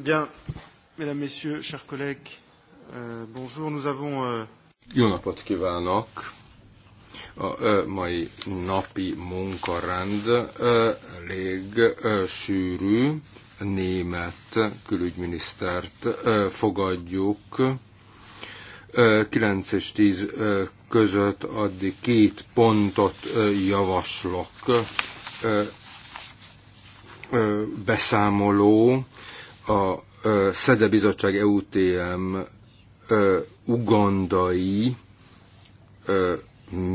Bien, mesdames, messieurs, chers collègues, euh, bonjour. Nous avons... Euh... Jó napot kívánok! A ö, mai napi munkarend elég sűrű. Német külügyminisztert ö, fogadjuk. Ö, 9 és 10 ö, között addig két pontot ö, javaslok. Ö, ö, beszámoló, a SZEDE Bizottság EUTM ugandai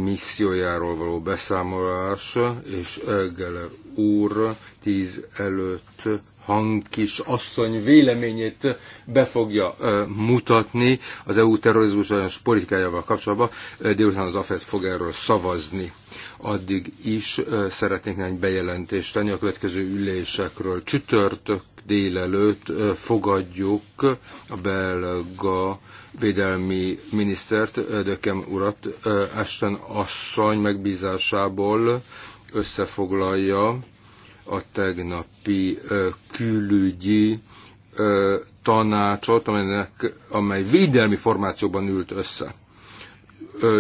missziójáról való beszámolás, és Geller úr tíz előtt hangkis asszony véleményét be fogja ö, mutatni az EU terrorizmus ellenes politikájával kapcsolatban. Délután az AFED fog erről szavazni. Addig is ö, szeretnék néhány bejelentést tenni a következő ülésekről. Csütörtök délelőtt fogadjuk a belga védelmi minisztert, Dökem urat, Esten asszony megbízásából összefoglalja a tegnapi külügyi tanácsot, amelynek, amely védelmi formációban ült össze.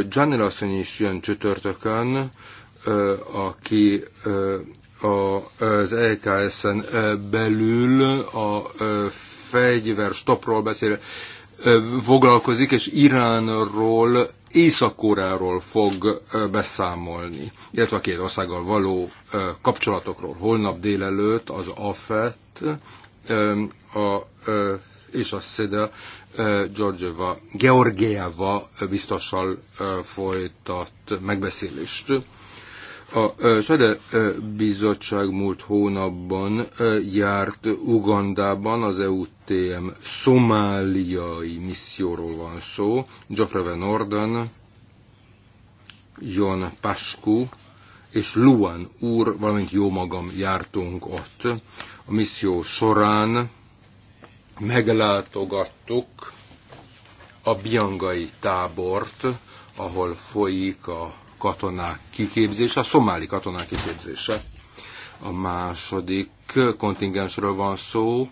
Gianni asszony is jön csütörtökön, aki az EKS-en belül a fegyver stopról beszél, foglalkozik, és Iránról, észak fog beszámolni, illetve a két országgal való kapcsolatokról. Holnap délelőtt az AFET a, e és a SZEDE Georgieva, Georgieva biztossal folytat megbeszélést a Sede bizottság múlt hónapban járt Ugandában, az EUTM szomáliai misszióról van szó. Geoffrey Norden, Orden, John Pascu és Luan úr, valamint jó magam jártunk ott. A misszió során meglátogattuk a biangai tábort, ahol folyik a katonák kiképzése, a szomáli katonák kiképzése. A második kontingensről van szó,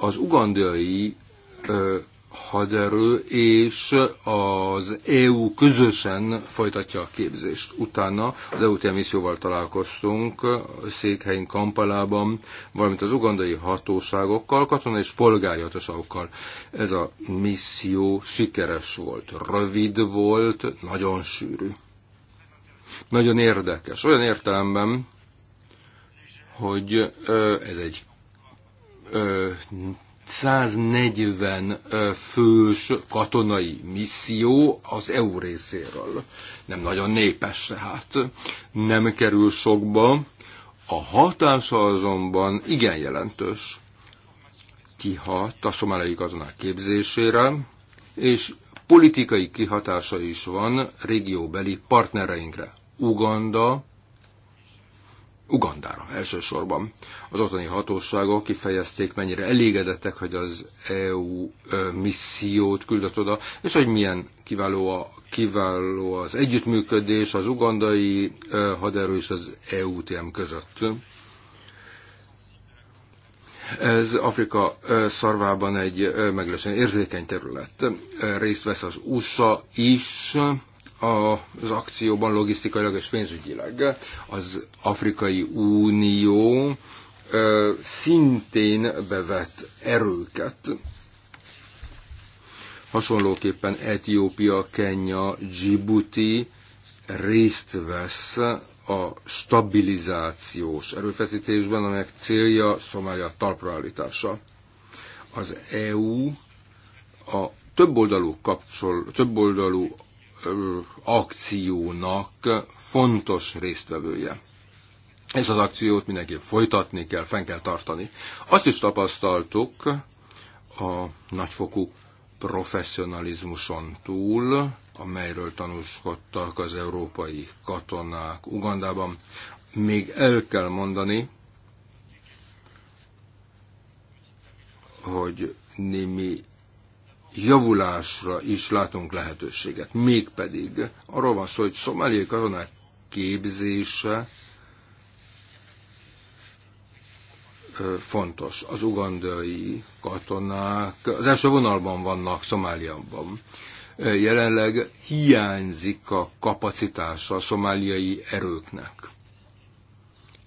az ugandai haderő és az EU közösen folytatja a képzést. Utána az EU misszióval találkoztunk székhelyen Kampalában, valamint az ugandai hatóságokkal, katonai és polgári hatóságokkal. Ez a misszió sikeres volt, rövid volt, nagyon sűrű. Nagyon érdekes. Olyan értelemben, hogy ez egy 140 fős katonai misszió az EU részéről. Nem nagyon népes, tehát nem kerül sokba. A hatása azonban igen jelentős. Kihat a szomáliai katonák képzésére, és politikai kihatása is van régióbeli partnereinkre. Uganda, Ugandára elsősorban. Az otthoni hatóságok kifejezték, mennyire elégedettek, hogy az EU missziót küldött oda, és hogy milyen kiváló, a, kiváló az együttműködés az ugandai haderő és az EUTM között. Ez Afrika szarvában egy meglehetősen érzékeny terület. Részt vesz az USA is az akcióban logisztikailag és pénzügyileg. Az Afrikai Unió szintén bevet erőket. Hasonlóképpen Etiópia, Kenya, Djibouti részt vesz a stabilizációs erőfeszítésben, amelyek célja Szomália talpraállítása. Az EU a többoldalú kapcsol, többoldalú akciónak fontos résztvevője. Ez az akciót mindenképp folytatni kell, fenn kell tartani. Azt is tapasztaltuk a nagyfokú professzionalizmuson túl, amelyről tanúskodtak az európai katonák Ugandában. Még el kell mondani, hogy némi javulásra is látunk lehetőséget. Mégpedig arról van szó, hogy szomáliai katonák képzése fontos. Az ugandai katonák az első vonalban vannak Szomáliában. Jelenleg hiányzik a kapacitása a szomáliai erőknek.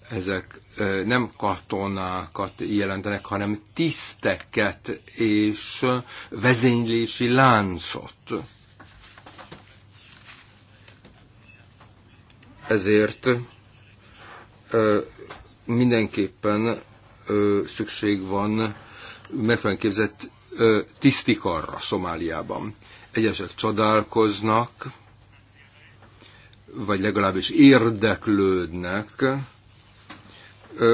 Ezek nem katonákat jelentenek, hanem tiszteket és vezénylési láncot. Ezért mindenképpen szükség van megfelelően képzett tisztikarra Szomáliában. Egyesek csodálkoznak, vagy legalábbis érdeklődnek.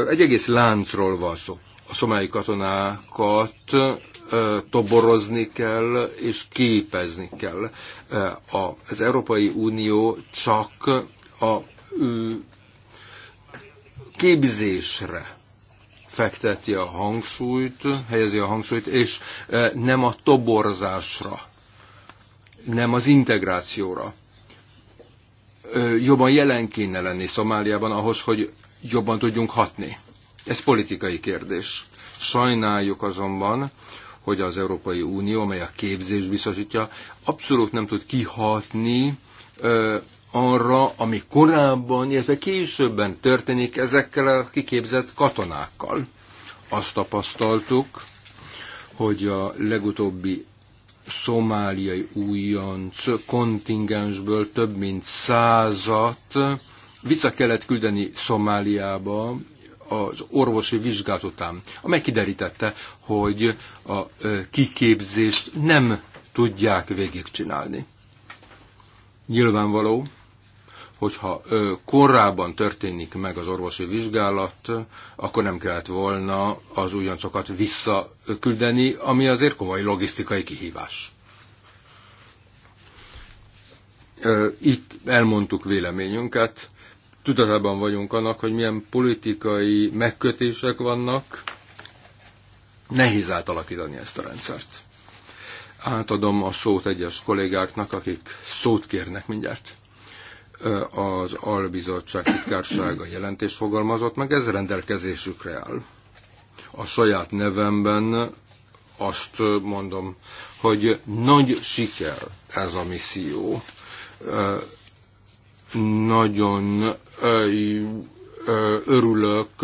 Egy egész láncról van szó. A szomályi katonákat toborozni kell és képezni kell. Az Európai Unió csak a képzésre fekteti a hangsúlyt, helyezi a hangsúlyt, és nem a toborzásra nem az integrációra. Jobban jelen kéne lenni Szomáliában ahhoz, hogy jobban tudjunk hatni. Ez politikai kérdés. Sajnáljuk azonban, hogy az Európai Unió, amely a képzés biztosítja, abszolút nem tud kihatni ö, arra, ami korábban, illetve későbben történik ezekkel a kiképzett katonákkal. Azt tapasztaltuk, hogy a legutóbbi szomáliai újonc kontingensből több mint százat vissza kellett küldeni Szomáliába az orvosi vizsgát után, amely kiderítette, hogy a kiképzést nem tudják végigcsinálni. Nyilvánvaló, hogyha korábban történik meg az orvosi vizsgálat, akkor nem kellett volna az újoncokat visszaküldeni, ami azért komoly logisztikai kihívás. Itt elmondtuk véleményünket, tudatában vagyunk annak, hogy milyen politikai megkötések vannak, nehéz átalakítani ezt a rendszert. Átadom a szót egyes kollégáknak, akik szót kérnek mindjárt az albizottság titkársága jelentés fogalmazott meg, ez rendelkezésükre áll. A saját nevemben azt mondom, hogy nagy siker ez a misszió. Nagyon örülök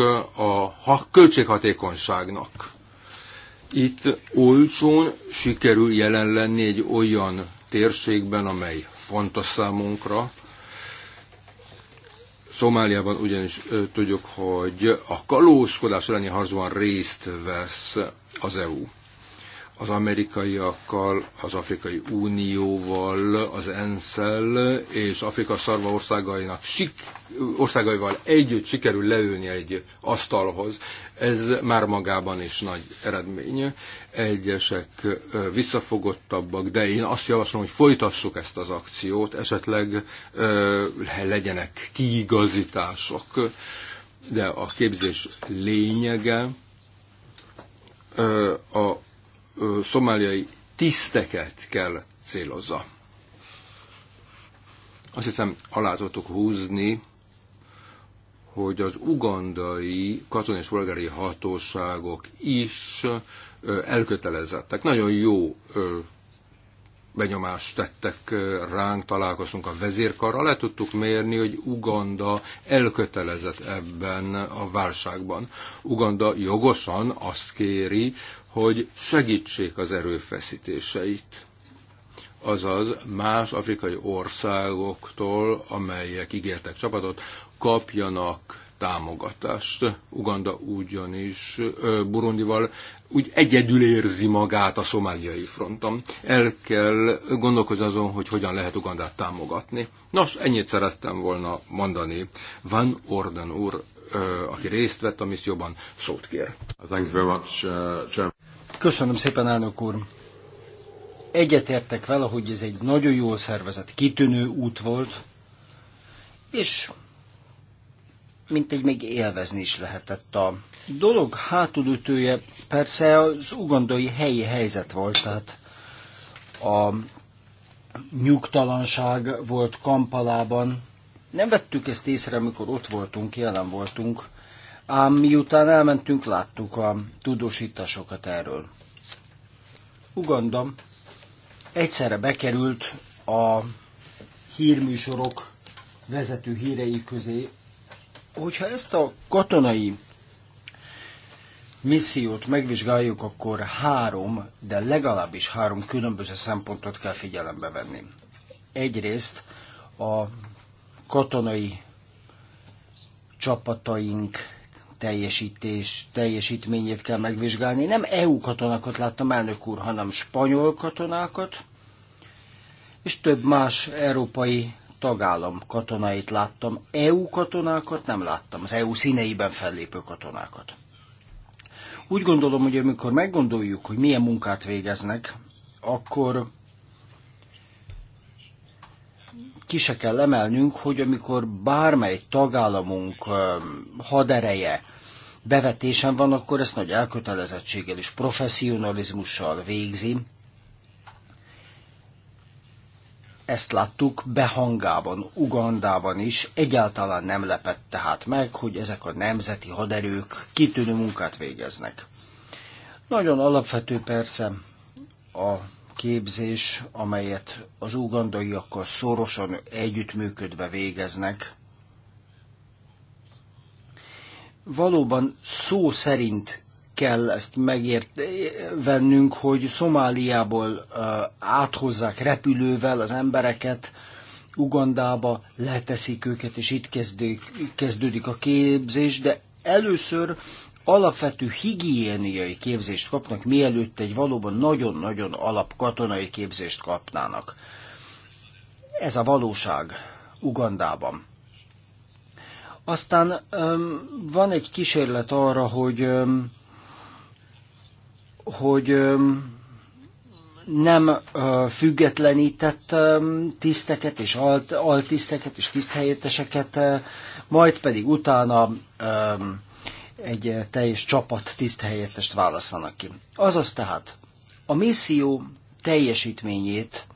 a költséghatékonyságnak. Itt olcsón sikerül jelen lenni egy olyan térségben, amely fontos számunkra, Szomáliában ugyanis tudjuk, hogy a kalózkodás elleni harcban részt vesz az EU az amerikaiakkal, az Afrikai Unióval, az ensz és Afrika szarva országainak sik- országaival együtt sikerül leülni egy asztalhoz. Ez már magában is nagy eredmény. Egyesek visszafogottabbak, de én azt javaslom, hogy folytassuk ezt az akciót, esetleg legyenek kiigazítások. De a képzés lényege a szomáliai tiszteket kell célozza. Azt hiszem, alá tudtuk húzni, hogy az ugandai katonai és polgári hatóságok is elkötelezettek. Nagyon jó benyomást tettek ránk, találkoztunk a vezérkarral, le tudtuk mérni, hogy Uganda elkötelezett ebben a válságban. Uganda jogosan azt kéri, hogy segítsék az erőfeszítéseit, azaz más afrikai országoktól, amelyek ígértek csapatot, kapjanak támogatást. Uganda ugyanis Burundival úgy egyedül érzi magát a szomáliai fronton. El kell gondolkozni azon, hogy hogyan lehet Ugandát támogatni. Nos, ennyit szerettem volna mondani. Van Orden úr, aki részt vett a misszióban, szót kér. Thank you very much, uh, Köszönöm szépen, elnök úr. Egyetértek vele, hogy ez egy nagyon jól szervezett, kitűnő út volt, és mint egy még élvezni is lehetett a dolog hátulütője. Persze az ugandai helyi helyzet volt, tehát a nyugtalanság volt Kampalában. Nem vettük ezt észre, amikor ott voltunk, jelen voltunk, ám miután elmentünk, láttuk a tudósításokat erről. Uganda egyszerre bekerült a hírműsorok vezető hírei közé, hogyha ezt a katonai missziót megvizsgáljuk, akkor három, de legalábbis három különböző szempontot kell figyelembe venni. Egyrészt a katonai csapataink teljesítés, teljesítményét kell megvizsgálni. Nem EU katonákat láttam, elnök úr, hanem spanyol katonákat, és több más európai tagállam katonáit láttam. EU katonákat nem láttam, az EU színeiben fellépő katonákat. Úgy gondolom, hogy amikor meggondoljuk, hogy milyen munkát végeznek, akkor ki se kell emelnünk, hogy amikor bármely tagállamunk hadereje bevetésem van, akkor ezt nagy elkötelezettséggel és professzionalizmussal végzi. Ezt láttuk Behangában, Ugandában is. Egyáltalán nem lepett tehát meg, hogy ezek a nemzeti haderők kitűnő munkát végeznek. Nagyon alapvető persze a képzés, amelyet az ugandaiakkal szorosan együttműködve végeznek, valóban szó szerint kell ezt megértenünk, hogy Szomáliából áthozzák repülővel az embereket, Ugandába leteszik őket, és itt kezdődik, kezdődik a képzés, de először alapvető higiéniai képzést kapnak, mielőtt egy valóban nagyon-nagyon alap katonai képzést kapnának. Ez a valóság Ugandában. Aztán van egy kísérlet arra, hogy, hogy nem függetlenített tiszteket és alt, altiszteket és tiszthelyetteseket, majd pedig utána egy teljes csapat tiszthelyettest választanak ki. Azaz tehát a misszió teljesítményét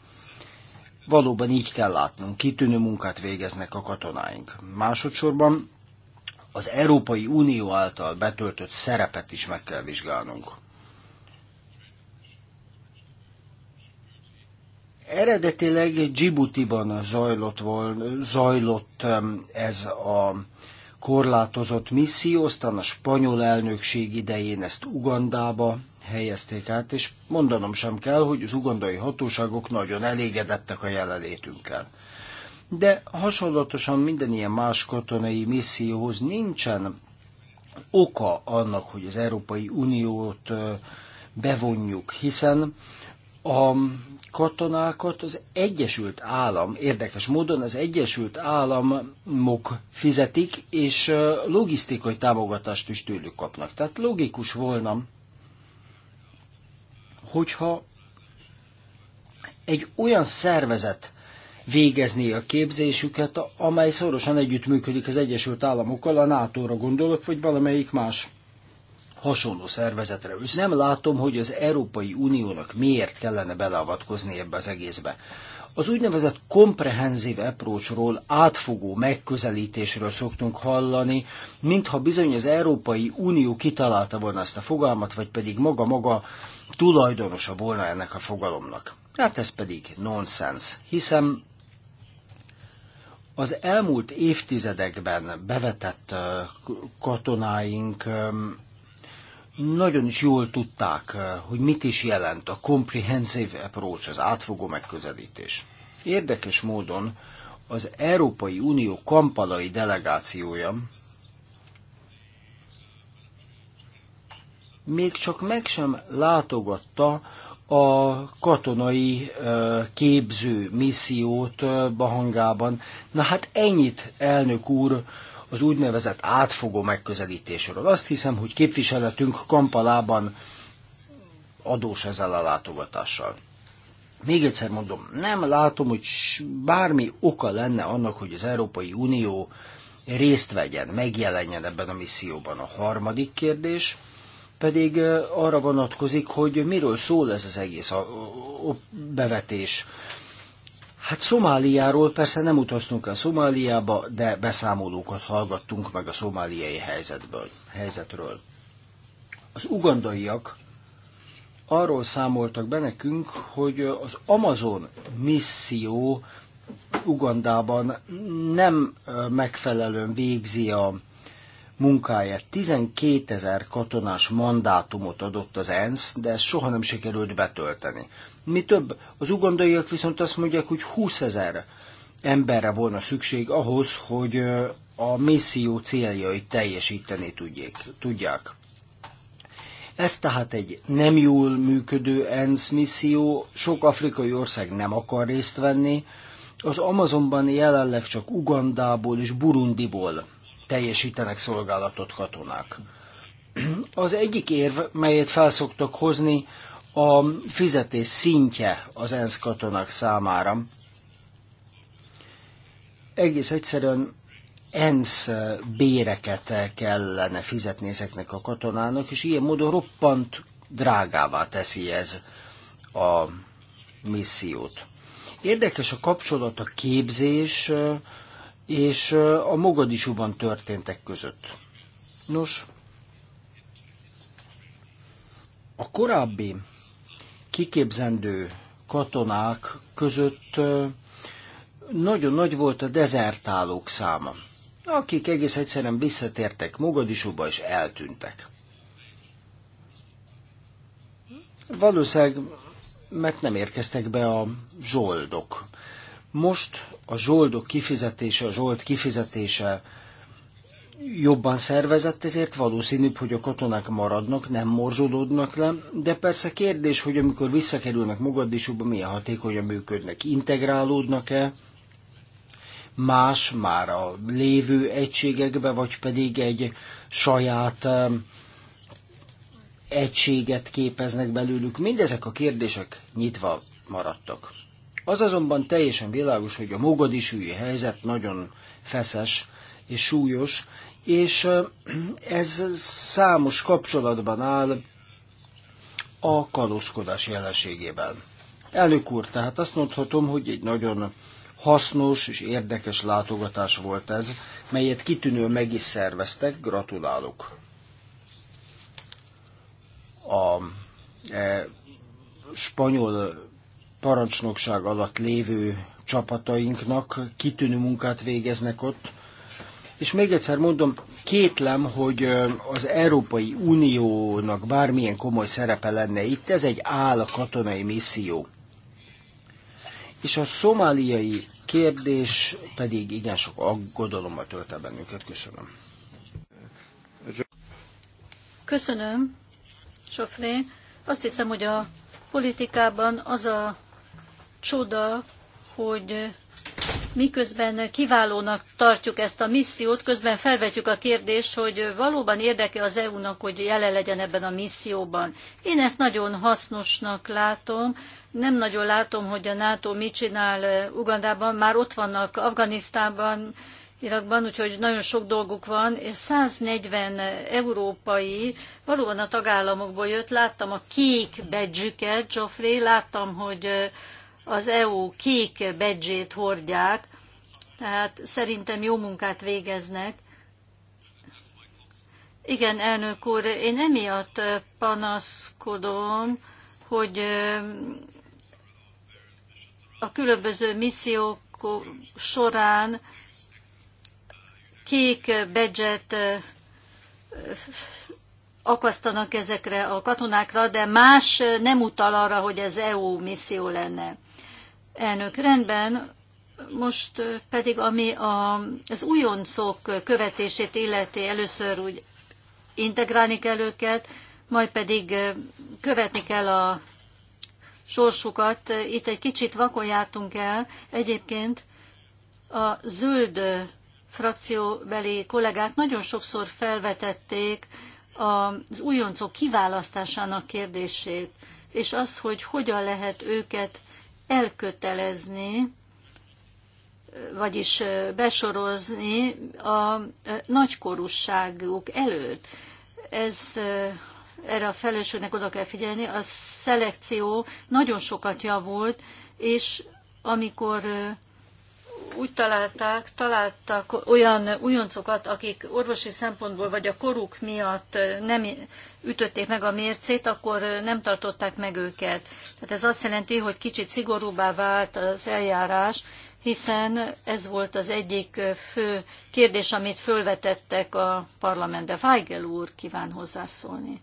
Valóban így kell látnunk, kitűnő munkát végeznek a katonáink. Másodszorban az Európai Unió által betöltött szerepet is meg kell vizsgálnunk. Eredetileg Djibouti-ban zajlott, zajlott ez a korlátozott misszió, aztán a spanyol elnökség idején ezt Ugandába helyezték át, és mondanom sem kell, hogy az ugandai hatóságok nagyon elégedettek a jelenlétünkkel. De hasonlatosan minden ilyen más katonai misszióhoz nincsen oka annak, hogy az Európai Uniót bevonjuk, hiszen a katonákat az Egyesült Állam, érdekes módon az Egyesült Államok fizetik, és logisztikai támogatást is tőlük kapnak. Tehát logikus volna, hogyha egy olyan szervezet végezni a képzésüket, amely szorosan együttműködik az Egyesült Államokkal, a NATO-ra gondolok, vagy valamelyik más hasonló szervezetre. Nem látom, hogy az Európai Uniónak miért kellene beleavatkozni ebbe az egészbe. Az úgynevezett komprehenzív approachról, átfogó megközelítésről szoktunk hallani, mintha bizony az Európai Unió kitalálta volna ezt a fogalmat, vagy pedig maga-maga tulajdonosa volna ennek a fogalomnak. Hát ez pedig nonsens, hiszen az elmúlt évtizedekben bevetett katonáink nagyon is jól tudták, hogy mit is jelent a comprehensive approach, az átfogó megközelítés. Érdekes módon az Európai Unió kampalai delegációja még csak meg sem látogatta a katonai képző missziót Bahangában. Na hát ennyit, elnök úr, az úgynevezett átfogó megközelítésről. Azt hiszem, hogy képviseletünk Kampalában adós ezzel a látogatással. Még egyszer mondom, nem látom, hogy bármi oka lenne annak, hogy az Európai Unió részt vegyen, megjelenjen ebben a misszióban. A harmadik kérdés, pedig arra vonatkozik, hogy miről szól ez az egész a, bevetés. Hát Szomáliáról persze nem utaztunk el Szomáliába, de beszámolókat hallgattunk meg a szomáliai helyzetből, helyzetről. Az ugandaiak arról számoltak be nekünk, hogy az Amazon misszió Ugandában nem megfelelően végzi a munkáját. 12 ezer katonás mandátumot adott az ENSZ, de ezt soha nem sikerült betölteni. Mi több, az ugandaiak viszont azt mondják, hogy 20 ezer emberre volna szükség ahhoz, hogy a misszió céljait teljesíteni tudjék, tudják. Ez tehát egy nem jól működő ENSZ misszió, sok afrikai ország nem akar részt venni, az Amazonban jelenleg csak Ugandából és Burundiból teljesítenek szolgálatot katonák. Az egyik érv, melyet felszoktok hozni, a fizetés szintje az ENSZ katonák számára. Egész egyszerűen ENSZ béreket kellene fizetni ezeknek a katonának, és ilyen módon roppant drágává teszi ez a missziót. Érdekes a kapcsolat a képzés, és a Mogadisúban történtek között. Nos, a korábbi kiképzendő katonák között nagyon nagy volt a dezertálók száma, akik egész egyszerűen visszatértek Mogadisúba és eltűntek. Valószínűleg, mert nem érkeztek be a zsoldok. Most a zsoldok kifizetése, a zsold kifizetése jobban szervezett, ezért valószínűbb, hogy a katonák maradnak, nem morzsolódnak le, de persze kérdés, hogy amikor visszakerülnek Mogadisúba, milyen hatékonyan működnek, integrálódnak-e más, már a lévő egységekbe, vagy pedig egy saját um, egységet képeznek belőlük. Mindezek a kérdések nyitva maradtak. Az azonban teljesen világos, hogy a mogadisúi helyzet nagyon feszes és súlyos, és ez számos kapcsolatban áll a kalózkodás jelenségében. Elnök úr, tehát azt mondhatom, hogy egy nagyon hasznos és érdekes látogatás volt ez, melyet kitűnő meg is szerveztek, gratulálok. A e, spanyol parancsnokság alatt lévő csapatainknak kitűnő munkát végeznek ott. És még egyszer mondom, kétlem, hogy az Európai Uniónak bármilyen komoly szerepe lenne itt, ez egy áll katonai misszió. És a szomáliai kérdés pedig igen sok aggodalommal tölt el bennünket. Köszönöm. Köszönöm, Sofré. Azt hiszem, hogy a politikában az a Csoda, hogy miközben kiválónak tartjuk ezt a missziót, közben felvetjük a kérdést, hogy valóban érdeke az EU-nak, hogy jelen legyen ebben a misszióban. Én ezt nagyon hasznosnak látom, nem nagyon látom, hogy a NATO mit csinál eh, Ugandában, már ott vannak Afganisztánban, Irakban, úgyhogy nagyon sok dolguk van, és 140 európai, valóban a tagállamokból jött, láttam a kék bedzsüket, Geoffrey, láttam, hogy eh, az EU kék bedzsét hordják, tehát szerintem jó munkát végeznek. Igen, elnök úr, én emiatt panaszkodom, hogy a különböző missziók során kék bedzset akasztanak ezekre a katonákra, de más nem utal arra, hogy ez EU misszió lenne. Elnök, rendben, most pedig ami a, az újoncok követését illeti, először úgy integrálni kell őket, majd pedig követni kell a sorsukat. Itt egy kicsit vakon jártunk el. Egyébként a zöld frakcióbeli kollégák nagyon sokszor felvetették az újoncok kiválasztásának kérdését, és az, hogy hogyan lehet őket elkötelezni, vagyis besorozni a nagykorúságuk előtt. Ez erre a felelősségnek oda kell figyelni. A szelekció nagyon sokat javult, és amikor úgy találták, találtak olyan újoncokat, akik orvosi szempontból vagy a koruk miatt nem ütötték meg a mércét, akkor nem tartották meg őket. Tehát ez azt jelenti, hogy kicsit szigorúbbá vált az eljárás, hiszen ez volt az egyik fő kérdés, amit fölvetettek a parlamentbe. Weigel úr kíván hozzászólni.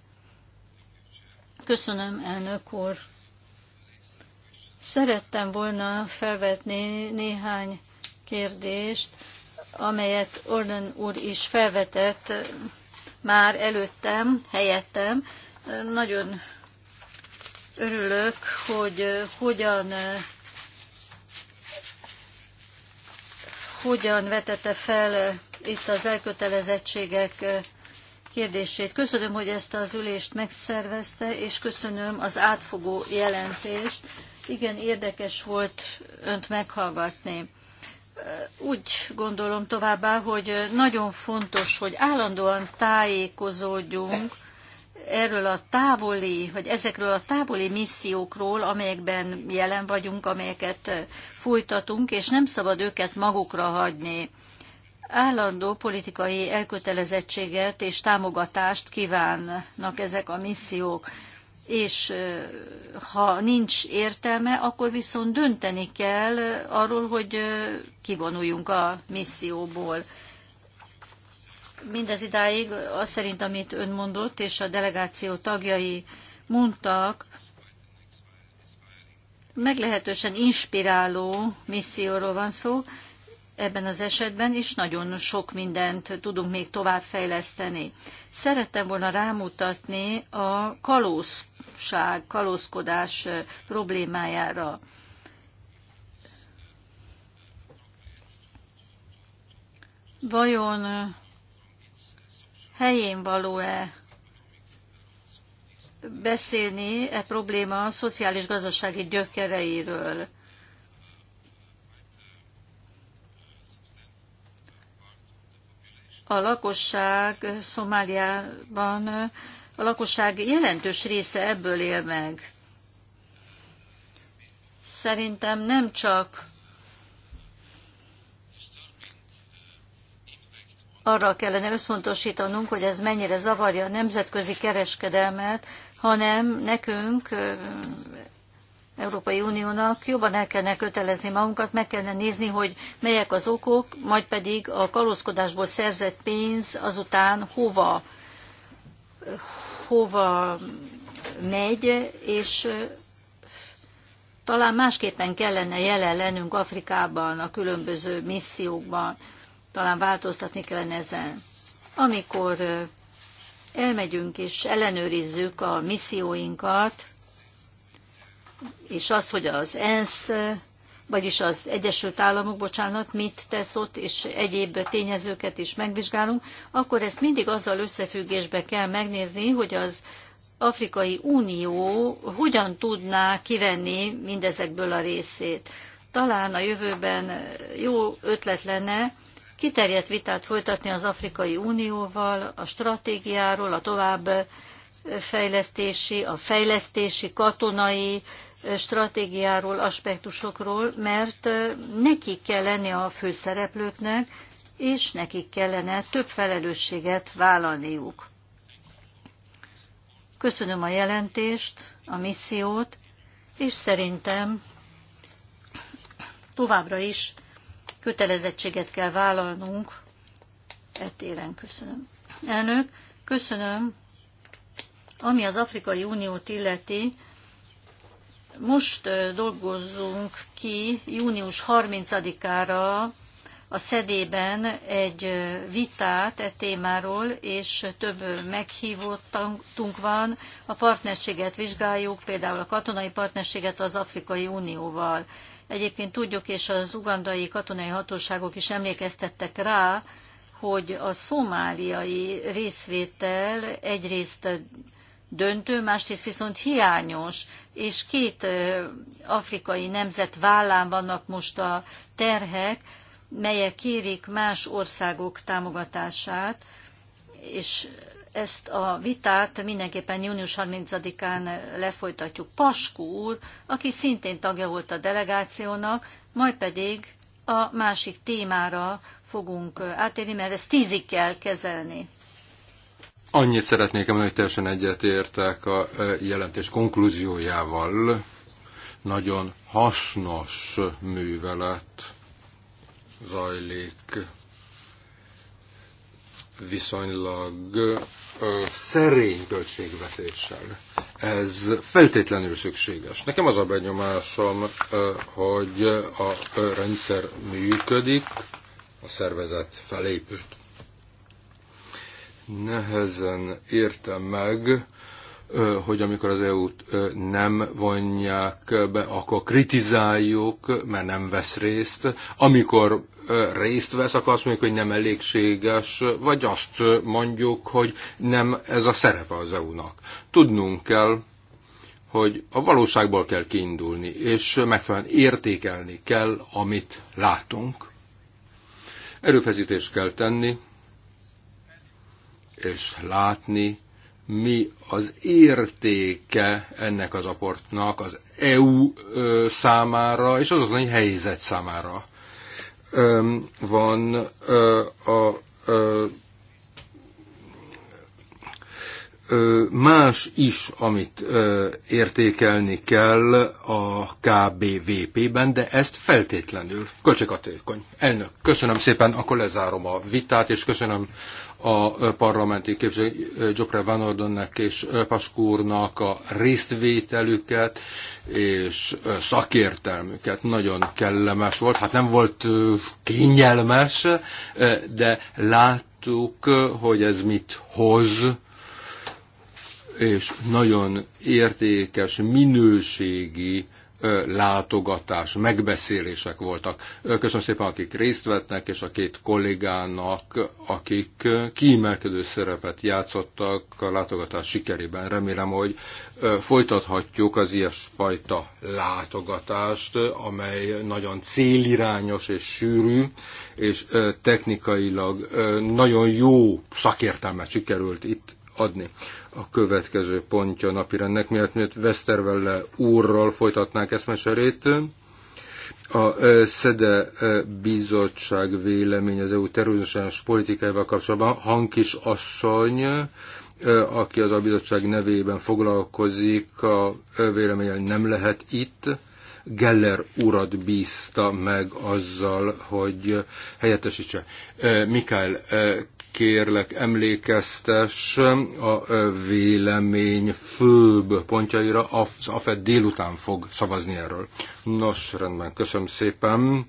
Köszönöm, elnök úr. Szerettem volna felvetni néhány kérdést, amelyet Orden úr is felvetett már előttem, helyettem. Nagyon örülök, hogy eh, hogyan eh, hogyan vetette fel eh, itt az elkötelezettségek kérdését. Köszönöm, hogy ezt az ülést megszervezte, és köszönöm az átfogó jelentést. Igen, érdekes volt önt meghallgatni úgy gondolom továbbá, hogy nagyon fontos, hogy állandóan tájékozódjunk erről a távoli, vagy ezekről a távoli missziókról, amelyekben jelen vagyunk, amelyeket folytatunk, és nem szabad őket magukra hagyni. Állandó politikai elkötelezettséget és támogatást kívánnak ezek a missziók és ha nincs értelme, akkor viszont dönteni kell arról, hogy kivonuljunk a misszióból. Mindez idáig az szerint, amit ön mondott, és a delegáció tagjai mondtak, meglehetősen inspiráló misszióról van szó ebben az esetben, és nagyon sok mindent tudunk még tovább fejleszteni. Szerettem volna rámutatni a kalóz hazugság, kalózkodás problémájára. Vajon helyén való-e beszélni e probléma a szociális-gazdasági gyökereiről? A lakosság Szomáliában a lakosság jelentős része ebből él meg. Szerintem nem csak arra kellene összpontosítanunk, hogy ez mennyire zavarja a nemzetközi kereskedelmet, hanem nekünk, Európai Uniónak jobban el kellene kötelezni magunkat, meg kellene nézni, hogy melyek az okok, majd pedig a kalózkodásból szerzett pénz azután hova, hova megy, és talán másképpen kellene jelen lennünk Afrikában, a különböző missziókban, talán változtatni kellene ezen. Amikor elmegyünk és ellenőrizzük a misszióinkat, és az, hogy az ENSZ vagyis az Egyesült Államok, bocsánat, mit tesz ott, és egyéb tényezőket is megvizsgálunk, akkor ezt mindig azzal összefüggésbe kell megnézni, hogy az Afrikai Unió hogyan tudná kivenni mindezekből a részét. Talán a jövőben jó ötlet lenne kiterjedt vitát folytatni az Afrikai Unióval, a stratégiáról, a tovább fejlesztési, a fejlesztési, katonai stratégiáról, aspektusokról, mert nekik kell lenni a főszereplőknek, és nekik kellene több felelősséget vállalniuk. Köszönöm a jelentést, a missziót, és szerintem továbbra is kötelezettséget kell vállalnunk e Köszönöm. Elnök, köszönöm. Ami az Afrikai Uniót illeti, most dolgozzunk ki június 30-ára a szedében egy vitát e témáról, és több meghívottunk van. A partnerséget vizsgáljuk, például a katonai partnerséget az Afrikai Unióval. Egyébként tudjuk, és az ugandai katonai hatóságok is emlékeztettek rá, hogy a szomáliai részvétel egyrészt döntő, másrészt viszont hiányos, és két afrikai nemzet vállán vannak most a terhek, melyek kérik más országok támogatását, és ezt a vitát mindenképpen június 30-án lefolytatjuk. Paskó úr, aki szintén tagja volt a delegációnak, majd pedig a másik témára fogunk átérni, mert ezt tízig kell kezelni. Annyit szeretnék emelni, hogy teljesen egyetértek a e, jelentés konklúziójával. Nagyon hasznos művelet zajlik viszonylag ö, e, szerény költségvetéssel. Ez feltétlenül szükséges. Nekem az a benyomásom, ö, e, hogy a rendszer működik, a szervezet felépült nehezen értem meg, hogy amikor az EU-t nem vonják be, akkor kritizáljuk, mert nem vesz részt. Amikor részt vesz, akkor azt mondjuk, hogy nem elégséges, vagy azt mondjuk, hogy nem ez a szerepe az EU-nak. Tudnunk kell, hogy a valóságból kell kiindulni, és megfelelően értékelni kell, amit látunk. Erőfeszítést kell tenni, és látni, mi az értéke ennek az aportnak az EU számára és az azonnali helyzet számára. Van a más is, amit értékelni kell a KBVP-ben, de ezt feltétlenül költséghatékony. Elnök, köszönöm szépen, akkor lezárom a vitát, és köszönöm a parlamenti képviselő Jopre Van Ordennek és Paskúrnak a résztvételüket és szakértelmüket. Nagyon kellemes volt, hát nem volt kényelmes, de láttuk, hogy ez mit hoz, és nagyon értékes, minőségi látogatás, megbeszélések voltak. Köszönöm szépen, akik részt vettek, és a két kollégának, akik kiemelkedő szerepet játszottak a látogatás sikerében. Remélem, hogy folytathatjuk az ilyesfajta látogatást, amely nagyon célirányos és sűrű, és technikailag nagyon jó szakértelmet sikerült itt adni a következő pontja a napirendnek, miatt miatt Westerwelle úrral folytatnánk eszmeserét. A SZEDE bizottság vélemény az EU terrorizmus politikájával kapcsolatban Hankis asszony, aki az a bizottság nevében foglalkozik, a véleményel nem lehet itt. Geller urat bízta meg azzal, hogy helyettesítse. Mikael kérlek emlékeztes a vélemény főbb pontjaira, az AFED délután fog szavazni erről. Nos, rendben, köszönöm szépen.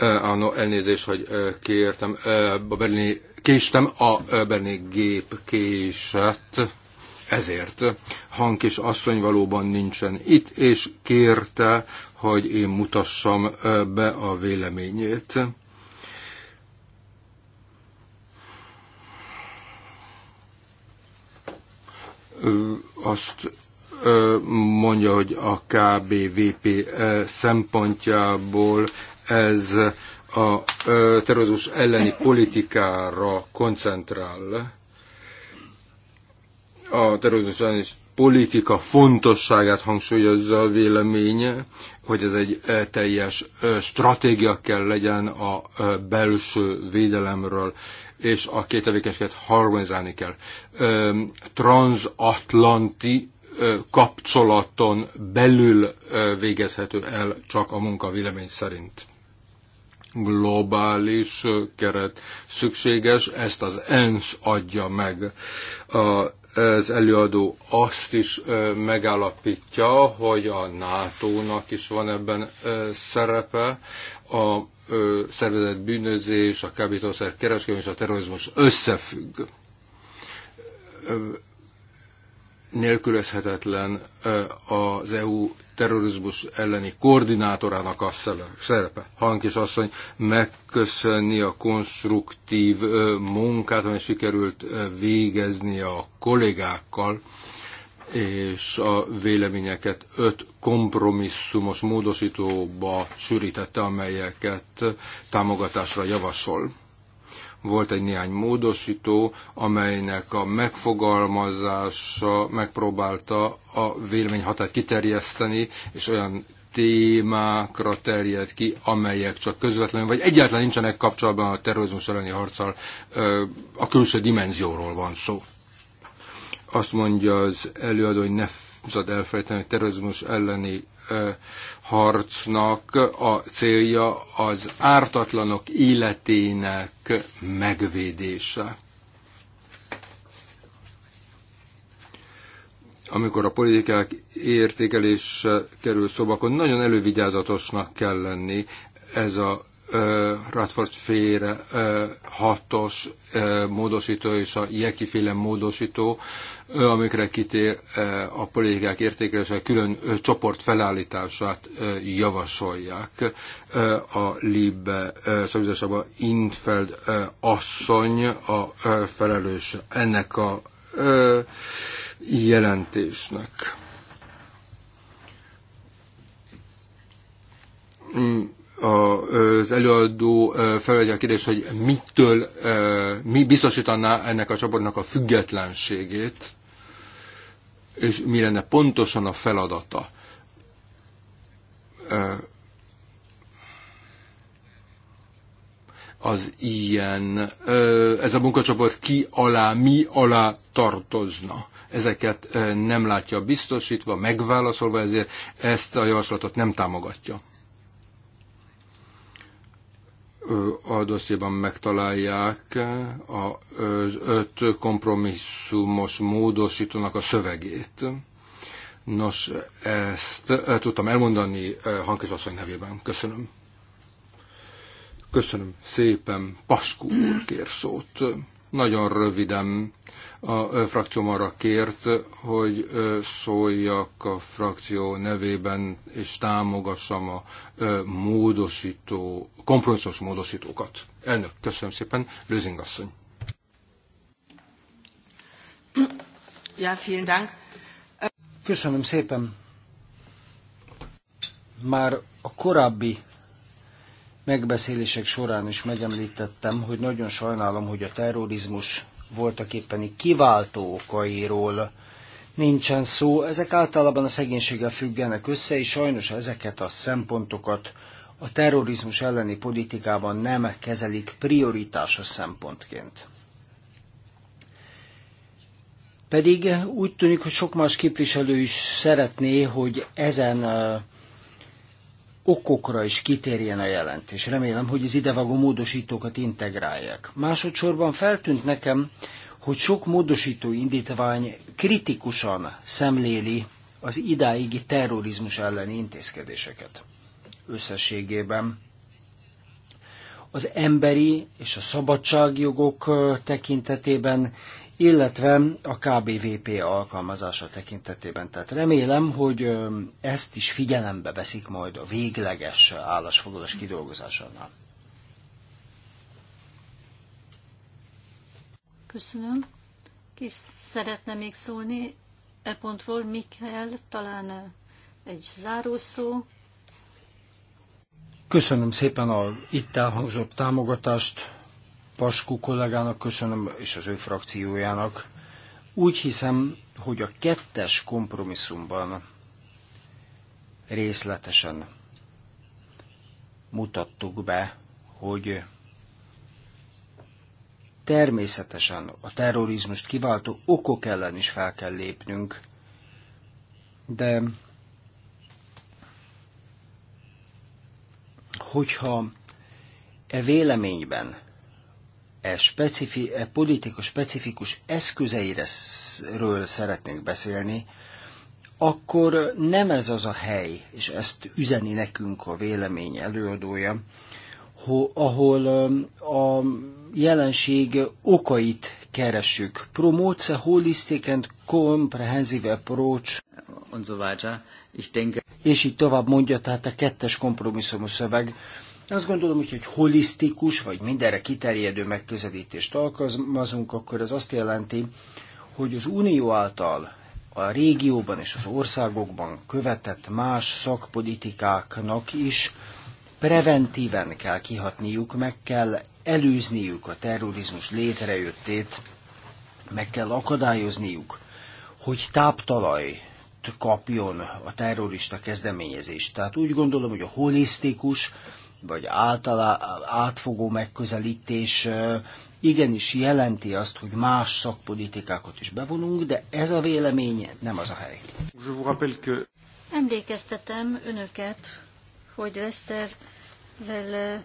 Anno, elnézést, hogy kértem, a berlini, késtem, a berlini gép késett, ezért és asszony valóban nincsen itt, és kérte, hogy én mutassam be a véleményét azt mondja, hogy a KBVP szempontjából ez a terrorizmus elleni politikára koncentrál. A terrorizmus elleni politika fontosságát hangsúlyozza a véleménye, hogy ez egy teljes stratégia kell legyen a belső védelemről, és a két tevékenységet harmonizálni kell. Transatlanti kapcsolaton belül végezhető el csak a munka vélemény szerint. Globális keret szükséges, ezt az ENSZ adja meg. Az előadó azt is megállapítja, hogy a NATO-nak is van ebben szerepe, a szervezett bűnözés, a kábítószer kereskedelem és a terrorizmus összefügg. Nélkülözhetetlen az EU terrorizmus elleni koordinátorának a szerepe. Hank azt asszony megköszönni a konstruktív munkát, amely sikerült végezni a kollégákkal és a véleményeket öt kompromisszumos módosítóba sűrítette, amelyeket támogatásra javasol. Volt egy néhány módosító, amelynek a megfogalmazása megpróbálta a vélemény hatát kiterjeszteni, és olyan témákra terjed ki, amelyek csak közvetlenül, vagy egyáltalán nincsenek kapcsolatban a terrorizmus elleni harccal, a külső dimenzióról van szó azt mondja az előadó, hogy ne szabad elfelejteni, hogy terrorizmus elleni harcnak a célja az ártatlanok életének megvédése. Amikor a politikák értékelés kerül szóba, akkor nagyon elővigyázatosnak kell lenni. Ez a Radford féle hatos módosító és a Jeki féle módosító, amikre kitér a politikák értékelése külön csoport felállítását javasolják. A Libe szabizásában Intfeld asszony a felelős ennek a jelentésnek. Mm az előadó felvegye a kérdést, hogy mitől, mi biztosítaná ennek a csoportnak a függetlenségét, és mi lenne pontosan a feladata. Az ilyen, ez a munkacsoport ki alá, mi alá tartozna ezeket nem látja biztosítva, megválaszolva, ezért ezt a javaslatot nem támogatja a dossziéban megtalálják az öt kompromisszumos módosítónak a szövegét. Nos, ezt tudtam elmondani Hankis asszony nevében. Köszönöm. Köszönöm szépen. Paskú úr kér szót. Nagyon röviden a frakcióm arra kért, hogy szóljak a frakció nevében, és támogassam a módosító, kompromisszos módosítókat. Elnök, köszönöm szépen. Lőzing asszony. Ja, vielen Dank. Köszönöm szépen. Már a korábbi megbeszélések során is megemlítettem, hogy nagyon sajnálom, hogy a terrorizmus voltak éppeni kiváltó okairól nincsen szó. Ezek általában a szegénységgel függenek össze, és sajnos ezeket a szempontokat a terrorizmus elleni politikában nem kezelik prioritásos szempontként. Pedig úgy tűnik, hogy sok más képviselő is szeretné, hogy ezen okokra is kitérjen a jelentés. Remélem, hogy az idevágó módosítókat integrálják. Másodszorban feltűnt nekem, hogy sok módosító indítvány kritikusan szemléli az idáigi terrorizmus elleni intézkedéseket. Összességében az emberi és a szabadságjogok tekintetében illetve a KBVP alkalmazása tekintetében. Tehát remélem, hogy ezt is figyelembe veszik majd a végleges állásfoglalás kidolgozásánál. Köszönöm. Ki szeretne még szólni e pontról? Mikkel, talán egy zárószó. Köszönöm szépen a itt elhangzott támogatást Pasku kollégának köszönöm, és az ő frakciójának. Úgy hiszem, hogy a kettes kompromisszumban részletesen mutattuk be, hogy természetesen a terrorizmust kiváltó okok ellen is fel kell lépnünk, de hogyha e véleményben e, specifi, e politika specifikus eszközeiről szeretnénk beszélni, akkor nem ez az a hely, és ezt üzeni nekünk a vélemény előadója, ahol um, a jelenség okait keresük. Promóce holistic and comprehensive approach. És így tovább mondja, tehát a kettes kompromisszumos szöveg. Azt gondolom, hogy egy holisztikus, vagy mindenre kiterjedő megközelítést alkalmazunk, akkor ez azt jelenti, hogy az Unió által a régióban és az országokban követett más szakpolitikáknak is preventíven kell kihatniuk, meg kell előzniük a terrorizmus létrejöttét, meg kell akadályozniuk, hogy táptalaj kapjon a terrorista kezdeményezést, Tehát úgy gondolom, hogy a holisztikus, vagy általá, átfogó megközelítés igenis jelenti azt, hogy más szakpolitikákat is bevonunk, de ez a vélemény nem az a hely. Emlékeztetem önöket, hogy vele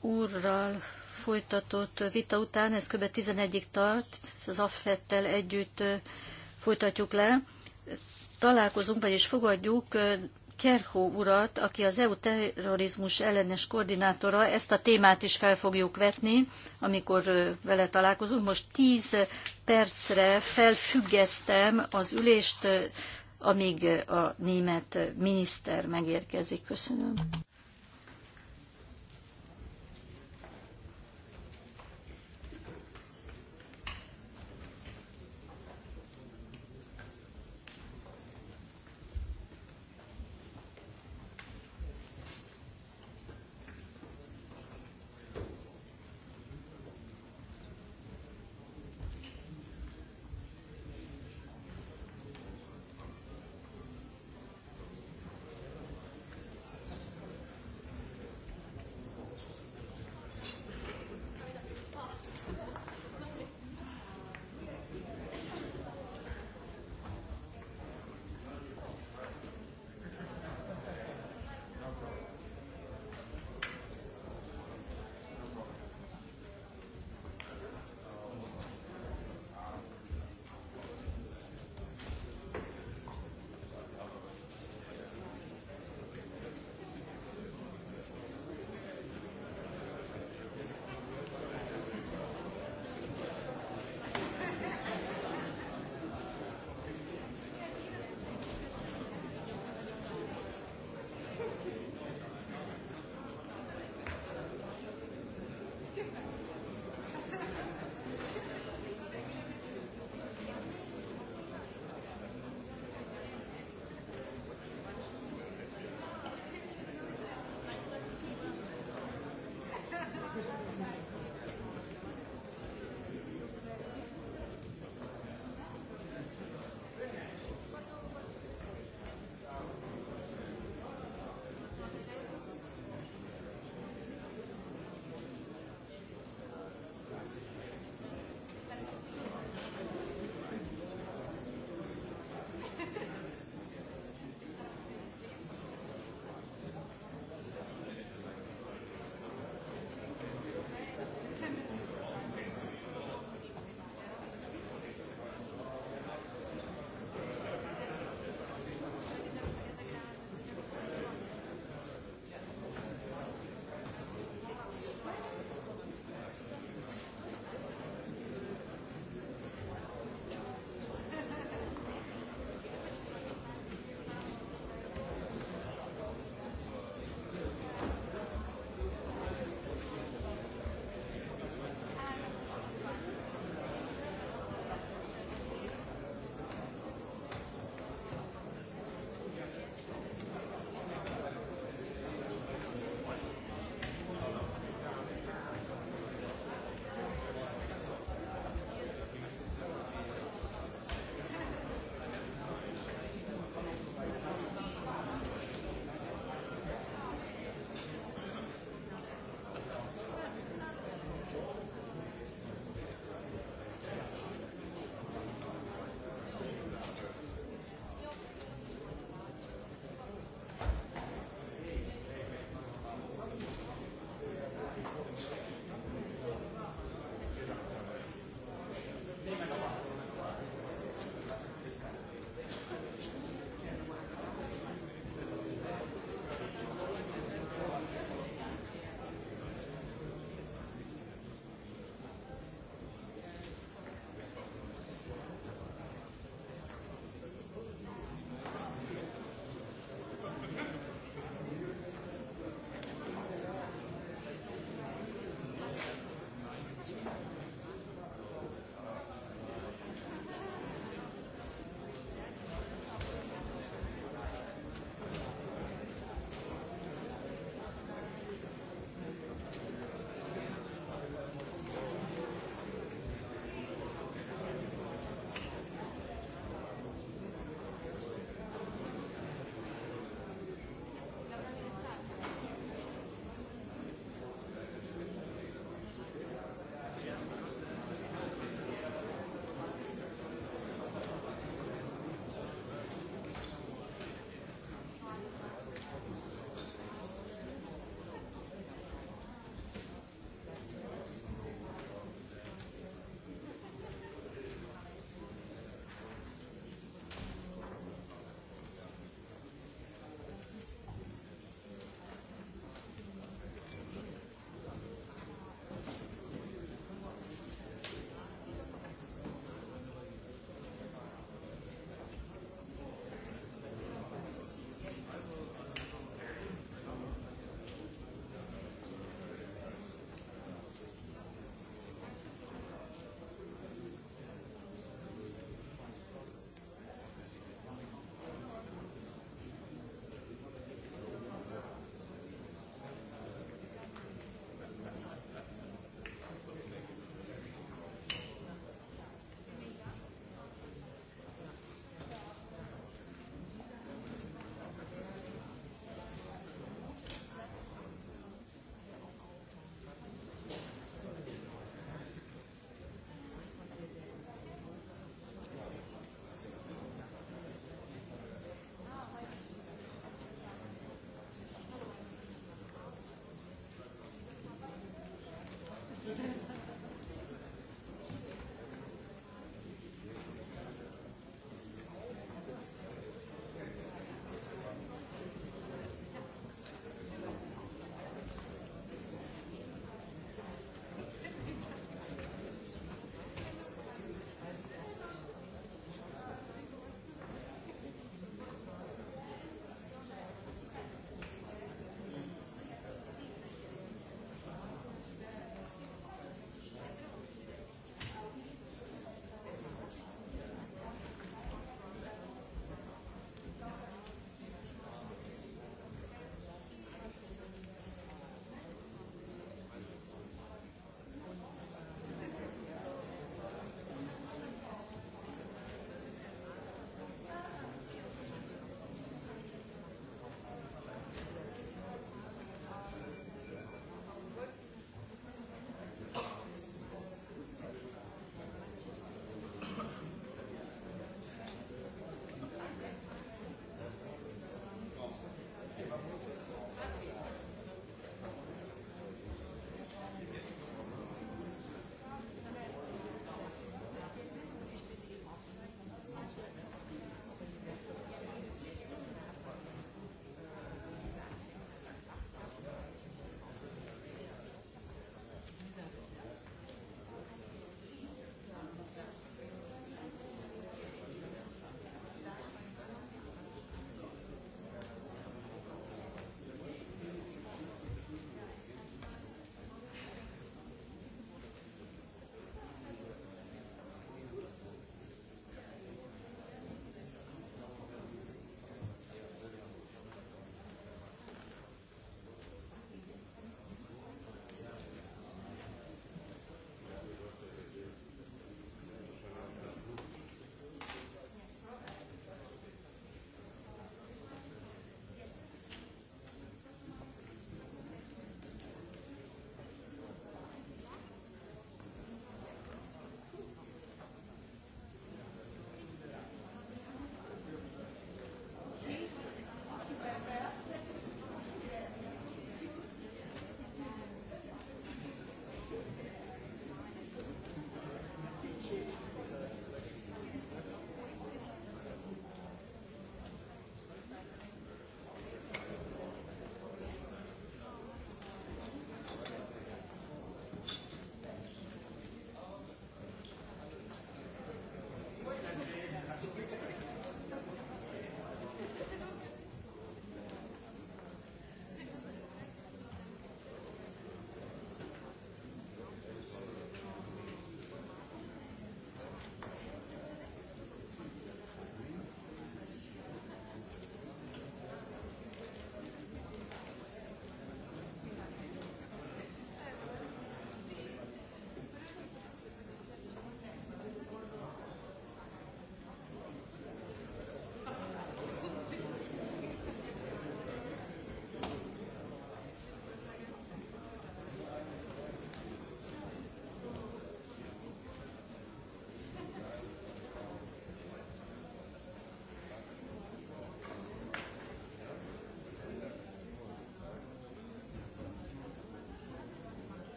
úrral folytatott vita után, ez kb. 11-ig tart, ez az affettel együtt folytatjuk le. Találkozunk, vagyis fogadjuk Kerhó urat, aki az EU terrorizmus ellenes koordinátora, ezt a témát is fel fogjuk vetni, amikor vele találkozunk. Most tíz percre felfüggesztem az ülést, amíg a német miniszter megérkezik. Köszönöm.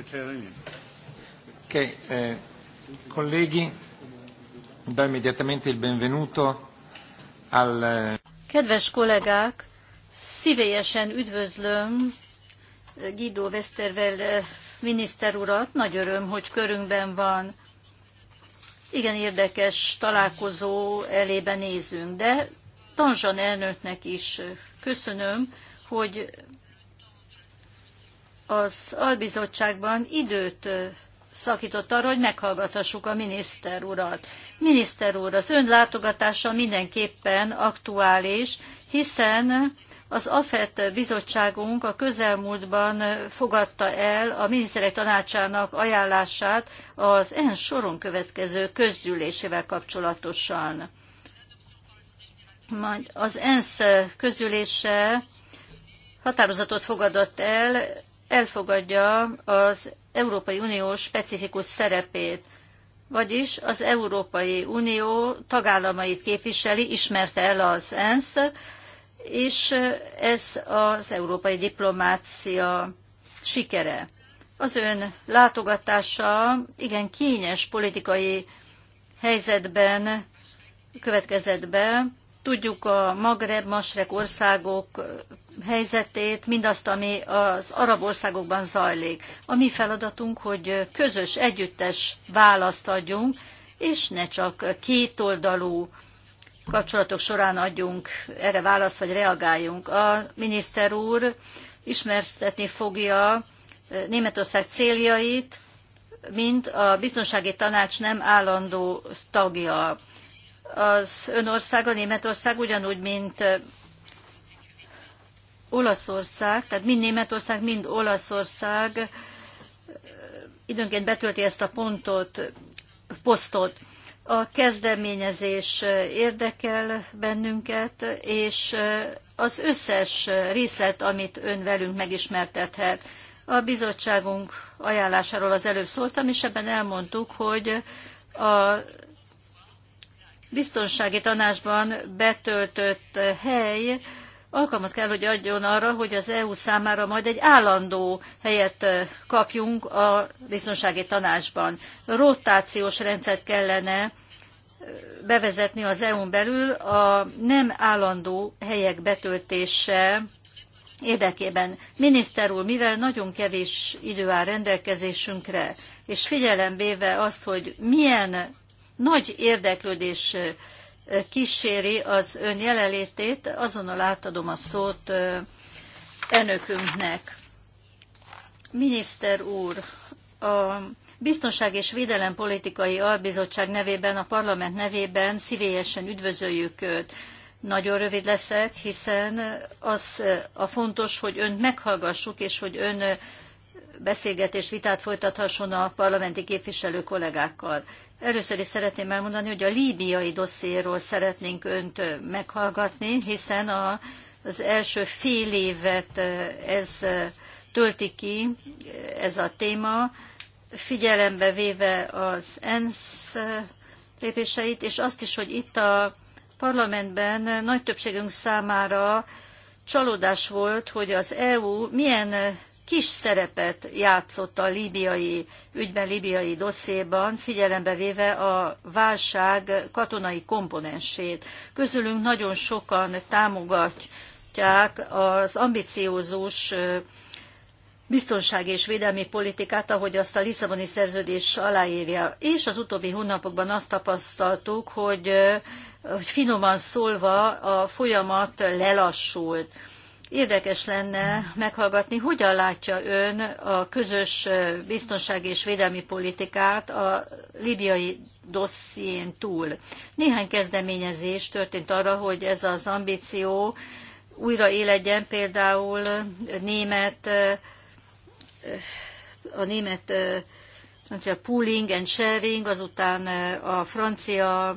Ok, eh, colleghi, do immediatamente il benvenuto al... Kedves kollégák, szívélyesen üdvözlöm Guido Westerwelle miniszter urat. Nagy öröm, hogy körünkben van. Igen érdekes találkozó elébe nézünk, de Tanzsan elnöknek is köszönöm, hogy az albizottságban időt szakított arra, hogy meghallgathassuk a miniszter urat. Miniszter úr, az ön látogatása mindenképpen aktuális, hiszen az AFET bizottságunk a közelmúltban fogadta el a miniszterek tanácsának ajánlását az EN soron következő közgyűlésével kapcsolatosan. Majd az ENSZ közgyűlése határozatot fogadott el elfogadja az Európai Unió specifikus szerepét, vagyis az Európai Unió tagállamait képviseli, ismerte el az ENSZ, és ez az európai diplomácia sikere. Az ön látogatása igen kényes politikai helyzetben következett be. Tudjuk, a Magreb, Masrek országok helyzetét, mindazt, ami az arab országokban zajlik. A mi feladatunk, hogy közös, együttes választ adjunk, és ne csak kétoldalú kapcsolatok során adjunk erre választ, vagy reagáljunk. A miniszter úr ismertetni fogja Németország céljait, mint a biztonsági tanács nem állandó tagja. Az országa, Németország ugyanúgy, mint Olaszország, tehát mind Németország, mind Olaszország időnként betölti ezt a pontot, posztot. A kezdeményezés érdekel bennünket, és az összes részlet, amit ön velünk megismertethet. A bizottságunk ajánlásáról az előbb szóltam, és ebben elmondtuk, hogy a biztonsági tanácsban betöltött hely alkalmat kell, hogy adjon arra, hogy az EU számára majd egy állandó helyet kapjunk a biztonsági tanácsban. Rotációs rendszert kellene bevezetni az EU-n belül a nem állandó helyek betöltése érdekében. Miniszter úr, mivel nagyon kevés idő áll rendelkezésünkre, és figyelembéve azt, hogy milyen nagy érdeklődés kíséri az ön jelenlétét, azonnal átadom a szót elnökünknek. Miniszter úr, a Biztonság és Védelem Politikai Albizottság nevében, a parlament nevében szívélyesen üdvözöljük őt. Nagyon rövid leszek, hiszen az a fontos, hogy önt meghallgassuk, és hogy ön beszélgetést, vitát folytathasson a parlamenti képviselő kollégákkal. Először is szeretném elmondani, hogy a líbiai dosszéről szeretnénk önt meghallgatni, hiszen a, az első fél évet ez tölti ki, ez a téma, figyelembe véve az ENSZ lépéseit, és azt is, hogy itt a parlamentben nagy többségünk számára csalódás volt, hogy az EU milyen kis szerepet játszott a líbiai ügyben, líbiai dosszéban, figyelembe véve a válság katonai komponensét. Közülünk nagyon sokan támogatják az ambiciózus biztonsági és védelmi politikát, ahogy azt a Lisszaboni szerződés aláírja. És az utóbbi hónapokban azt tapasztaltuk, hogy, hogy finoman szólva a folyamat lelassult Érdekes lenne meghallgatni, hogyan látja ön a közös biztonsági és védelmi politikát a libiai dosszién túl. Néhány kezdeményezés történt arra, hogy ez az ambíció újra éledjen például német, a német francia pooling and sharing, azután a francia,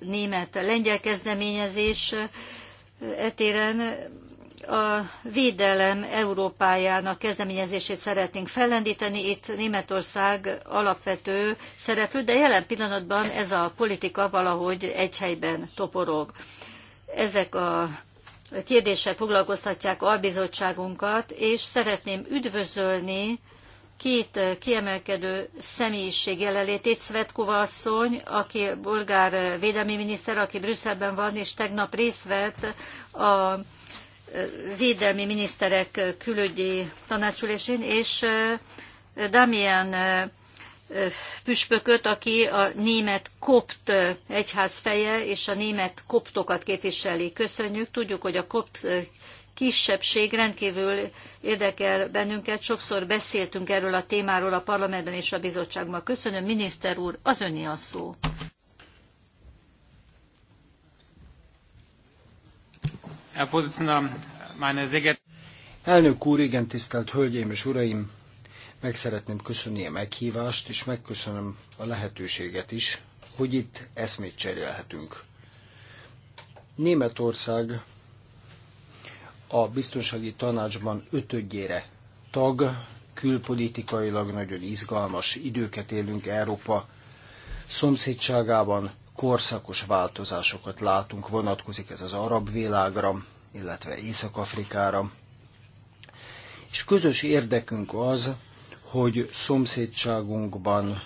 német, lengyel kezdeményezés etéren a védelem Európájának kezdeményezését szeretnénk fellendíteni. Itt Németország alapvető szereplő, de jelen pillanatban ez a politika valahogy egy helyben toporog. Ezek a kérdések foglalkoztatják albizottságunkat, és szeretném üdvözölni két kiemelkedő személyiség jelenlétét, Svetkova asszony, aki bolgár védelmi miniszter, aki Brüsszelben van, és tegnap részt vett a védelmi miniszterek külügyi tanácsülésén, és Damian püspököt, aki a német kopt egyház feje, és a német koptokat képviseli. Köszönjük, tudjuk, hogy a kopt kisebbség rendkívül érdekel bennünket. Sokszor beszéltünk erről a témáról a parlamentben és a bizottságban. Köszönöm, miniszter úr, az öné a szó. Herr Vorsitzender, meine sehr geehrten... Elnök úr, igen, tisztelt Hölgyeim és Uraim! Meg szeretném köszönni a meghívást, és megköszönöm a lehetőséget is, hogy itt eszmét cserélhetünk. Németország a biztonsági tanácsban ötödjére tag, külpolitikailag nagyon izgalmas időket élünk Európa szomszédságában, korszakos változásokat látunk, vonatkozik ez az arab világra, illetve Észak-Afrikára. És közös érdekünk az, hogy szomszédságunkban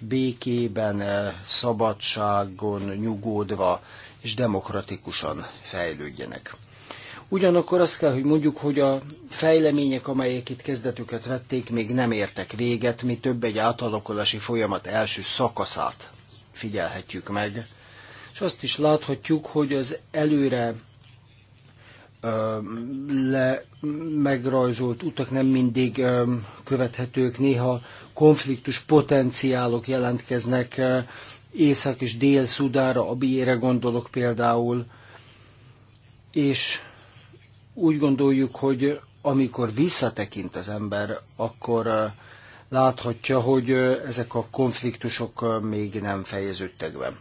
békében, szabadságon nyugodva és demokratikusan fejlődjenek. Ugyanakkor azt kell, hogy mondjuk, hogy a fejlemények, amelyek itt kezdetüket vették, még nem értek véget, mi több egy átalakulási folyamat első szakaszát figyelhetjük meg. És azt is láthatjuk, hogy az előre le megrajzolt utak nem mindig követhetők, néha konfliktus potenciálok jelentkeznek, Észak és Dél-Szudára, Abiére gondolok például, és úgy gondoljuk, hogy amikor visszatekint az ember, akkor láthatja, hogy ezek a konfliktusok még nem fejeződtek be.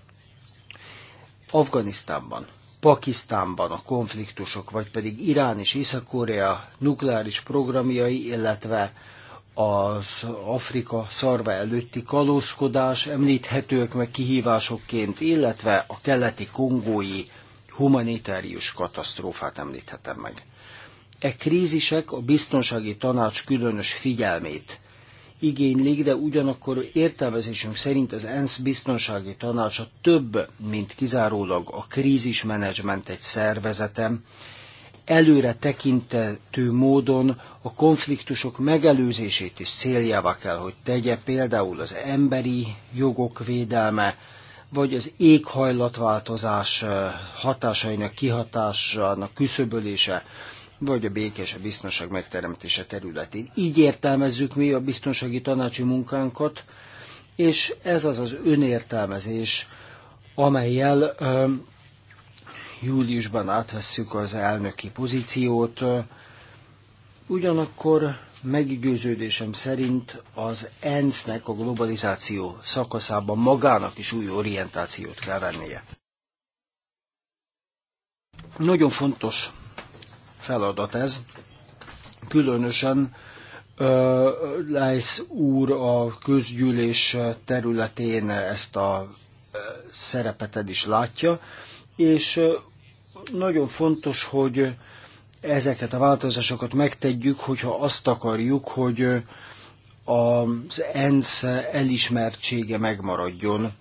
Afganisztánban, Pakisztánban a konfliktusok, vagy pedig Irán és Észak-Korea nukleáris programjai, illetve az Afrika szarva előtti kalózkodás említhetők meg kihívásokként, illetve a keleti kongói humanitárius katasztrófát említhetem meg. E krízisek a biztonsági tanács különös figyelmét igénylik, de ugyanakkor értelmezésünk szerint az ENSZ biztonsági tanácsa több, mint kizárólag a krízismenedzsment egy szervezetem, előre tekintető módon a konfliktusok megelőzését is céljává kell, hogy tegye például az emberi jogok védelme, vagy az éghajlatváltozás eh, hatásainak kihatásának küszöbölése, vagy a béke és a biztonság megteremtése területén. Így értelmezzük mi a biztonsági tanácsi munkánkat, és ez az az önértelmezés, amelyel ö, júliusban átvesszük az elnöki pozíciót. Ugyanakkor meggyőződésem szerint az ENSZ-nek a globalizáció szakaszában magának is új orientációt kell vennie. Nagyon fontos feladat ez. Különösen Leis úr a közgyűlés területén ezt a szerepeted is látja, és nagyon fontos, hogy ezeket a változásokat megtegyük, hogyha azt akarjuk, hogy az ENSZ elismertsége megmaradjon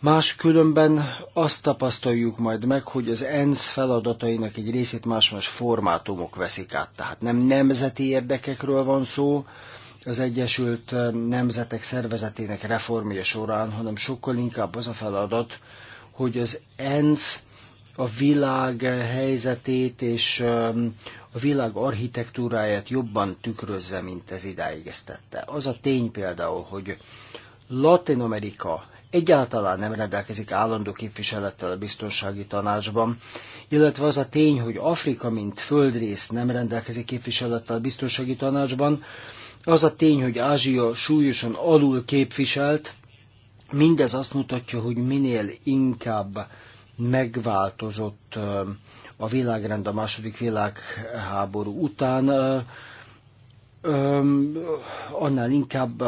Máskülönben azt tapasztaljuk majd meg, hogy az ENSZ feladatainak egy részét más-más formátumok veszik át. Tehát nem nemzeti érdekekről van szó az Egyesült Nemzetek Szervezetének reformja során, hanem sokkal inkább az a feladat, hogy az ENSZ a világ helyzetét és um, a világ architektúráját jobban tükrözze, mint ez idáig ezt tette. Az a tény például, hogy Latin Amerika egyáltalán nem rendelkezik állandó képviselettel a biztonsági tanácsban, illetve az a tény, hogy Afrika, mint földrész nem rendelkezik képviselettel a biztonsági tanácsban, az a tény, hogy Ázsia súlyosan alul képviselt, mindez azt mutatja, hogy minél inkább megváltozott a világrend a második világháború után, annál inkább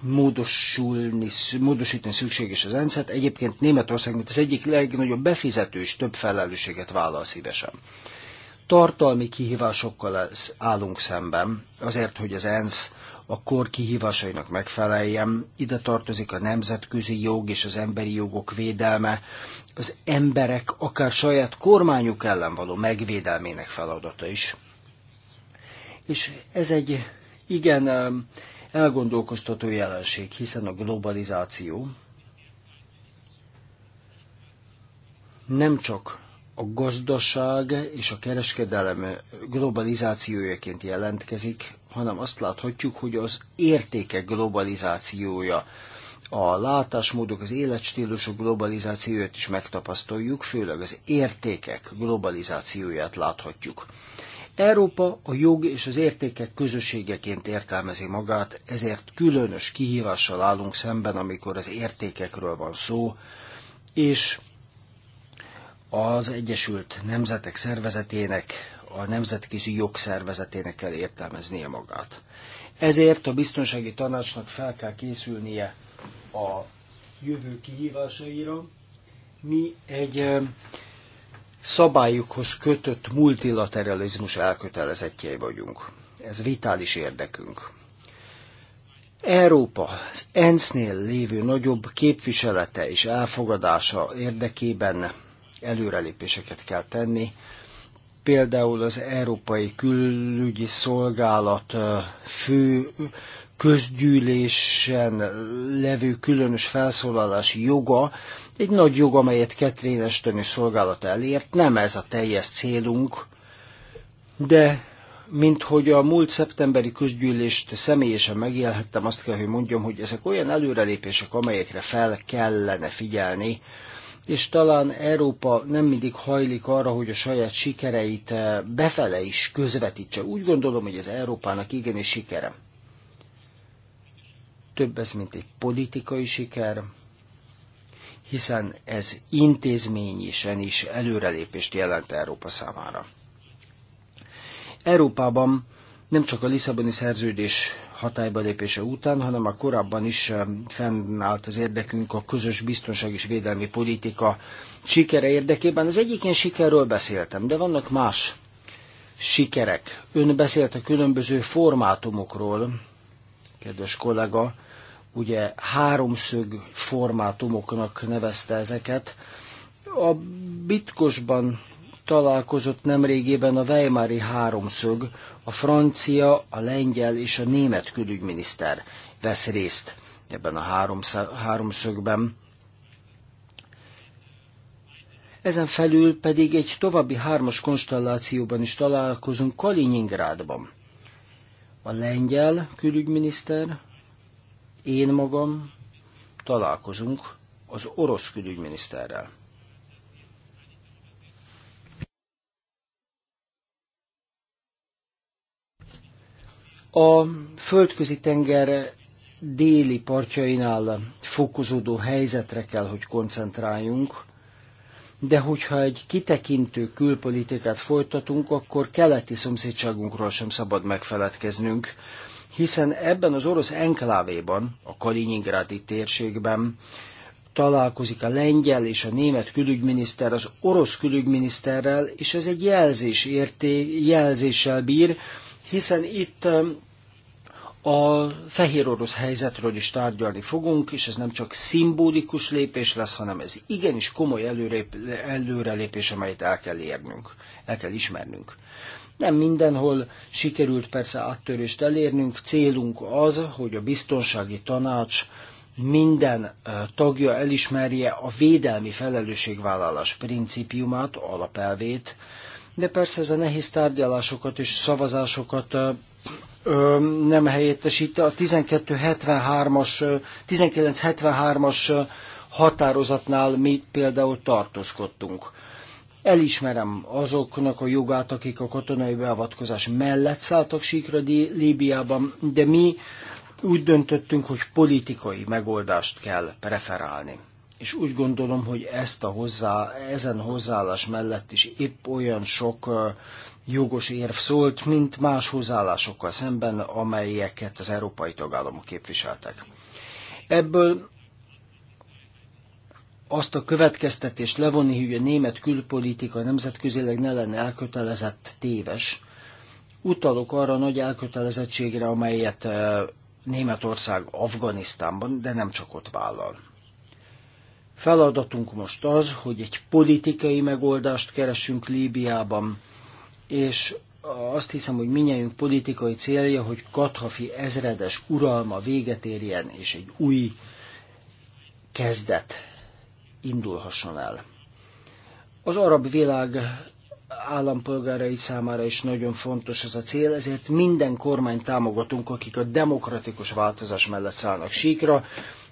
módosulni, módosítani szükséges az rendszert. Egyébként Németország, mint az egyik legnagyobb és több felelősséget vállal szívesen. Tartalmi kihívásokkal állunk szemben, azért, hogy az ENSZ a kor kihívásainak megfeleljen. Ide tartozik a nemzetközi jog és az emberi jogok védelme, az emberek akár saját kormányuk ellen való megvédelmének feladata is. És ez egy igen elgondolkoztató jelenség, hiszen a globalizáció nem csak a gazdaság és a kereskedelem globalizációjaként jelentkezik, hanem azt láthatjuk, hogy az értékek globalizációja, a látásmódok, az életstílusok globalizációját is megtapasztaljuk, főleg az értékek globalizációját láthatjuk. Európa a jog és az értékek közösségeként értelmezi magát, ezért különös kihívással állunk szemben, amikor az értékekről van szó, és az Egyesült Nemzetek Szervezetének, a Nemzetközi Jogszervezetének kell értelmeznie magát. Ezért a biztonsági tanácsnak fel kell készülnie a jövő kihívásaira. Mi egy szabályukhoz kötött multilateralizmus elkötelezettjei vagyunk. Ez vitális érdekünk. Európa az ENSZ-nél lévő nagyobb képviselete és elfogadása érdekében előrelépéseket kell tenni, például az Európai Külügyi Szolgálat fő közgyűlésen levő különös felszólalási joga egy nagy jog, amelyet Ketrén Estönő szolgálat elért. Nem ez a teljes célunk, de mint hogy a múlt szeptemberi közgyűlést személyesen megélhettem, azt kell, hogy mondjam, hogy ezek olyan előrelépések, amelyekre fel kellene figyelni, és talán Európa nem mindig hajlik arra, hogy a saját sikereit eh, befele is közvetítse. Úgy gondolom, hogy ez Európának igenis sikere. Több ez, mint egy politikai siker, hiszen ez intézményesen is előrelépést jelent Európa számára. Európában nem csak a Lisszaboni szerződés hatályba lépése után, hanem a korábban is fennállt az érdekünk a közös biztonság és védelmi politika sikere érdekében. Az egyik ilyen sikerről beszéltem, de vannak más sikerek. Ön beszélt a különböző formátumokról, kedves kollega, ugye háromszög formátumoknak nevezte ezeket. A bitkosban találkozott nemrégében a Weimári háromszög, a francia, a lengyel és a német külügyminiszter vesz részt ebben a háromszögben. Ezen felül pedig egy további hármas konstellációban is találkozunk Kaliningrádban. A lengyel külügyminiszter, én magam találkozunk az orosz külügyminiszterrel. A földközi tenger déli partjainál fokozódó helyzetre kell, hogy koncentráljunk, de hogyha egy kitekintő külpolitikát folytatunk, akkor keleti szomszédságunkról sem szabad megfeledkeznünk, hiszen ebben az orosz enklávéban, a Kaliningrádi térségben találkozik a lengyel és a német külügyminiszter az orosz külügyminiszterrel, és ez egy jelzés érté, jelzéssel bír, hiszen itt a fehér orosz helyzetről is tárgyalni fogunk, és ez nem csak szimbolikus lépés lesz, hanem ez igenis komoly előrelépés, előrelépés amelyet el kell érnünk, el kell ismernünk. Nem mindenhol sikerült persze áttörést elérnünk, célunk az, hogy a biztonsági tanács minden tagja elismerje a védelmi felelősségvállalás principiumát, alapelvét, de persze ez a nehéz tárgyalásokat és szavazásokat ö, nem helyettesíti. A 1273-as, 1973-as határozatnál mi például tartózkodtunk. Elismerem azoknak a jogát, akik a katonai beavatkozás mellett szálltak síkra Líbiában, de mi úgy döntöttünk, hogy politikai megoldást kell preferálni. És úgy gondolom, hogy ezt a hozzá, ezen hozzáállás mellett is épp olyan sok jogos érv szólt, mint más hozzáállásokkal szemben, amelyeket az európai tagállamok képviseltek. Ebből azt a következtetést levonni, hogy a német külpolitika nemzetközileg ne lenne elkötelezett téves. Utalok arra a nagy elkötelezettségre, amelyet Németország Afganisztánban, de nem csak ott vállal. Feladatunk most az, hogy egy politikai megoldást keresünk Líbiában, és azt hiszem, hogy minnyájunk politikai célja, hogy Kathafi ezredes uralma véget érjen, és egy új kezdet indulhasson el. Az arab világ állampolgárai számára is nagyon fontos ez a cél, ezért minden kormány támogatunk, akik a demokratikus változás mellett szállnak síkra.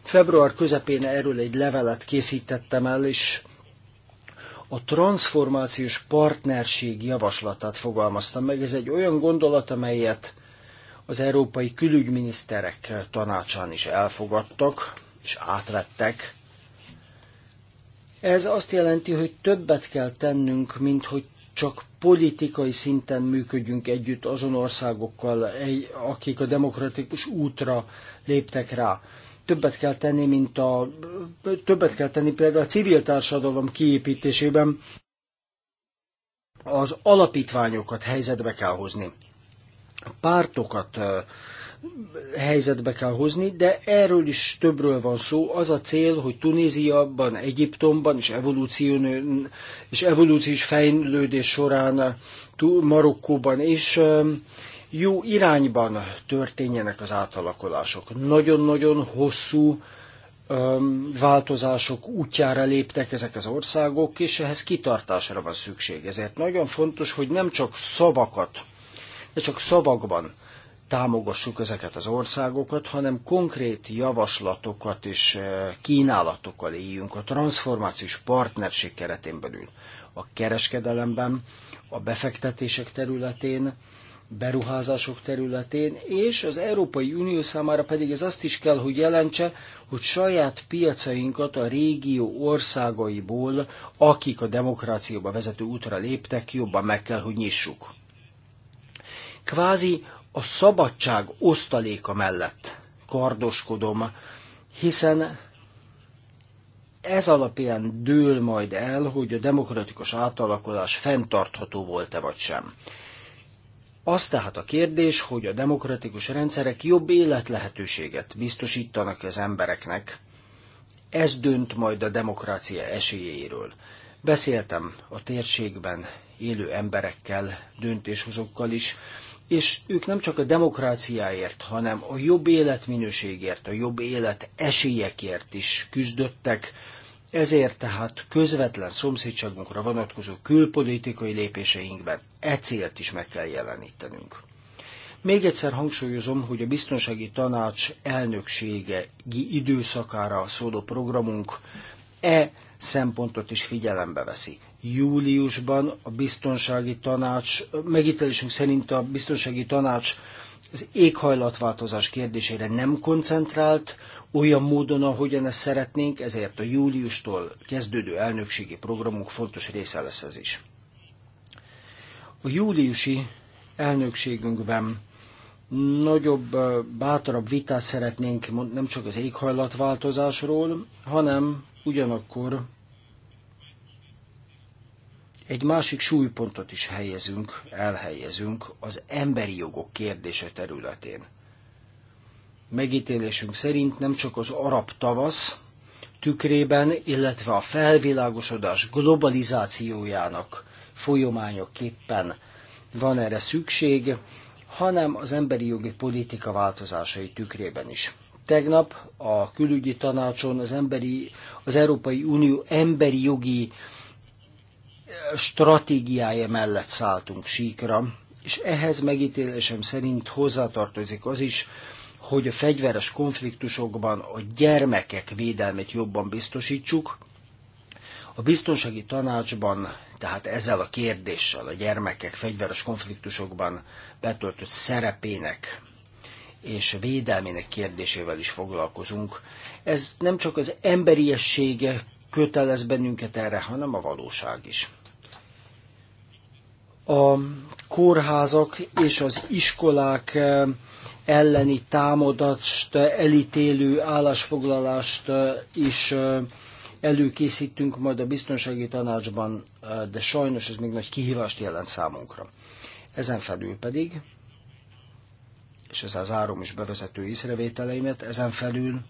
Február közepén erről egy levelet készítettem el, és a transformációs partnerség javaslatát fogalmaztam meg. Ez egy olyan gondolat, amelyet az európai külügyminiszterek tanácsán is elfogadtak és átvettek. Ez azt jelenti, hogy többet kell tennünk, mint hogy csak politikai szinten működjünk együtt azon országokkal, akik a demokratikus útra léptek rá. Többet kell tenni, mint a, többet kell tenni például a civil társadalom kiépítésében, az alapítványokat helyzetbe kell hozni. A pártokat helyzetbe kell hozni, de erről is többről van szó. Az a cél, hogy Tunéziában, Egyiptomban és, evolúción, és evolúciós fejlődés során Marokkóban és jó irányban történjenek az átalakulások. Nagyon-nagyon hosszú változások útjára léptek ezek az országok, és ehhez kitartásra van szükség. Ezért nagyon fontos, hogy nem csak szavakat, de csak szavakban támogassuk ezeket az országokat, hanem konkrét javaslatokat és eh, kínálatokkal éljünk a transformációs partnerség keretén belül. A kereskedelemben, a befektetések területén, beruházások területén, és az Európai Unió számára pedig ez azt is kell, hogy jelentse, hogy saját piacainkat a régió országaiból, akik a demokrációba vezető útra léptek, jobban meg kell, hogy nyissuk. Kvázi a szabadság osztaléka mellett kardoskodom, hiszen ez alapján dől majd el, hogy a demokratikus átalakulás fenntartható volt-e vagy sem. Az tehát a kérdés, hogy a demokratikus rendszerek jobb életlehetőséget biztosítanak az embereknek. Ez dönt majd a demokrácia esélyéről. Beszéltem a térségben élő emberekkel, döntéshozókkal is, és ők nem csak a demokráciáért, hanem a jobb életminőségért, a jobb élet esélyekért is küzdöttek, ezért tehát közvetlen szomszédságunkra vonatkozó külpolitikai lépéseinkben e célt is meg kell jelenítenünk. Még egyszer hangsúlyozom, hogy a Biztonsági Tanács elnöksége időszakára szóló programunk e szempontot is figyelembe veszi. Júliusban a biztonsági tanács, megítélésünk szerint a biztonsági tanács az éghajlatváltozás kérdésére nem koncentrált, olyan módon, ahogyan ezt szeretnénk, ezért a júliustól kezdődő elnökségi programunk fontos része lesz ez is. A júliusi elnökségünkben nagyobb, bátorabb vitát szeretnénk nem csak az éghajlatváltozásról, hanem ugyanakkor egy másik súlypontot is helyezünk, elhelyezünk az emberi jogok kérdése területén. Megítélésünk szerint nem csak az arab tavasz tükrében, illetve a felvilágosodás globalizációjának folyományoképpen van erre szükség, hanem az emberi jogi politika változásai tükrében is. Tegnap a külügyi tanácson az, emberi, az Európai Unió emberi jogi stratégiája mellett szálltunk síkra, és ehhez megítélésem szerint hozzátartozik az is, hogy a fegyveres konfliktusokban a gyermekek védelmét jobban biztosítsuk. A biztonsági tanácsban, tehát ezzel a kérdéssel, a gyermekek fegyveres konfliktusokban betöltött szerepének és védelmének kérdésével is foglalkozunk. Ez nem csak az emberiessége kötelez bennünket erre, hanem a valóság is a kórházak és az iskolák eh, elleni támadást eh, elítélő állásfoglalást eh, is előkészítünk majd a biztonsági tanácsban, de sajnos ez még nagy kihívást jelent számunkra. Ezen felül pedig, és ez az árom is bevezető észrevételeimet, ezen felül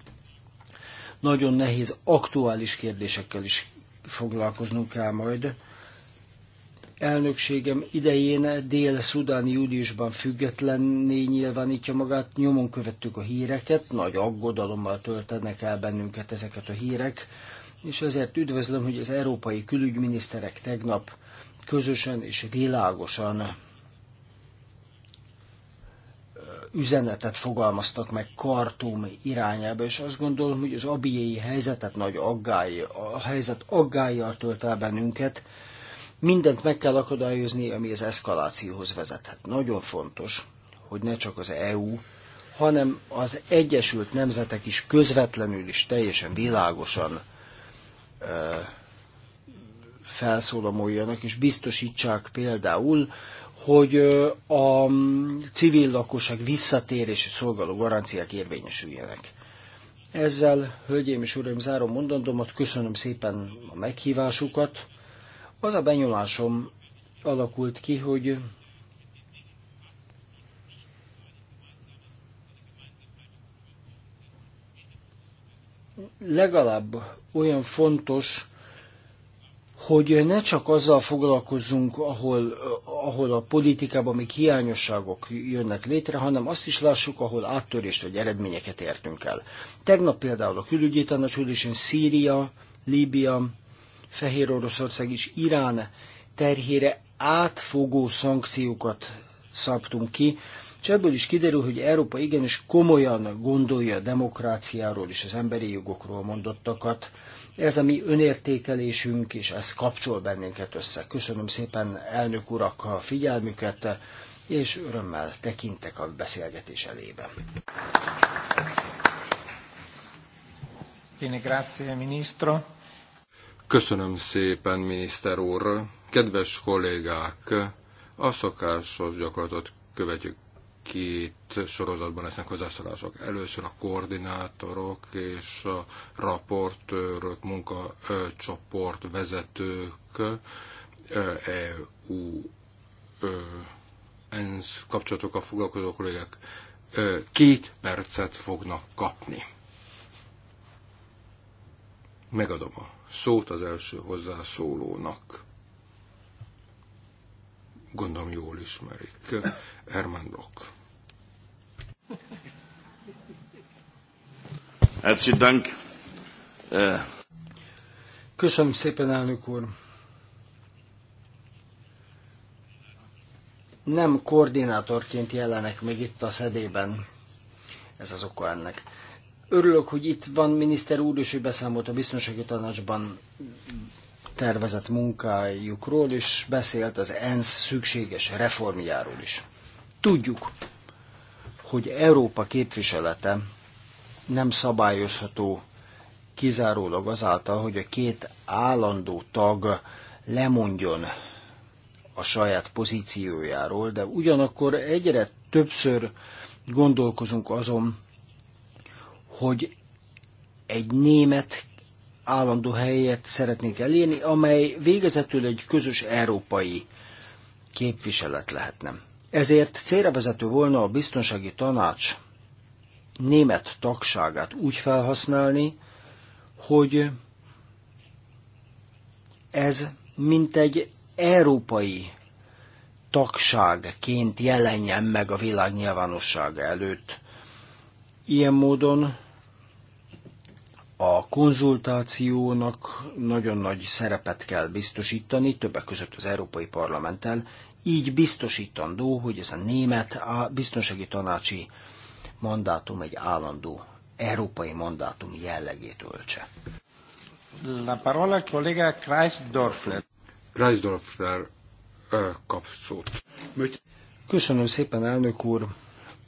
nagyon nehéz aktuális kérdésekkel is foglalkoznunk kell majd, elnökségem idején Dél-Szudán júliusban függetlenné nyilvánítja magát. Nyomon követtük a híreket, nagy aggodalommal töltenek el bennünket ezeket a hírek, és ezért üdvözlöm, hogy az európai külügyminiszterek tegnap közösen és világosan üzenetet fogalmaztak meg Kartum irányába, és azt gondolom, hogy az abiei helyzetet nagy aggály, a helyzet aggályjal tölt el bennünket, mindent meg kell akadályozni, ami az eszkalációhoz vezethet. Nagyon fontos, hogy ne csak az EU, hanem az Egyesült Nemzetek is közvetlenül is teljesen világosan ö, felszólamoljanak, és biztosítsák például, hogy a civil lakosság visszatérési szolgáló garanciák érvényesüljenek. Ezzel, hölgyeim és uraim, zárom mondandómat, köszönöm szépen a meghívásukat, az a benyolásom alakult ki, hogy legalább olyan fontos, hogy ne csak azzal foglalkozzunk, ahol, ahol a politikában még hiányosságok jönnek létre, hanem azt is lássuk, ahol áttörést vagy eredményeket értünk el. Tegnap például a külügyi tanácsülésén Szíria, Líbia, Fehér Oroszország és Irán terhére átfogó szankciókat szabtunk ki, és ebből is kiderül, hogy Európa igenis komolyan gondolja a demokráciáról és az emberi jogokról mondottakat. Ez a mi önértékelésünk, és ez kapcsol bennünket össze. Köszönöm szépen elnök urak a figyelmüket, és örömmel tekintek a beszélgetés elébe. Bene, grazie, ministro. Köszönöm szépen, miniszter úr. Kedves kollégák, a szokásos gyakorlatot követjük két sorozatban lesznek hozzászólások. Először a koordinátorok és a raportőrök, munkacsoport vezetők, EU, eh, e eh, ENSZ kapcsolatokkal foglalkozó kollégák eh, két percet fognak kapni. Megadom a szót az első hozzászólónak. Gondolom jól ismerik. Herman Brock. Äh, Köszönöm szépen, elnök úr. Nem koordinátorként jelenek még itt a szedében. Ez az oka ennek. Örülök, hogy itt van miniszter úr, és hogy beszámolt a biztonsági tanácsban tervezett munkájukról, és beszélt az ENSZ szükséges reformjáról is. Tudjuk, hogy Európa képviselete nem szabályozható kizárólag azáltal, hogy a két állandó tag lemondjon a saját pozíciójáról, de ugyanakkor egyre többször gondolkozunk azon, hogy egy német állandó helyet szeretnék elérni, amely végezetül egy közös európai képviselet lehetne. Ezért célra vezető volna a biztonsági tanács német tagságát úgy felhasználni, hogy ez mint egy európai tagságként jelenjen meg a világ nyilvánossága előtt. Ilyen módon a konzultációnak nagyon nagy szerepet kell biztosítani, többek között az Európai Parlamenttel, így biztosítandó, hogy ez a német a biztonsági tanácsi mandátum egy állandó európai mandátum jellegét öltse. La parola kollega Kreisdorfler. Kreisdorfler kap szót. Köszönöm szépen, elnök úr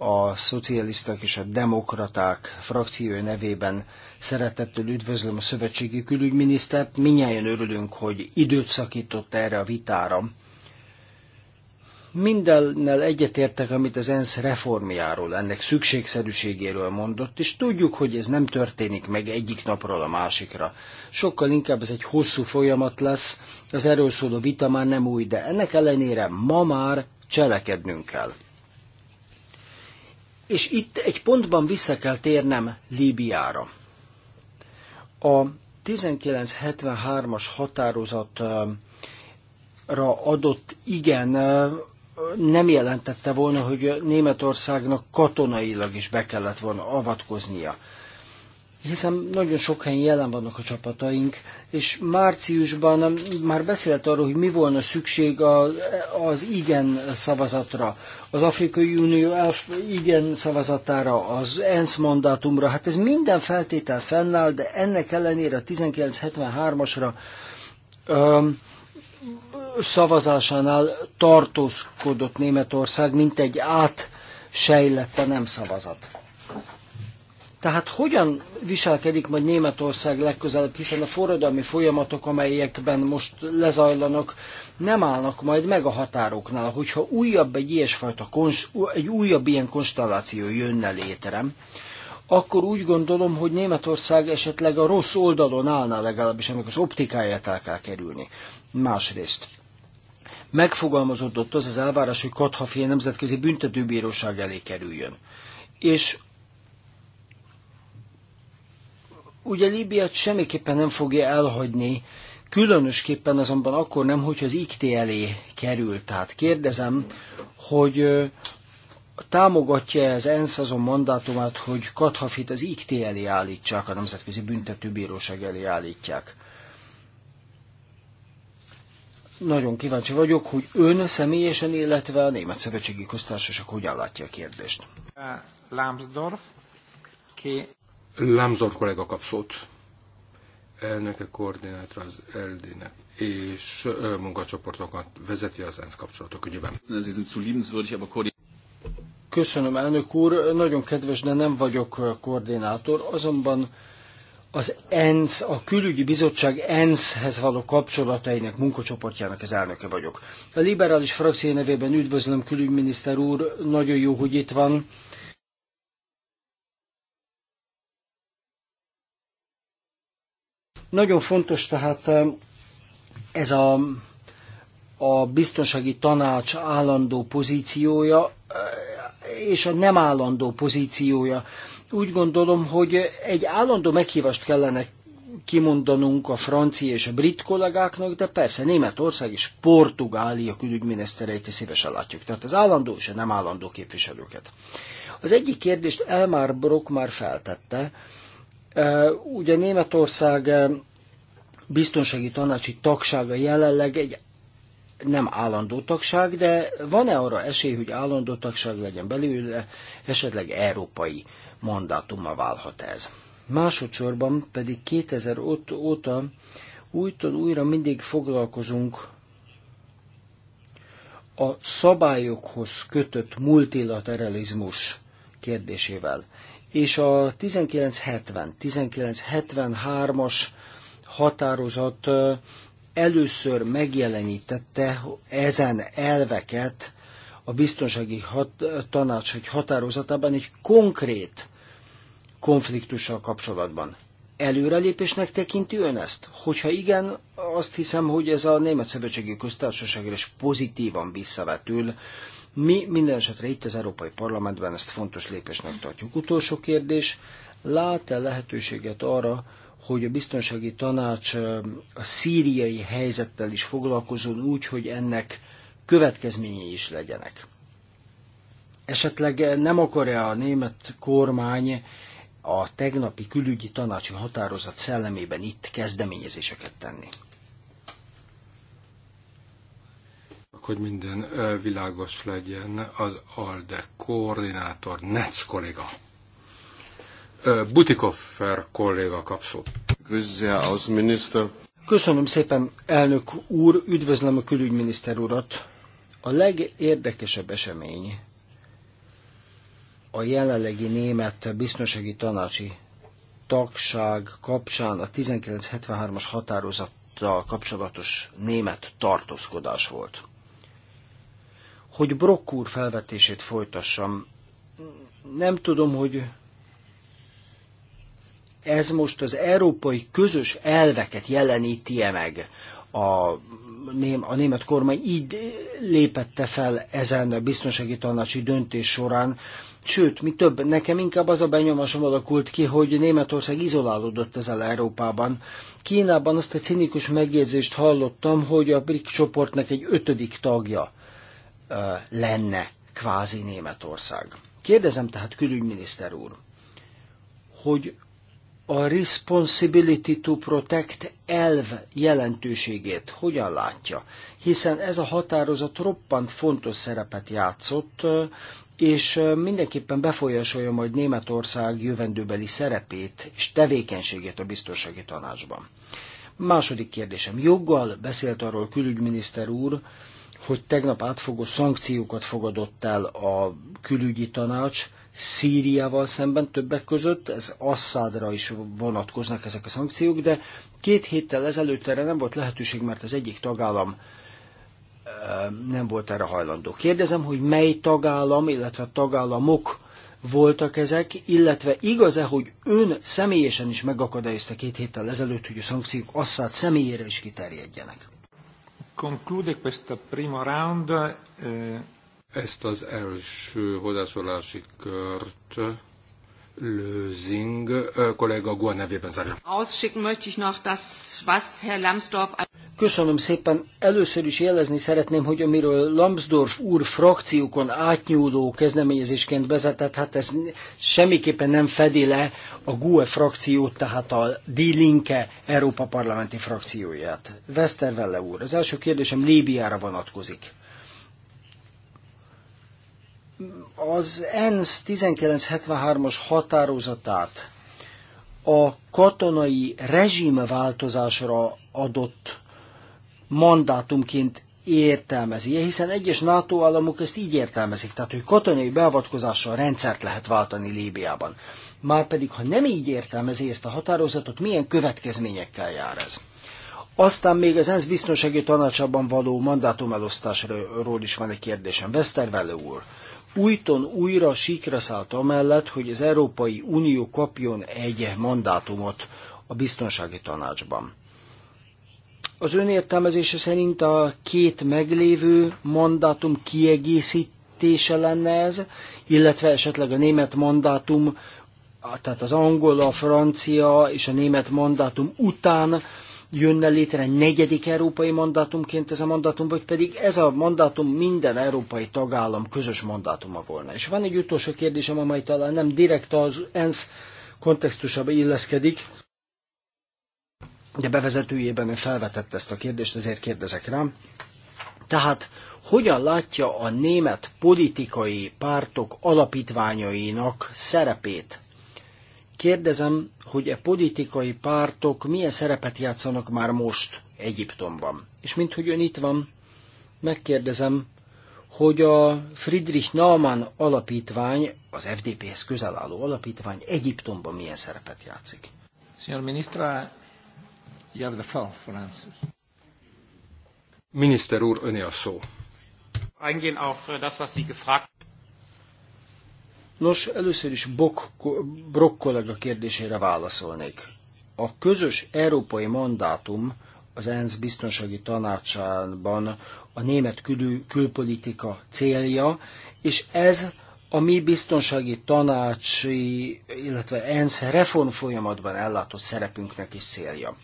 a szocialisták és a demokraták frakciója nevében szeretettel üdvözlöm a szövetségi külügyminisztert. Minnyáján örülünk, hogy időt szakított erre a vitára. Mindennel egyetértek, amit az ENSZ reformjáról, ennek szükségszerűségéről mondott, és tudjuk, hogy ez nem történik meg egyik napról a másikra. Sokkal inkább ez egy hosszú folyamat lesz, az erről szóló vita már nem új, de ennek ellenére ma már cselekednünk kell. És itt egy pontban vissza kell térnem Líbiára. A 1973-as határozatra adott igen nem jelentette volna, hogy Németországnak katonailag is be kellett volna avatkoznia hiszen nagyon sok helyen jelen vannak a csapataink, és márciusban már beszélt arról, hogy mi volna szükség az, az igen szavazatra, az Afrikai Unió elf, igen szavazatára, az ENSZ mandátumra. Hát ez minden feltétel fennáll, de ennek ellenére a 1973-asra um, szavazásánál tartózkodott Németország, mint egy sejlette nem szavazat. Tehát hogyan viselkedik majd Németország legközelebb, hiszen a forradalmi folyamatok, amelyekben most lezajlanak, nem állnak majd meg a határoknál, hogyha újabb egy ilyesfajta, egy újabb ilyen konstelláció jönne létre, akkor úgy gondolom, hogy Németország esetleg a rossz oldalon állna legalábbis, amikor az optikáját el kell kerülni. Másrészt megfogalmazódott az az elvárás, hogy Kathafi nemzetközi büntetőbíróság elé kerüljön. És Ugye Líbiát semmiképpen nem fogja elhagyni, különösképpen azonban akkor nem, hogyha az IKT elé kerül. Tehát kérdezem, hogy támogatja -e az ENSZ azon mandátumát, hogy Kathafit az IKT elé állítsák, a Nemzetközi Büntetőbíróság elé állítják. Nagyon kíváncsi vagyok, hogy ön személyesen, illetve a Német Szövetségi Köztársaság hogyan látja a kérdést. Lambsdorff, ki Lámzor kollega kap szót. Elnöke koordinátor az Eldine és munkacsoportokat vezeti az ENSZ kapcsolatok ügyében. Köszönöm, elnök úr. Nagyon kedves, de nem vagyok koordinátor. Azonban az ENSZ, a külügyi bizottság ENSZ-hez való kapcsolatainak munkacsoportjának az elnöke vagyok. A liberális frakció nevében üdvözlöm külügyminiszter úr, nagyon jó, hogy itt van. Nagyon fontos tehát ez a, a biztonsági tanács állandó pozíciója eh, és a nem állandó pozíciója. Úgy gondolom, hogy egy állandó meghívást kellene kimondanunk a francia és a brit kollégáknak, de persze Németország és Portugália külügyminisztereit is szívesen látjuk, tehát az állandó és a nem állandó képviselőket. Az egyik kérdést Elmar Brock már feltette, Ugye Németország biztonsági tanácsi tagsága jelenleg egy nem állandó tagság, de van-e arra esély, hogy állandó tagság legyen belőle, esetleg európai mandátuma válhat ez? Másodszorban pedig 2000 óta újtól újra mindig foglalkozunk a szabályokhoz kötött multilateralizmus kérdésével és a 1970, 1973-as határozat először megjelenítette ezen elveket a biztonsági hat, tanács egy határozatában egy konkrét konfliktussal kapcsolatban. Előrelépésnek tekinti ön ezt? Hogyha igen, azt hiszem, hogy ez a Német Szövetségi Köztársaságra is pozitívan visszavetül, mi minden esetre itt az Európai Parlamentben ezt fontos lépésnek tartjuk. Utolsó kérdés, lát-e lehetőséget arra, hogy a biztonsági tanács a szíriai helyzettel is foglalkozon úgy, hogy ennek következményei is legyenek? Esetleg nem akarja a német kormány a tegnapi külügyi tanácsi határozat szellemében itt kezdeményezéseket tenni? hogy minden világos legyen, az ALDE koordinátor, Netsz kolléga. Butikoffer kolléga kapszó. Köszönöm szépen, elnök úr, üdvözlöm a külügyminiszter urat. A legérdekesebb esemény a jelenlegi német biztonsági tanácsi tagság kapcsán a 1973-as határozattal kapcsolatos német tartózkodás volt hogy Brock úr felvetését folytassam. Nem tudom, hogy ez most az európai közös elveket jeleníti-e meg. A, ném, a német kormány így lépette fel ezen a biztonsági tanácsi döntés során, Sőt, mi több, nekem inkább az a benyomásom alakult ki, hogy Németország izolálódott ezzel Európában. Kínában azt a cinikus megjegyzést hallottam, hogy a BRIC csoportnak egy ötödik tagja lenne kvázi Németország. Kérdezem tehát külügyminiszter úr, hogy a Responsibility to Protect elv jelentőségét hogyan látja, hiszen ez a határozat roppant fontos szerepet játszott, és mindenképpen befolyásolja majd Németország jövendőbeli szerepét és tevékenységét a biztonsági tanácsban. Második kérdésem. Joggal beszélt arról külügyminiszter úr, hogy tegnap átfogó szankciókat fogadott el a külügyi tanács Szíriával szemben többek között, ez Assadra is vonatkoznak ezek a szankciók, de két héttel ezelőtt erre nem volt lehetőség, mert az egyik tagállam ehm, nem volt erre hajlandó. Kérdezem, hogy mely tagállam, illetve tagállamok voltak ezek, illetve igaz-e, hogy ön személyesen is megakadályozta két héttel ezelőtt, hogy a szankciók Assad személyére is kiterjedjenek? Conclude questo primo round. Eh, Ezt az első hozzászólási kört Lösing eh, kollega Guan nevében zárja. Ausschicken möchte ich noch das, was Herr Lambsdorff Köszönöm szépen. Először is jelezni szeretném, hogy amiről Lambsdorff úr frakciókon átnyúló kezdeményezésként vezetett, hát ez semmiképpen nem fedi le a GUE frakciót, tehát a D. Linke Európa parlamenti frakcióját. Westervelle úr, az első kérdésem Líbiára vonatkozik. Az ENSZ 1973-as határozatát a katonai rezsim változásra adott mandátumként értelmezi, hiszen egyes NATO államok ezt így értelmezik, tehát hogy katonai beavatkozással rendszert lehet váltani Líbiában. Márpedig, ha nem így értelmezi ezt a határozatot, milyen következményekkel jár ez? Aztán még az ENSZ biztonsági tanácsában való mandátumelosztásról is van egy kérdésem. Westervelle úr, újton újra síkra szállt amellett, hogy az Európai Unió kapjon egy mandátumot a biztonsági tanácsban. Az ön értelmezése szerint a két meglévő mandátum kiegészítése lenne ez, illetve esetleg a német mandátum, tehát az angol, a francia és a német mandátum után jönne létre negyedik európai mandátumként ez a mandátum, vagy pedig ez a mandátum minden európai tagállam közös mandátuma volna. És van egy utolsó kérdésem, amely talán nem direkt az ENSZ kontextusába illeszkedik, de bevezetőjében ő felvetett ezt a kérdést, ezért kérdezek rám. Tehát hogyan látja a német politikai pártok alapítványainak szerepét? Kérdezem, hogy a e politikai pártok milyen szerepet játszanak már most Egyiptomban. És mint hogy ön itt van, megkérdezem, hogy a Friedrich Naumann alapítvány, az FDP-hez közel álló alapítvány Egyiptomban milyen szerepet játszik? Szia, minisztra, You have the floor for answers. Miniszter úr, öné a szó. Eingehen auf äh, das, was Sie gefragt Nos, először is Bok, Brock kollega kérdésére válaszolnék. A közös európai mandátum az ENSZ biztonsági tanácsában a német kül- külpolitika célja, és ez a mi biztonsági tanácsi, illetve ENSZ reform folyamatban ellátott szerepünknek is célja.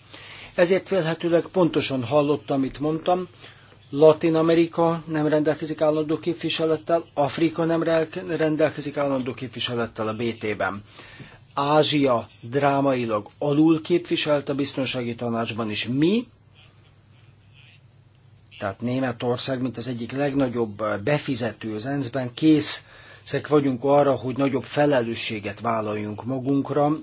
Ezért vélhetőleg pontosan hallotta, amit mondtam. Latin Amerika nem rendelkezik állandó képviselettel, Afrika nem rendelkezik állandó képviselettel a BT-ben. Ázsia drámailag alul képviselt a biztonsági tanácsban, és mi, tehát Németország, mint az egyik legnagyobb eh, befizető az ENSZ-ben, készek vagyunk arra, hogy nagyobb felelősséget vállaljunk magunkra,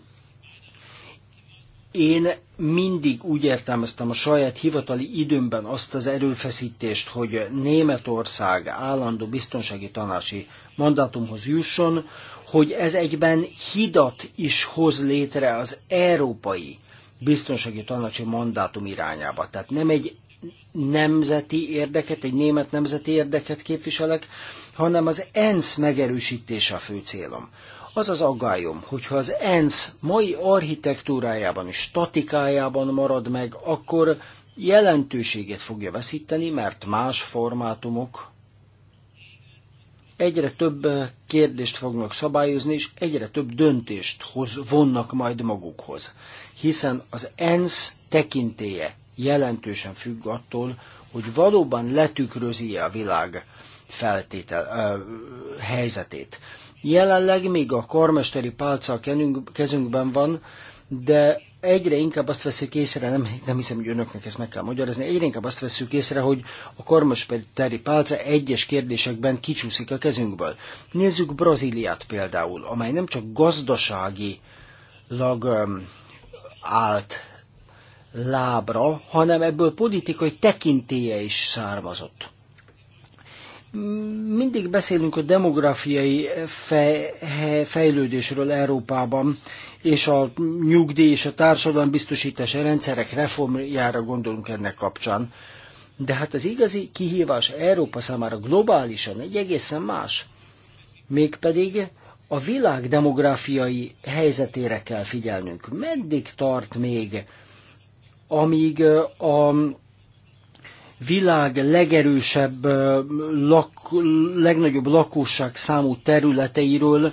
én mindig úgy értelmeztem a saját hivatali időmben azt az erőfeszítést, hogy Németország állandó biztonsági tanácsi mandátumhoz jusson, hogy ez egyben hidat is hoz létre az európai biztonsági tanácsi mandátum irányába. Tehát nem egy nemzeti érdeket, egy német nemzeti érdeket képviselek, hanem az ENSZ megerősítése a fő célom. Az az aggályom, hogyha az ENSZ mai architektúrájában és statikájában marad meg, akkor jelentőségét fogja veszíteni, mert más formátumok egyre több kérdést fognak szabályozni, és egyre több döntést hoz, vonnak majd magukhoz. Hiszen az ENSZ tekintéje jelentősen függ attól, hogy valóban letükrözi -e a világ feltétel, ö, helyzetét. Jelenleg még a karmesteri pálca kezünkben van, de egyre inkább azt veszük észre, nem, nem hiszem, hogy önöknek ezt meg kell magyarázni, egyre inkább azt veszük észre, hogy a karmesteri pálca egyes kérdésekben kicsúszik a kezünkből. Nézzük Brazíliát például, amely nem csak gazdasági lag állt lábra, hanem ebből politikai tekintéje is származott. Mindig beszélünk a demográfiai fejlődésről Európában, és a nyugdíj és a biztosítási rendszerek reformjára gondolunk ennek kapcsán. De hát az igazi kihívás Európa számára globálisan egy egészen más. Mégpedig a világ demográfiai helyzetére kell figyelnünk. Meddig tart még, amíg a világ legerősebb, lak, legnagyobb lakosság számú területeiről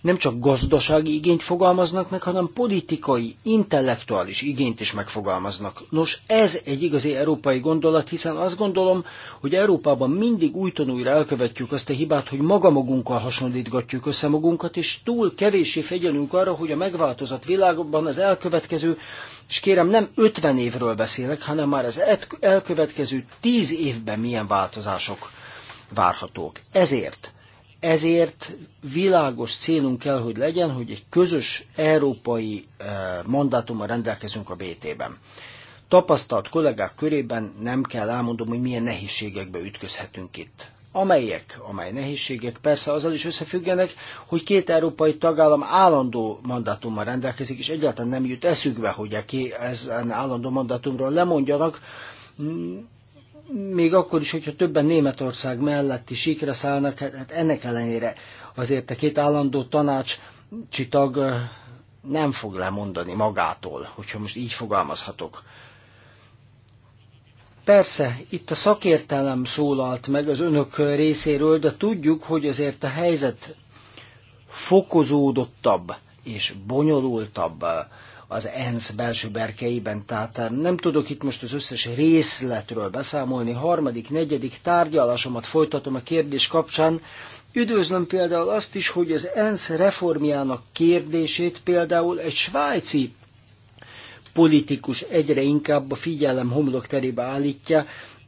nem csak gazdasági igényt fogalmaznak meg, hanem politikai, intellektuális igényt is megfogalmaznak. Nos, ez egy igazi európai gondolat, hiszen azt gondolom, hogy Európában mindig új újra elkövetjük azt a hibát, hogy maga magunkkal hasonlítgatjuk össze magunkat, és túl kevésé fegyelünk arra, hogy a megváltozott világban az elkövetkező és kérem, nem 50 évről beszélek, hanem már az elkövetkező 10 évben milyen változások várhatók. Ezért, ezért világos célunk kell, hogy legyen, hogy egy közös európai eh, mandátummal rendelkezünk a BT-ben. Tapasztalt kollégák körében nem kell elmondom, hogy milyen nehézségekbe ütközhetünk itt amelyek, amely nehézségek persze azzal is összefüggenek, hogy két európai tagállam állandó mandátummal rendelkezik, és egyáltalán nem jut eszükbe, hogy ezen állandó mandátumról lemondjanak, még akkor is, hogyha többen Németország melletti síkra szállnak, hát ennek ellenére azért a két állandó tanács csitag nem fog lemondani magától, hogyha most így fogalmazhatok. Persze, itt a szakértelem szólalt meg az önök részéről, de tudjuk, hogy azért a helyzet fokozódottabb és bonyolultabb az ENSZ belső berkeiben, tehát nem tudok itt most az összes részletről beszámolni. Harmadik, negyedik tárgyalásomat folytatom a kérdés kapcsán. Üdvözlöm például azt is, hogy az ENSZ reformjának kérdését például egy svájci politikus egyre inkább a figyelem homlok terébe állítja,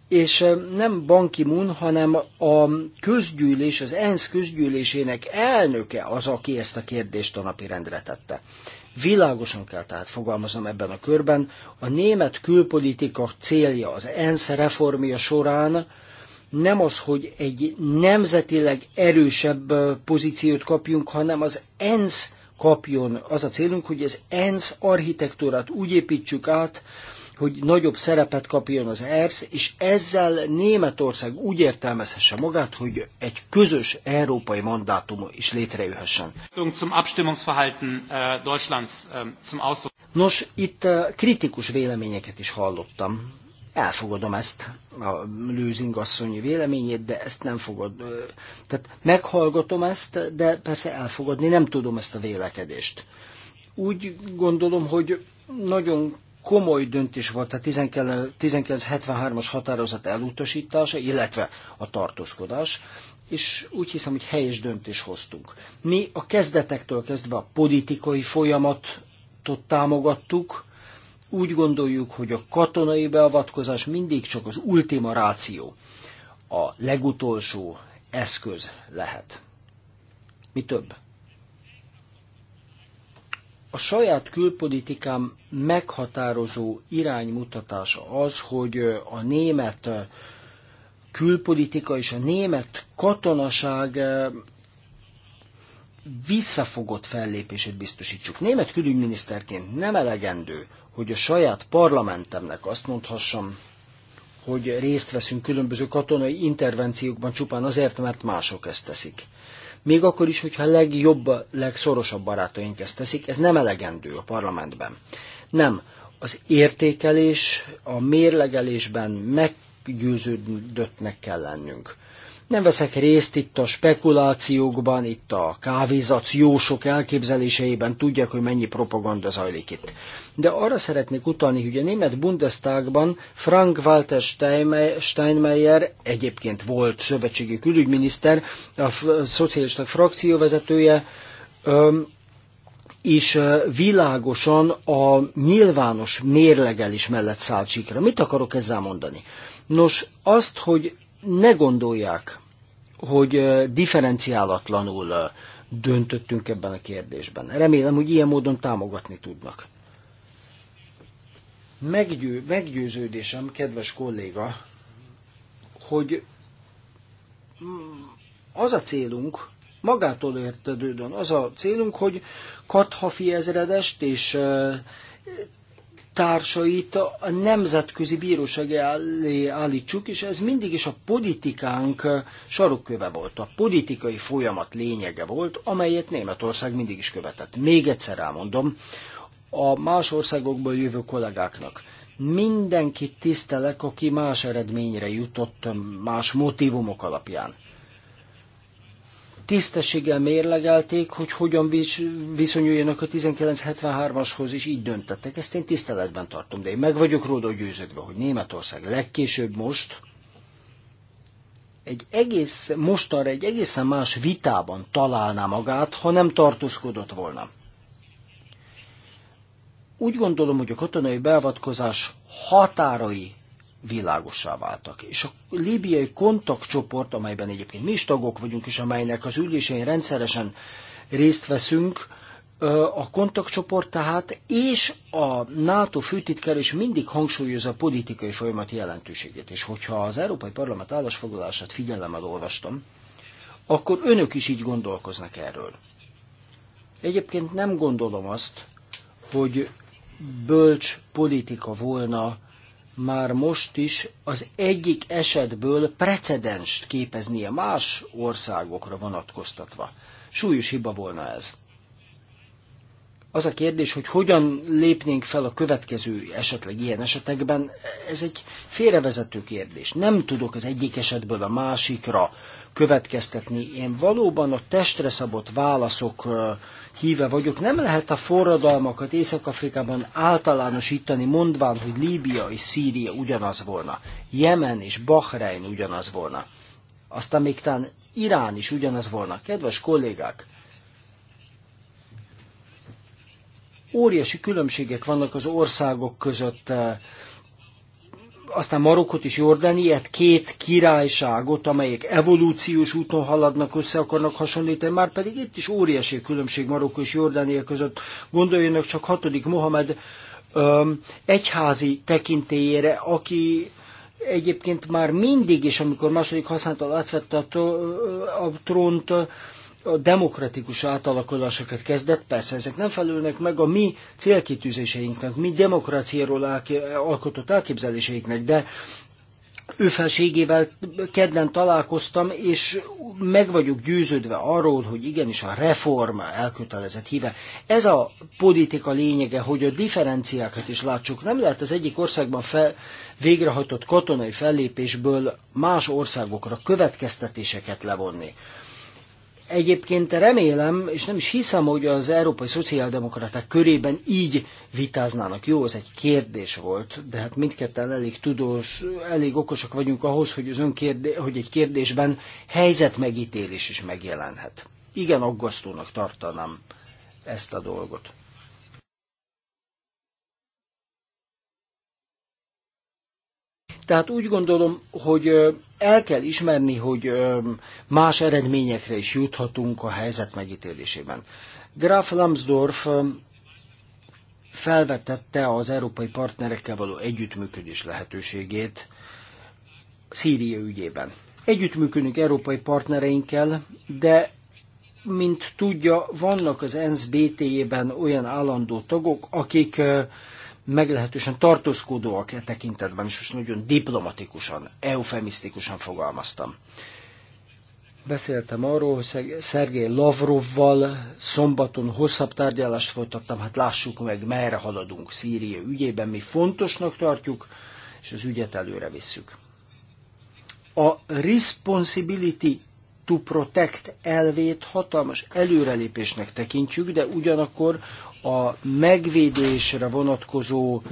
és nem banki Mun, hanem a közgyűlés, az ENSZ közgyűlésének elnöke az, aki ezt a kérdést a napirendre tette. Világosan kell tehát fogalmaznom ebben a körben, a német külpolitika célja az ENSZ reformja során nem az, hogy egy nemzetileg erősebb pozíciót kapjunk, hanem az ENSZ kapjon. Az a célunk, hogy az ENSZ architektúrát úgy építsük át, hogy nagyobb szerepet kapjon az ERSZ, és ezzel Németország úgy értelmezhesse magát, hogy egy közös európai mandátum is létrejöhessen. Äh, ähm, Nos, itt äh, kritikus véleményeket is hallottam Elfogadom ezt a lőzing asszonyi véleményét, de ezt nem fogod. Tehát meghallgatom ezt, de persze elfogadni nem tudom ezt a vélekedést. Úgy gondolom, hogy nagyon komoly döntés volt a 1973-as határozat elutasítása, illetve a tartózkodás, és úgy hiszem, hogy helyes döntés hoztunk. Mi a kezdetektől kezdve a politikai folyamatot támogattuk, úgy gondoljuk, hogy a katonai beavatkozás mindig csak az ultima ráció, a legutolsó eszköz lehet. Mi több? A saját külpolitikám meghatározó iránymutatása az, hogy a német külpolitika és a német katonaság eh, visszafogott fellépését biztosítsuk. Német külügyminiszterként nem elegendő hogy a saját parlamentemnek azt mondhassam, hogy részt veszünk különböző katonai intervenciókban csupán azért, mert mások ezt teszik. Még akkor is, hogyha a legjobb, legszorosabb barátaink ezt teszik, ez nem elegendő a parlamentben. Nem. Az értékelés, a mérlegelésben meggyőződöttnek kell lennünk. Nem veszek részt itt a spekulációkban, itt a sok elképzeléseiben, tudják, hogy mennyi propaganda zajlik itt. De arra szeretnék utalni, hogy a német Bundestagban Frank-Walter Steinmeier, egyébként volt szövetségi külügyminiszter, a szocialista frakció vezetője, és világosan a nyilvános mérlegelés mellett szállt sikra. Mit akarok ezzel mondani? Nos, azt, hogy ne gondolják, hogy differenciálatlanul döntöttünk ebben a kérdésben. Remélem, hogy ilyen módon támogatni tudnak. Meggyő, meggyőződésem, kedves kolléga, hogy mm, az a célunk, magától értedődön, az a célunk, hogy Kathafi ezredest és társait a nemzetközi bíróság elé állítsuk, és ez mindig is a politikánk sarokköve volt, a politikai folyamat lényege volt, amelyet Németország mindig is követett. Még egyszer elmondom, a más országokból jövő kollégáknak. Mindenkit tisztelek, aki más eredményre jutott, más motivumok alapján tisztességgel mérlegelték, hogy hogyan viszonyuljanak a 1973-ashoz, és így döntettek. Ezt én tiszteletben tartom, de én meg vagyok róla győződve, hogy Németország legkésőbb most egy egész, mostanra egy egészen más vitában találná magát, ha nem tartózkodott volna. Úgy gondolom, hogy a katonai beavatkozás határai világossá váltak. És a líbiai kontaktcsoport, amelyben egyébként mi is tagok vagyunk, és amelynek az ülésén rendszeresen részt veszünk, a kontaktcsoport tehát, és a NATO főtitkár is mindig hangsúlyozza a politikai folyamat jelentőségét. És hogyha az Európai Parlament állásfoglalását figyelemmel olvastam, akkor önök is így gondolkoznak erről. Egyébként nem gondolom azt, hogy bölcs politika volna már most is az egyik esetből precedenst képeznie más országokra vonatkoztatva. Súlyos hiba volna ez. Az a kérdés, hogy hogyan lépnénk fel a következő esetleg ilyen esetekben, ez egy félrevezető kérdés. Nem tudok az egyik esetből a másikra következtetni. Én valóban a testre szabott válaszok híve vagyok. Nem lehet a forradalmakat Észak-Afrikában általánosítani, mondván, hogy Líbia és Szíria ugyanaz volna, Jemen és Bahrein ugyanaz volna, aztán még talán Irán is ugyanaz volna. Kedves kollégák, óriási különbségek vannak az országok között, eh, aztán Marokkot és Jordániát, két királyságot, amelyek evolúciós úton haladnak, össze akarnak hasonlítani, már pedig itt is óriási különbség Marokkó és Jordánia között. Gondoljanak csak hatodik Mohamed öm, egyházi tekintélyére, aki egyébként már mindig is, amikor második használtal átvette a, a trónt, a demokratikus átalakulásokat kezdett, persze ezek nem felülnek meg a mi célkitűzéseinknek, mi demokráciáról alkotott elképzeléseinknek, de ő felségével kedden találkoztam, és meg vagyok győződve arról, hogy igenis a reform elkötelezett híve. Ez a politika lényege, hogy a differenciákat is látsuk. Nem lehet az egyik országban fel, végrehajtott katonai fellépésből más országokra következtetéseket levonni. Egyébként remélem, és nem is hiszem, hogy az európai szociáldemokraták körében így vitáznának. Jó, ez egy kérdés volt, de hát mindketten elég tudós, elég okosak vagyunk ahhoz, hogy, az önkérdé, hogy egy kérdésben helyzetmegítélés is megjelenhet. Igen, aggasztónak tartanám ezt a dolgot. Tehát úgy gondolom, hogy el kell ismerni, hogy más eredményekre is juthatunk a helyzet megítélésében. Graf Lambsdorff felvetette az európai partnerekkel való együttműködés lehetőségét Szíria ügyében. Együttműködünk európai partnereinkkel, de mint tudja, vannak az ENSZ bt ben olyan állandó tagok, akik meglehetősen tartózkodóak e tekintetben, és most nagyon diplomatikusan, eufemisztikusan fogalmaztam. Beszéltem arról, hogy Szergély Lavrovval szombaton hosszabb tárgyalást folytattam, hát lássuk meg, merre haladunk Szíria ügyében, mi fontosnak tartjuk, és az ügyet előre visszük. A responsibility to protect elvét hatalmas előrelépésnek tekintjük, de ugyanakkor a megvédésre vonatkozó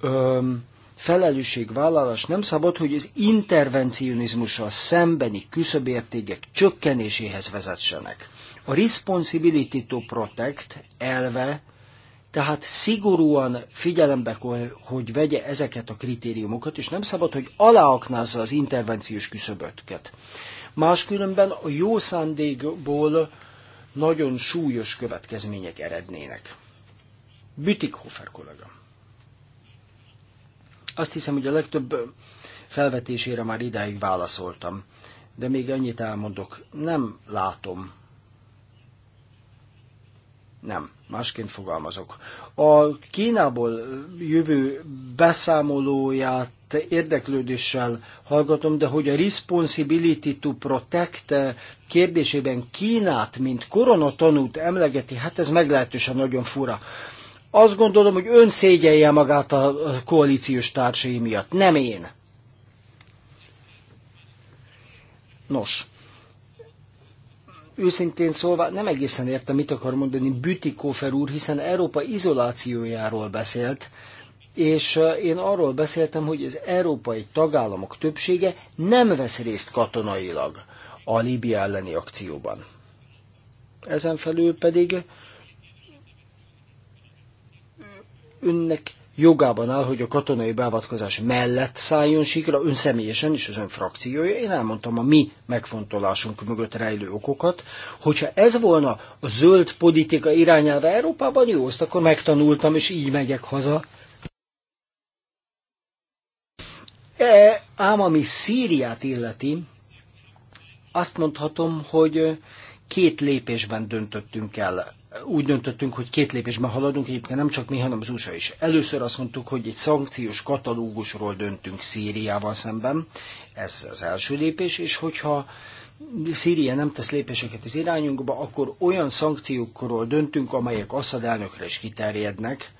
öm, felelősségvállalás nem szabad, hogy az intervencionizmussal szembeni küszöbértégek csökkenéséhez vezessenek. A responsibility to protect elve tehát szigorúan figyelembe hogy vegye ezeket a kritériumokat, és nem szabad, hogy aláaknázza az intervenciós küszöbötket. Máskülönben a jó szándékból nagyon súlyos következmények erednének. Bütikhofer kollega. Azt hiszem, hogy a legtöbb felvetésére már idáig válaszoltam, de még annyit elmondok. Nem látom. Nem, másként fogalmazok. A Kínából jövő beszámolóját érdeklődéssel hallgatom, de hogy a responsibility to protect kérdésében Kínát, mint koronatanút emlegeti, hát ez meglehetősen nagyon fura. Azt gondolom, hogy ön szégyelje magát a koalíciós társai miatt, nem én. Nos, őszintén szólva nem egészen értem, mit akar mondani Bütikófer úr, hiszen Európa izolációjáról beszélt, és én arról beszéltem, hogy az európai tagállamok többsége nem vesz részt katonailag a Líbia elleni akcióban. Ezen felül pedig önnek jogában áll, hogy a katonai beavatkozás mellett szálljon sikra, ön személyesen és az ön frakciója. Én elmondtam a mi megfontolásunk mögött rejlő okokat. Hogyha ez volna a zöld politika irányába Európában, jó, azt akkor megtanultam, és így megyek haza. E, ám ami Szíriát illeti, azt mondhatom, hogy két lépésben döntöttünk el úgy döntöttünk, hogy két lépésben haladunk, egyébként nem csak mi, hanem az USA is. Először azt mondtuk, hogy egy szankciós katalógusról döntünk Szíriával szemben, ez az első lépés, és hogyha Szíria nem tesz lépéseket az irányunkba, akkor olyan szankciókról döntünk, amelyek Assad elnökre is kiterjednek,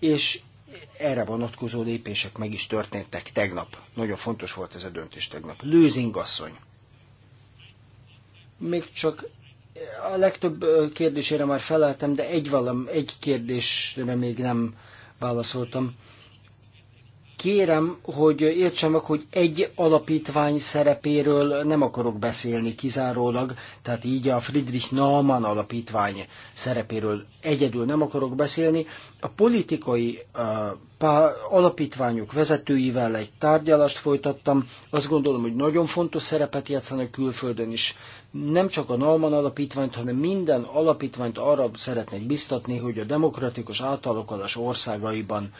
és erre vonatkozó lépések meg is történtek tegnap. Nagyon fontos volt ez a döntés tegnap. Lőzingasszony. Még csak a legtöbb kérdésére már feleltem, de egy, valam, egy kérdésre még nem válaszoltam. Kérem, hogy értsem meg, hogy egy alapítvány szerepéről nem akarok beszélni kizárólag, tehát így a Friedrich Naumann alapítvány szerepéről egyedül nem akarok beszélni. A politikai uh, alapítványok vezetőivel egy tárgyalást folytattam, azt gondolom, hogy nagyon fontos szerepet játszanak külföldön is nem csak a Nalman alapítványt, hanem minden alapítványt arra szeretnék biztatni, hogy a demokratikus átalakulás országaiban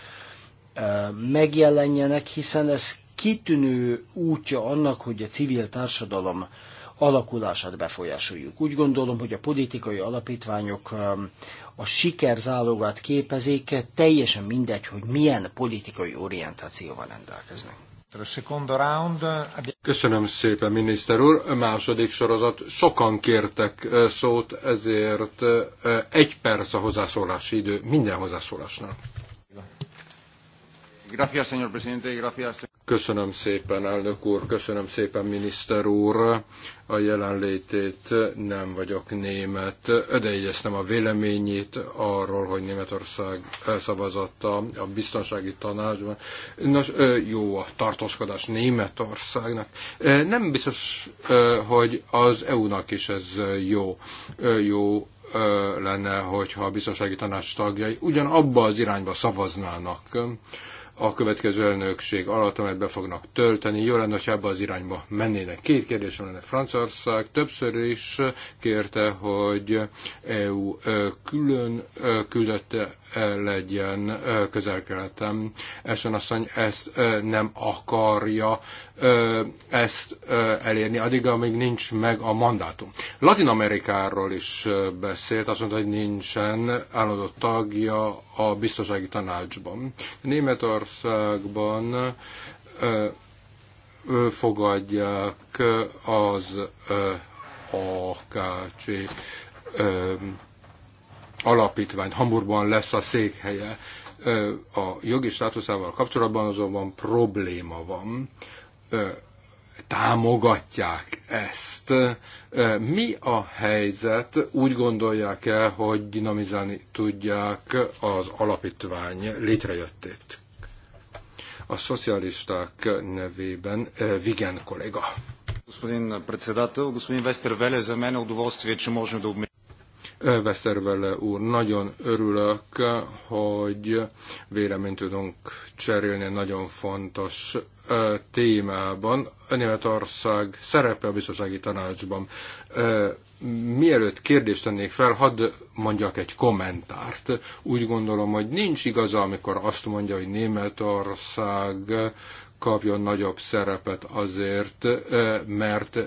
e, megjelenjenek, hiszen ez kitűnő útja annak, hogy a civil társadalom alakulását befolyásoljuk. Úgy gondolom, hogy a politikai alapítványok e, a siker zálogát képezik, teljesen mindegy, hogy milyen politikai orientációval rendelkeznek. Köszönöm szépen, miniszter úr. A második sorozat. Sokan kértek szót, ezért egy perc a hozzászólási idő minden hozzászólásnál. Köszönöm szépen, elnök úr, köszönöm szépen, miniszter úr a jelenlétét, nem vagyok német, ödejegyeztem a véleményét arról, hogy Németország szavazott a, a biztonsági tanácsban. Nos, jó a tartózkodás Németországnak. Nem biztos, hogy az EU-nak is ez jó. Jó lenne, hogyha a biztonsági tanács tagjai ugyanabba az irányba szavaznának a következő elnökség alatt, amelyet be fognak tölteni. Jó lenne, ha ebbe az irányba mennének. Két kérdésem lenne. Franciaország többször is kérte, hogy EU külön küldötte legyen közel-keleten. Essen asszony ezt nem akarja ezt elérni, addig, amíg nincs meg a mandátum. Latin Amerikáról is beszélt, azt mondta, hogy nincsen állandó tagja a biztonsági tanácsban. Németország Spanyolországban fogadják az AKC alapítványt. Hamburgban lesz a székhelye. A jogi státuszával kapcsolatban azonban probléma van. Támogatják ezt. Mi a helyzet? Úgy gondolják e hogy dinamizálni tudják az alapítvány létrejöttét a szocialisták nevében eh, Vigen kollega. Господин председател, господин Вестервеле, за мен е удоволствие, че можем да обменим. Vesztervele э, úr, nagyon örülök, hogy véleményt tudunk cserélni nagyon fontos eh, témában. Németország szerepe a biztonsági tanácsban eh, mielőtt kérdést tennék fel, hadd mondjak egy kommentárt. Úgy gondolom, hogy nincs igaza, amikor azt mondja, hogy Németország kapjon nagyobb szerepet azért, mert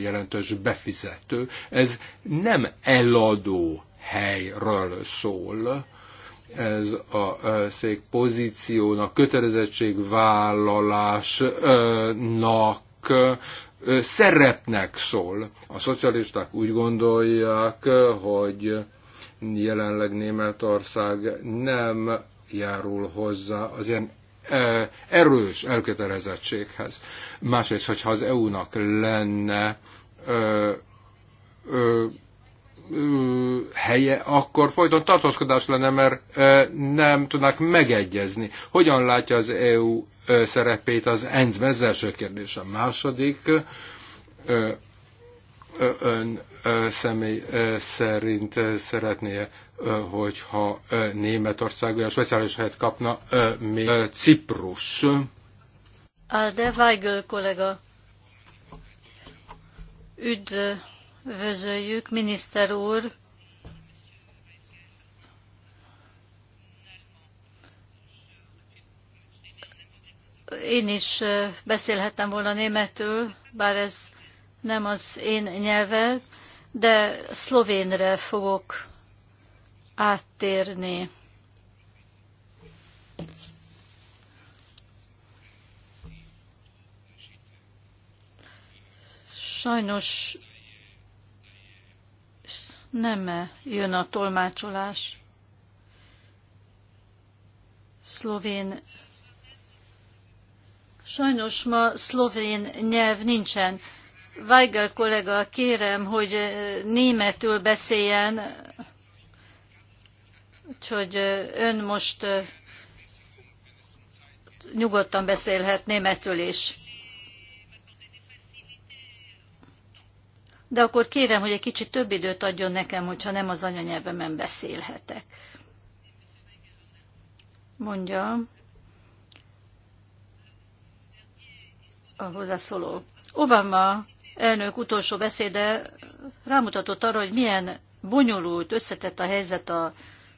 jelentős befizető. Ez nem eladó helyről szól. Ez a szék pozíciónak, kötelezettségvállalásnak szerepnek szól. A szocialisták úgy gondolják, hogy jelenleg Németország nem járul hozzá az ilyen erős elkötelezettséghez. Másrészt, hogyha az EU-nak lenne ö, ö, helye, akkor folyton tartózkodás lenne, mert nem tudnak megegyezni. Hogyan látja az EU szerepét az ENSZ? -ben? Ez első kérdés. A második ön személy szerint szeretné hogyha Németország olyan speciális helyet kapna, még Ciprus. A De Weigel kollega üdv Üdvözöljük, miniszter úr! Én is beszélhettem volna németül, bár ez nem az én nyelve, de szlovénre fogok áttérni. Sajnos nem jön a tolmácsolás. Szlovén. Sajnos ma szlovén nyelv nincsen. Weigel kollega, kérem, hogy eh, németül beszéljen, úgyhogy eh, ön most eh, nyugodtan beszélhet németül is. de akkor kérem, hogy egy kicsit több időt adjon nekem, hogyha nem az anyanyelvemen beszélhetek. Mondja a hozzászóló. Obama elnök utolsó beszéde rámutatott arra, hogy milyen bonyolult, összetett a helyzet a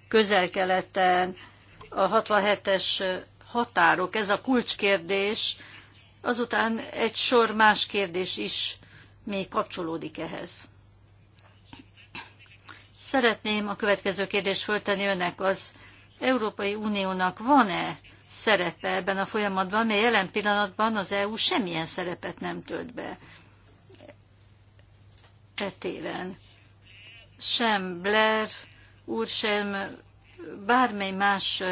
közel-keleten, a 67-es határok, ez a kulcskérdés, azután egy sor más kérdés is még kapcsolódik ehhez. Szeretném a következő kérdést föltenni önnek az Európai Uniónak van-e szerepe ebben a folyamatban, mert jelen pillanatban az EU semmilyen szerepet nem tölt be e téren. Sem Blair úr, sem bármely más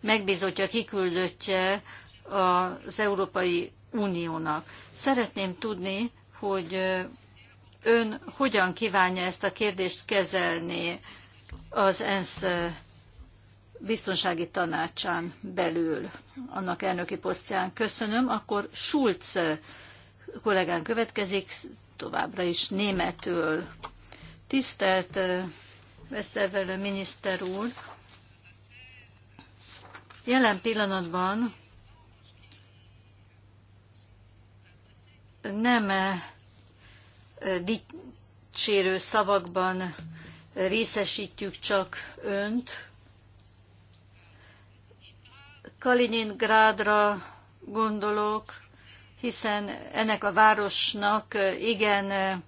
megbízottja, kiküldöttje az Európai Uniónak. Szeretném tudni, hogy ön hogyan kívánja ezt a kérdést kezelni az ENSZ biztonsági tanácsán belül, annak elnöki posztján. Köszönöm. Akkor Schulz kollégán következik, továbbra is németül. Tisztelt Westerwelle miniszter úr, jelen pillanatban nem dicsérő szavakban részesítjük csak önt. Kaliningrádra gondolok, hiszen ennek a városnak igen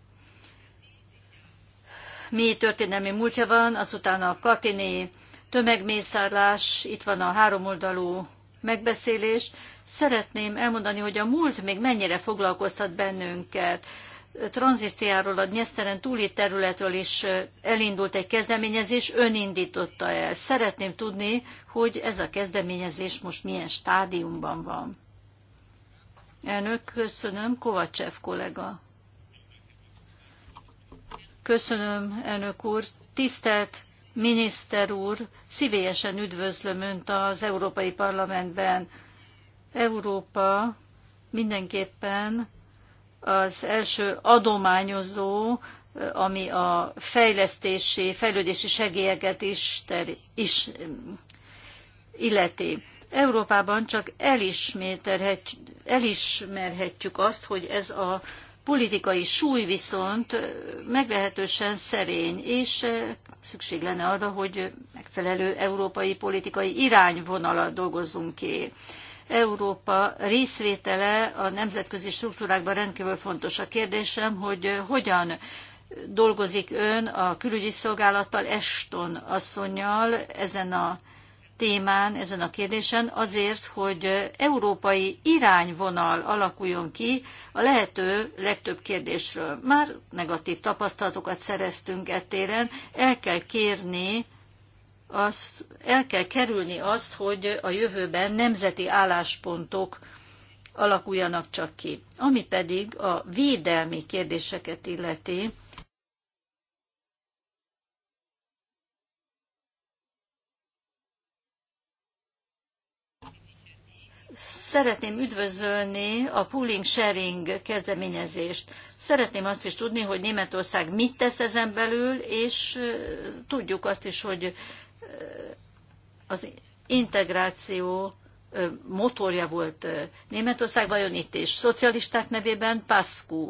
mély történelmi múltja van, azután a katini tömegmészárlás, itt van a háromoldalú megbeszélést. Szeretném elmondani, hogy a múlt még mennyire foglalkoztat bennünket. Tranzíciáról a Nyeszteren túli területről is elindult egy kezdeményezés, ön indította el. Szeretném tudni, hogy ez a kezdeményezés most milyen stádiumban van. Elnök, köszönöm. Kovacsev kollega. Köszönöm, elnök úr. Tisztelt Miniszter úr, szívélyesen üdvözlöm Önt az Európai Parlamentben. Európa mindenképpen az első adományozó, ami a fejlesztési, fejlődési segélyeket is, teri, is illeti. Európában csak elismerhetjük azt, hogy ez a politikai súly viszont meglehetősen szerény, és eh, szükség lenne arra, hogy megfelelő európai politikai irányvonalat dolgozzunk ki. Európa részvétele a nemzetközi struktúrákban rendkívül fontos. A kérdésem, hogy hogyan dolgozik ön a külügyi szolgálattal, Eston asszonynal ezen a témán, ezen a kérdésen, azért, hogy európai irányvonal alakuljon ki a lehető legtöbb kérdésről. Már negatív tapasztalatokat szereztünk ettéren, el kell kérni, azt, el kell kerülni azt, hogy a jövőben nemzeti álláspontok alakuljanak csak ki. Ami pedig a védelmi kérdéseket illeti, Szeretném üdvözölni a pooling sharing kezdeményezést. Szeretném azt is tudni, hogy Németország mit tesz ezen belül, és tudjuk azt is, hogy az integráció motorja volt Németország, vajon itt is. Szocialisták nevében Pascu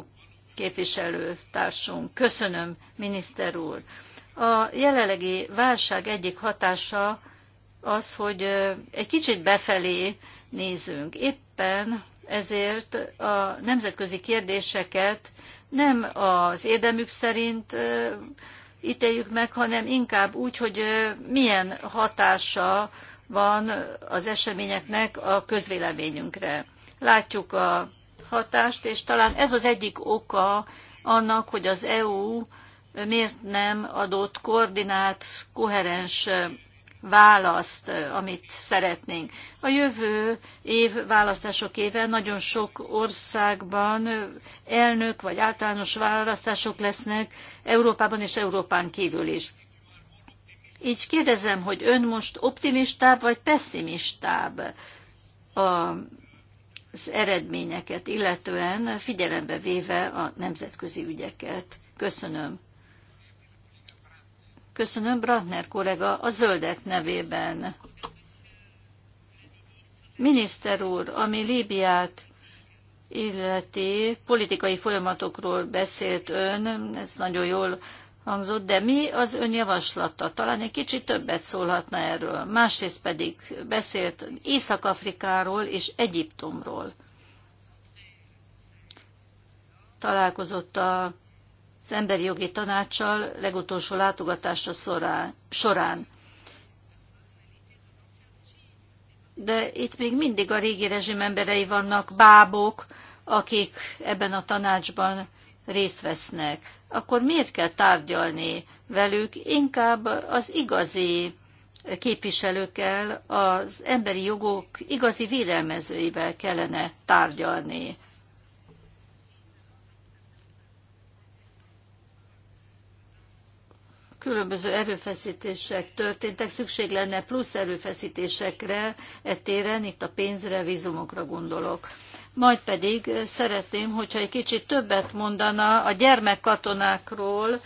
képviselőtársunk. Köszönöm, miniszter úr. A jelenlegi válság egyik hatása az, hogy egy kicsit befelé nézünk. Éppen ezért a nemzetközi kérdéseket nem az érdemük szerint ítéljük meg, hanem inkább úgy, hogy milyen hatása van az eseményeknek a közvéleményünkre. Látjuk a hatást, és talán ez az egyik oka annak, hogy az EU miért nem adott koordinált, koherens választ, amit szeretnénk. A jövő év választások éve nagyon sok országban elnök vagy általános választások lesznek Európában és Európán kívül is. Így kérdezem, hogy ön most optimistább vagy pessimistább az eredményeket, illetően figyelembe véve a nemzetközi ügyeket. Köszönöm. Köszönöm, Brandner kollega, a zöldek nevében. Miniszter úr, ami Líbiát illeti politikai folyamatokról beszélt ön, ez nagyon jól hangzott, de mi az ön javaslata? Talán egy kicsit többet szólhatna erről. Másrészt pedig beszélt Észak-Afrikáról és Egyiptomról. Találkozott a az emberi jogi tanácssal legutolsó látogatása során. De itt még mindig a régi rezsim emberei vannak, bábok, akik ebben a tanácsban részt vesznek. Akkor miért kell tárgyalni velük? Inkább az igazi képviselőkkel, az emberi jogok igazi védelmezőivel kellene tárgyalni. különböző erőfeszítések történtek, szükség lenne plusz erőfeszítésekre e téren itt a pénzre, vízumokra gondolok. Majd pedig szeretném, hogyha egy kicsit többet mondana a gyermekkatonákról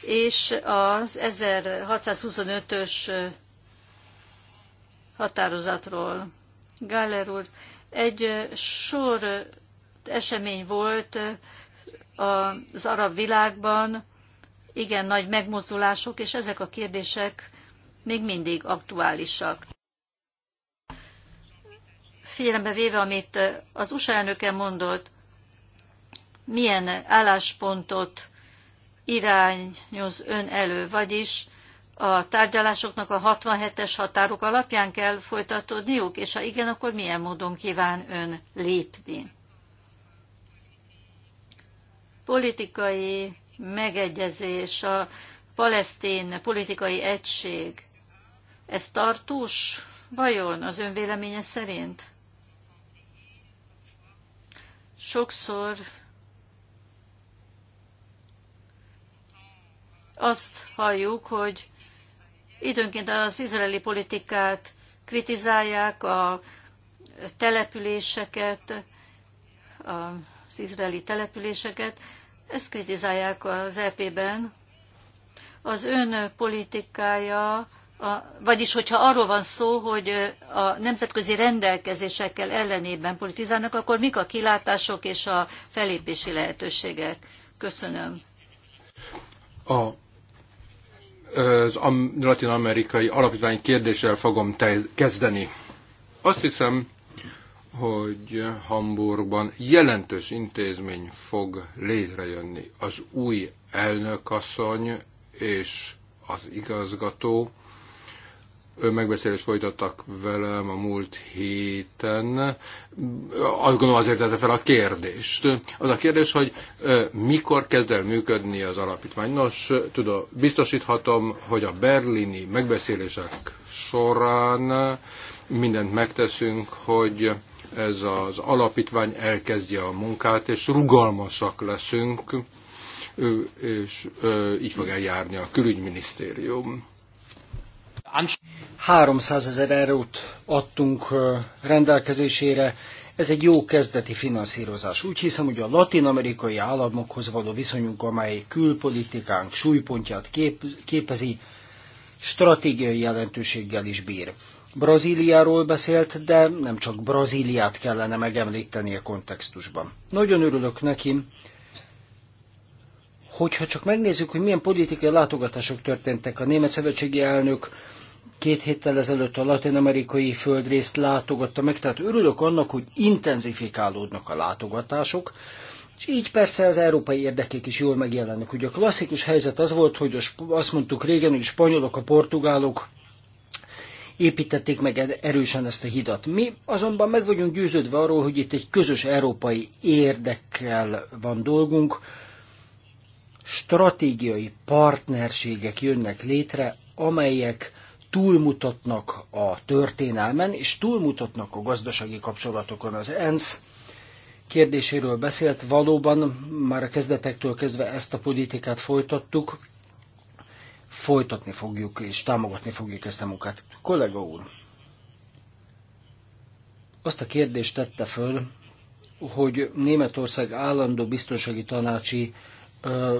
és az 1625-ös határozatról. Gáller úr, egy sor esemény volt az arab világban, igen nagy megmozdulások, és ezek a kérdések még mindig aktuálisak. Figyelembe véve, amit az USA elnöke mondott, milyen álláspontot irányoz ön elő, vagyis a tárgyalásoknak a 67-es határok alapján kell folytatódniuk, és ha igen, akkor milyen módon kíván ön lépni? Politikai megegyezés, a palesztin politikai egység, ez tartós vajon az ön véleménye szerint? Sokszor azt halljuk, hogy időnként az izraeli politikát kritizálják, a településeket, az izraeli településeket, ezt kritizálják az EP-ben. Az ön politikája a, vagyis, hogyha arról van szó, hogy a nemzetközi rendelkezésekkel ellenében politizálnak, akkor mik a kilátások és a felépési lehetőségek? Köszönöm. A, az latin-amerikai alapítvány kérdéssel fogom te, kezdeni. Azt hiszem, hogy Hamburgban jelentős intézmény fog létrejönni. Az új elnökasszony és az igazgató megbeszélés folytattak velem a múlt héten. Azt gondolom azért tette fel a kérdést. Az a kérdés, hogy mikor kezd el működni az alapítvány. Nos, tudom, biztosíthatom, hogy a berlini megbeszélések során mindent megteszünk, hogy ez az alapítvány elkezdje a munkát, és rugalmasak leszünk, és így fog eljárni a külügyminisztérium. 300 ezer eurót adtunk rendelkezésére, ez egy jó kezdeti finanszírozás. Úgy hiszem, hogy a latin-amerikai államokhoz való viszonyunk, amely külpolitikánk súlypontját kép- képezi, stratégiai jelentőséggel is bír. Brazíliáról beszélt, de nem csak Brazíliát kellene megemlíteni a kontextusban. Nagyon örülök neki, hogyha csak megnézzük, hogy milyen politikai látogatások történtek. A német szövetségi elnök két héttel ezelőtt a latin-amerikai földrészt látogatta meg, tehát örülök annak, hogy intenzifikálódnak a látogatások, és így persze az európai érdekek is jól megjelennek. Ugye a klasszikus helyzet az volt, hogy azt mondtuk régen, hogy a spanyolok, a portugálok építették meg er- erősen ezt a hidat. Mi azonban meg vagyunk győződve arról, hogy itt egy közös európai érdekkel van dolgunk, stratégiai partnerségek jönnek létre, amelyek túlmutatnak a történelmen, és túlmutatnak a gazdasági kapcsolatokon. Az ENSZ kérdéséről beszélt, valóban már a kezdetektől kezdve ezt a politikát folytattuk, folytatni fogjuk és támogatni fogjuk ezt a munkát. Kollega úr, azt a kérdést tette föl, hogy Németország állandó biztonsági tanácsi ö,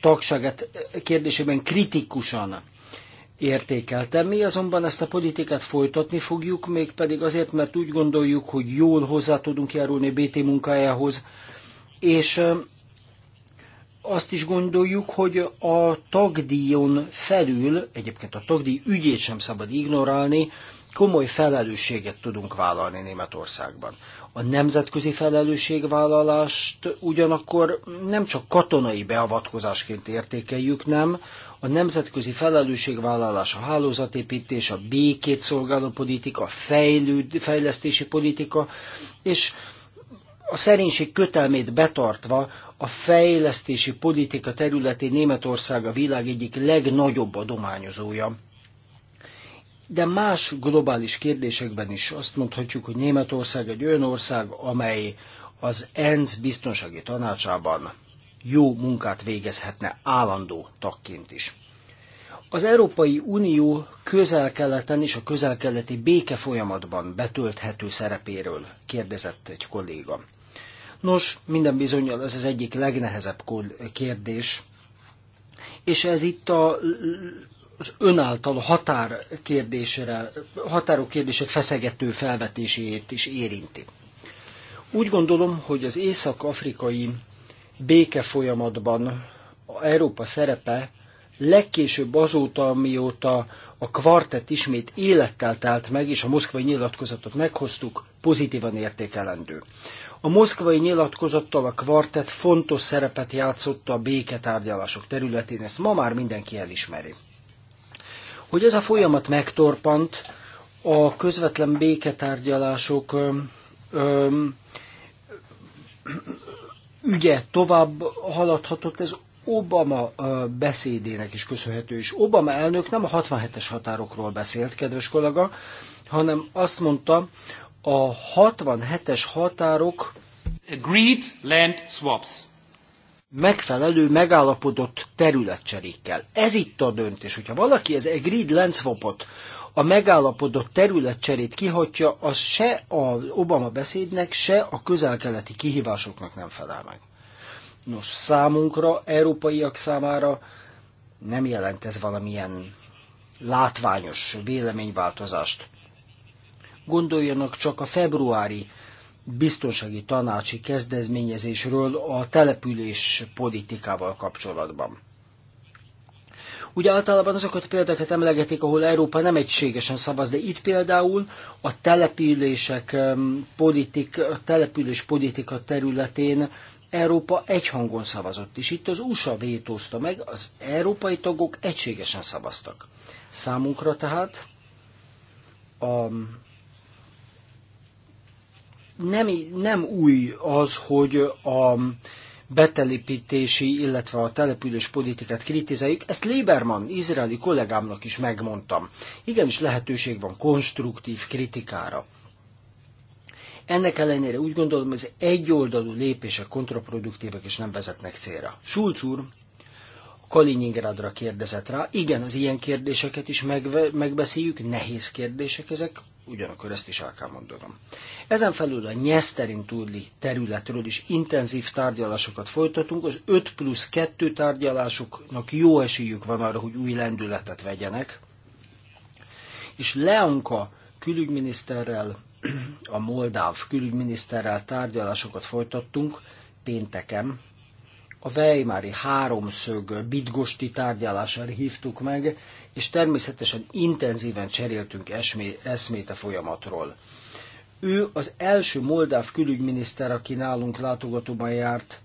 tagságát kérdésében kritikusan értékeltem. Mi azonban ezt a politikát folytatni fogjuk, mégpedig azért, mert úgy gondoljuk, hogy jól hozzá tudunk járulni BT munkájához, és azt is gondoljuk, hogy a tagdíjon felül, egyébként a tagdíj ügyét sem szabad ignorálni, komoly felelősséget tudunk vállalni Németországban. A nemzetközi felelősségvállalást ugyanakkor nem csak katonai beavatkozásként értékeljük, nem, a nemzetközi felelősségvállalás, a hálózatépítés, a békét szolgáló politika, a fejlőd, fejlesztési politika, és a szerénység kötelmét betartva a fejlesztési politika területén Németország a világ egyik legnagyobb adományozója. De más globális kérdésekben is azt mondhatjuk, hogy Németország egy olyan ország, amely az ENSZ biztonsági tanácsában jó munkát végezhetne állandó tagként is. Az Európai Unió közel-keleten és a közel-keleti béke folyamatban betölthető szerepéről kérdezett egy kolléga. Nos, minden bizonyal ez az egyik legnehezebb kérdés, és ez itt a az önáltal határ kérdésére, határok kérdését feszegető felvetését is érinti. Úgy gondolom, hogy az észak-afrikai béke folyamatban a Európa szerepe legkésőbb azóta, amióta a kvartett ismét élettel telt meg, és a moszkvai nyilatkozatot meghoztuk, pozitívan értékelendő. A moszkvai nyilatkozattal a kvartett fontos szerepet játszotta a béketárgyalások területén, ezt ma már mindenki elismeri. Hogy ez a folyamat megtorpant, a közvetlen béketárgyalások öm, öm, ügye tovább haladhatott, ez Obama beszédének is köszönhető, és Obama elnök nem a 67-es határokról beszélt, kedves kollega, hanem azt mondta, a 67-es határok agreed land swaps megfelelő megállapodott területcserékkel. Ez itt a döntés. Hogyha valaki az agreed land swapot, a megállapodott területcserét kihatja, az se az Obama beszédnek, se a közelkeleti kihívásoknak nem felel meg. Nos, számunkra, európaiak számára nem jelent ez valamilyen látványos véleményváltozást. Gondoljanak csak a februári biztonsági tanácsi kezdezményezésről a település politikával kapcsolatban. Ugye általában azokat a példákat emlegetik, ahol Európa nem egységesen szavaz, de itt például a települések politik, a település politika területén Európa egyhangon szavazott, és itt az USA vétózta meg, az európai tagok egységesen szavaztak. Számunkra tehát a nem, nem új az, hogy a betelepítési, illetve a település politikát kritizáljuk. Ezt Lieberman, izraeli kollégámnak is megmondtam. Igenis lehetőség van konstruktív kritikára. Ennek ellenére úgy gondolom, hogy ez egyoldalú lépések kontraproduktívek és nem vezetnek célra. Schulz úr Kaliningradra kérdezett rá. Igen, az ilyen kérdéseket is megbeszéljük, nehéz kérdések ezek, ugyanakkor ezt is el kell mondanom. Ezen felül a Nyeszterin túli területről is intenzív tárgyalásokat folytatunk, az 5 plusz 2 tárgyalásoknak jó esélyük van arra, hogy új lendületet vegyenek, és Leonka külügyminiszterrel, a Moldáv külügyminiszterrel tárgyalásokat folytattunk pénteken, a Weimári háromszög bitgosti tárgyalására hívtuk meg, és természetesen intenzíven cseréltünk esmé, eszmét a folyamatról. Ő az első moldáv külügyminiszter, aki nálunk látogatóban járt,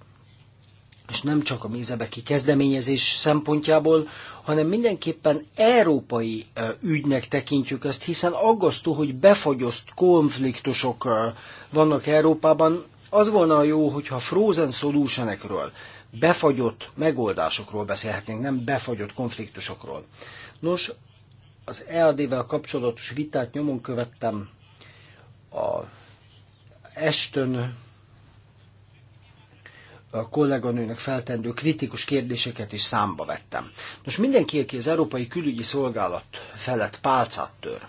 és nem csak a mézebeki kezdeményezés szempontjából, hanem mindenképpen európai ügynek tekintjük ezt, hiszen aggasztó, hogy befagyoszt konfliktusok vannak Európában. Az volna jó, hogyha frozen solution befagyott megoldásokról beszélhetnénk, nem befagyott konfliktusokról. Nos, az EAD-vel kapcsolatos vitát nyomon követtem a estön a kolléganőnek feltendő kritikus kérdéseket is számba vettem. Nos, mindenki, aki az Európai Külügyi Szolgálat felett pálcát tör,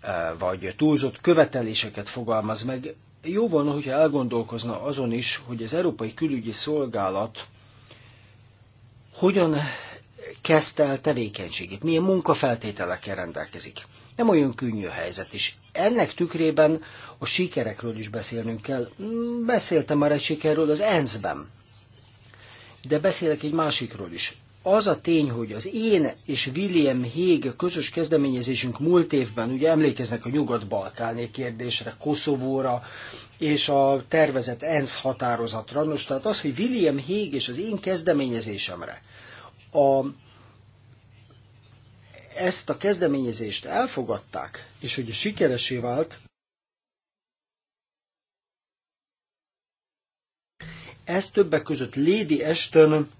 e, vagy túlzott követeléseket fogalmaz meg, jó volna, hogyha elgondolkozna azon is, hogy az Európai Külügyi Szolgálat hogyan kezdte el tevékenységét, milyen munkafeltételekkel rendelkezik. Nem olyan könnyű helyzet is. Ennek tükrében a sikerekről is beszélnünk kell. Beszéltem már egy sikerről az ENSZ-ben, de beszélek egy másikról is. Az a tény, hogy az én és William Hague közös kezdeményezésünk múlt évben, ugye emlékeznek a nyugat-balkáni kérdésre, Koszovóra, és a tervezett ENSZ határozatra. Nos, tehát az, hogy William Hague és az én kezdeményezésemre a ezt a kezdeményezést elfogadták, és hogy sikeresé vált, Ez többek között Lady Ashton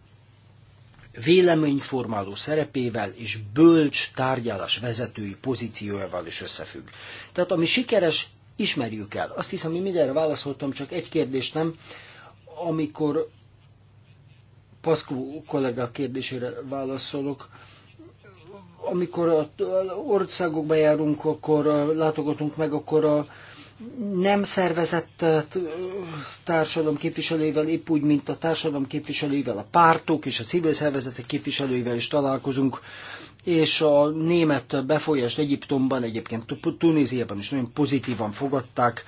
véleményformáló szerepével és bölcs tárgyalás vezetői pozíciójával is összefügg. Tehát ami sikeres, ismerjük el. Azt hiszem, hogy mindenre válaszoltam, csak egy kérdést nem. Amikor Paszkó kollega kérdésére válaszolok, amikor a országokba járunk, akkor látogatunk meg, akkor a nem szervezett társadalom képviselőivel, épp úgy, mint a társadalom képviselőivel, a pártok és a civil szervezetek képviselőivel is találkozunk, és a német befolyást Egyiptomban, egyébként Tunéziában is nagyon pozitívan fogadták,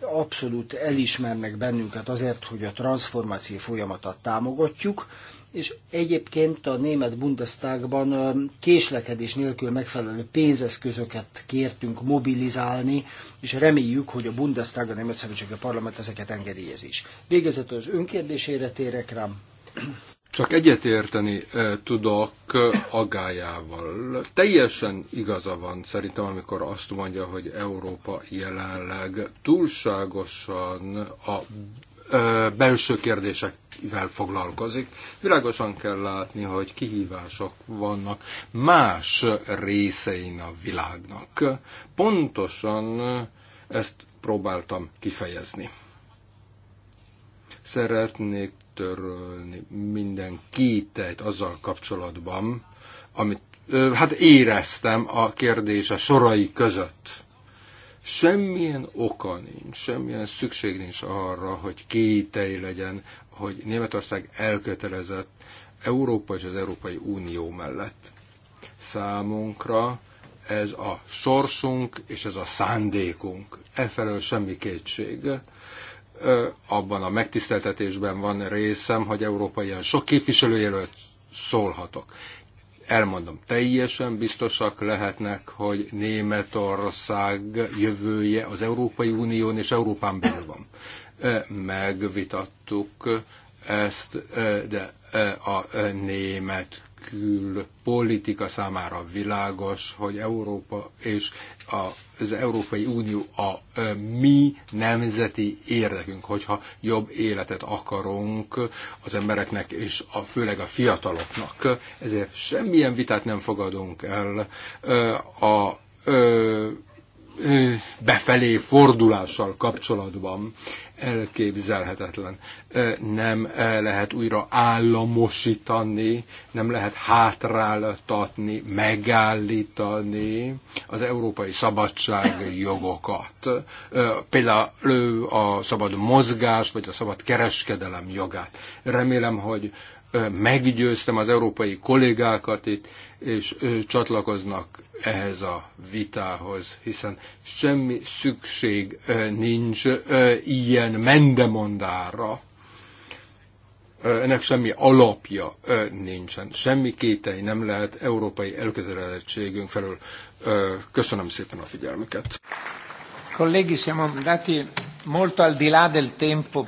abszolút elismernek bennünket azért, hogy a transformáció folyamatát támogatjuk, és egyébként a német Bundestagban késlekedés nélkül megfelelő pénzeszközöket kértünk mobilizálni, és reméljük, hogy a Bundestag, a Német Szövetségi Parlament ezeket engedélyez is. Végezetül az önkérdésére térek rám. Csak egyetérteni tudok agájával. Teljesen igaza van szerintem, amikor azt mondja, hogy Európa jelenleg túlságosan a belső kérdésekkel foglalkozik. Világosan kell látni, hogy kihívások vannak más részein a világnak. Pontosan ezt próbáltam kifejezni. Szeretnék törölni minden kételyt azzal kapcsolatban, amit hát éreztem a kérdése sorai között Semmilyen oka nincs, semmilyen szükség nincs arra, hogy kétei legyen, hogy Németország elkötelezett Európa és az Európai Unió mellett. Számunkra ez a sorsunk és ez a szándékunk. Efelől semmi kétség. Abban a megtiszteltetésben van részem, hogy Európa ilyen sok képviselőjelölt szólhatok. Elmondom, teljesen biztosak lehetnek, hogy Németország jövője az Európai Unión és Európán belül van. Megvitattuk ezt, de a német külpolitika számára világos, hogy Európa és az Európai Unió a mi nemzeti érdekünk, hogyha jobb életet akarunk az embereknek és a, főleg a fiataloknak. Ezért semmilyen vitát nem fogadunk el a, a befelé fordulással kapcsolatban elképzelhetetlen. Nem lehet újra államosítani, nem lehet hátráltatni, megállítani az európai szabadság jogokat. Például a szabad mozgás, vagy a szabad kereskedelem jogát. Remélem, hogy meggyőztem az európai kollégákat itt, és csatlakoznak ehhez a vitához, hiszen semmi szükség nincs ilyen mendemondára, ennek semmi alapja nincsen, semmi kétei nem lehet európai elkötelezettségünk felől. Köszönöm szépen a figyelmüket. Colleghi, siamo andati molto al di là del tempo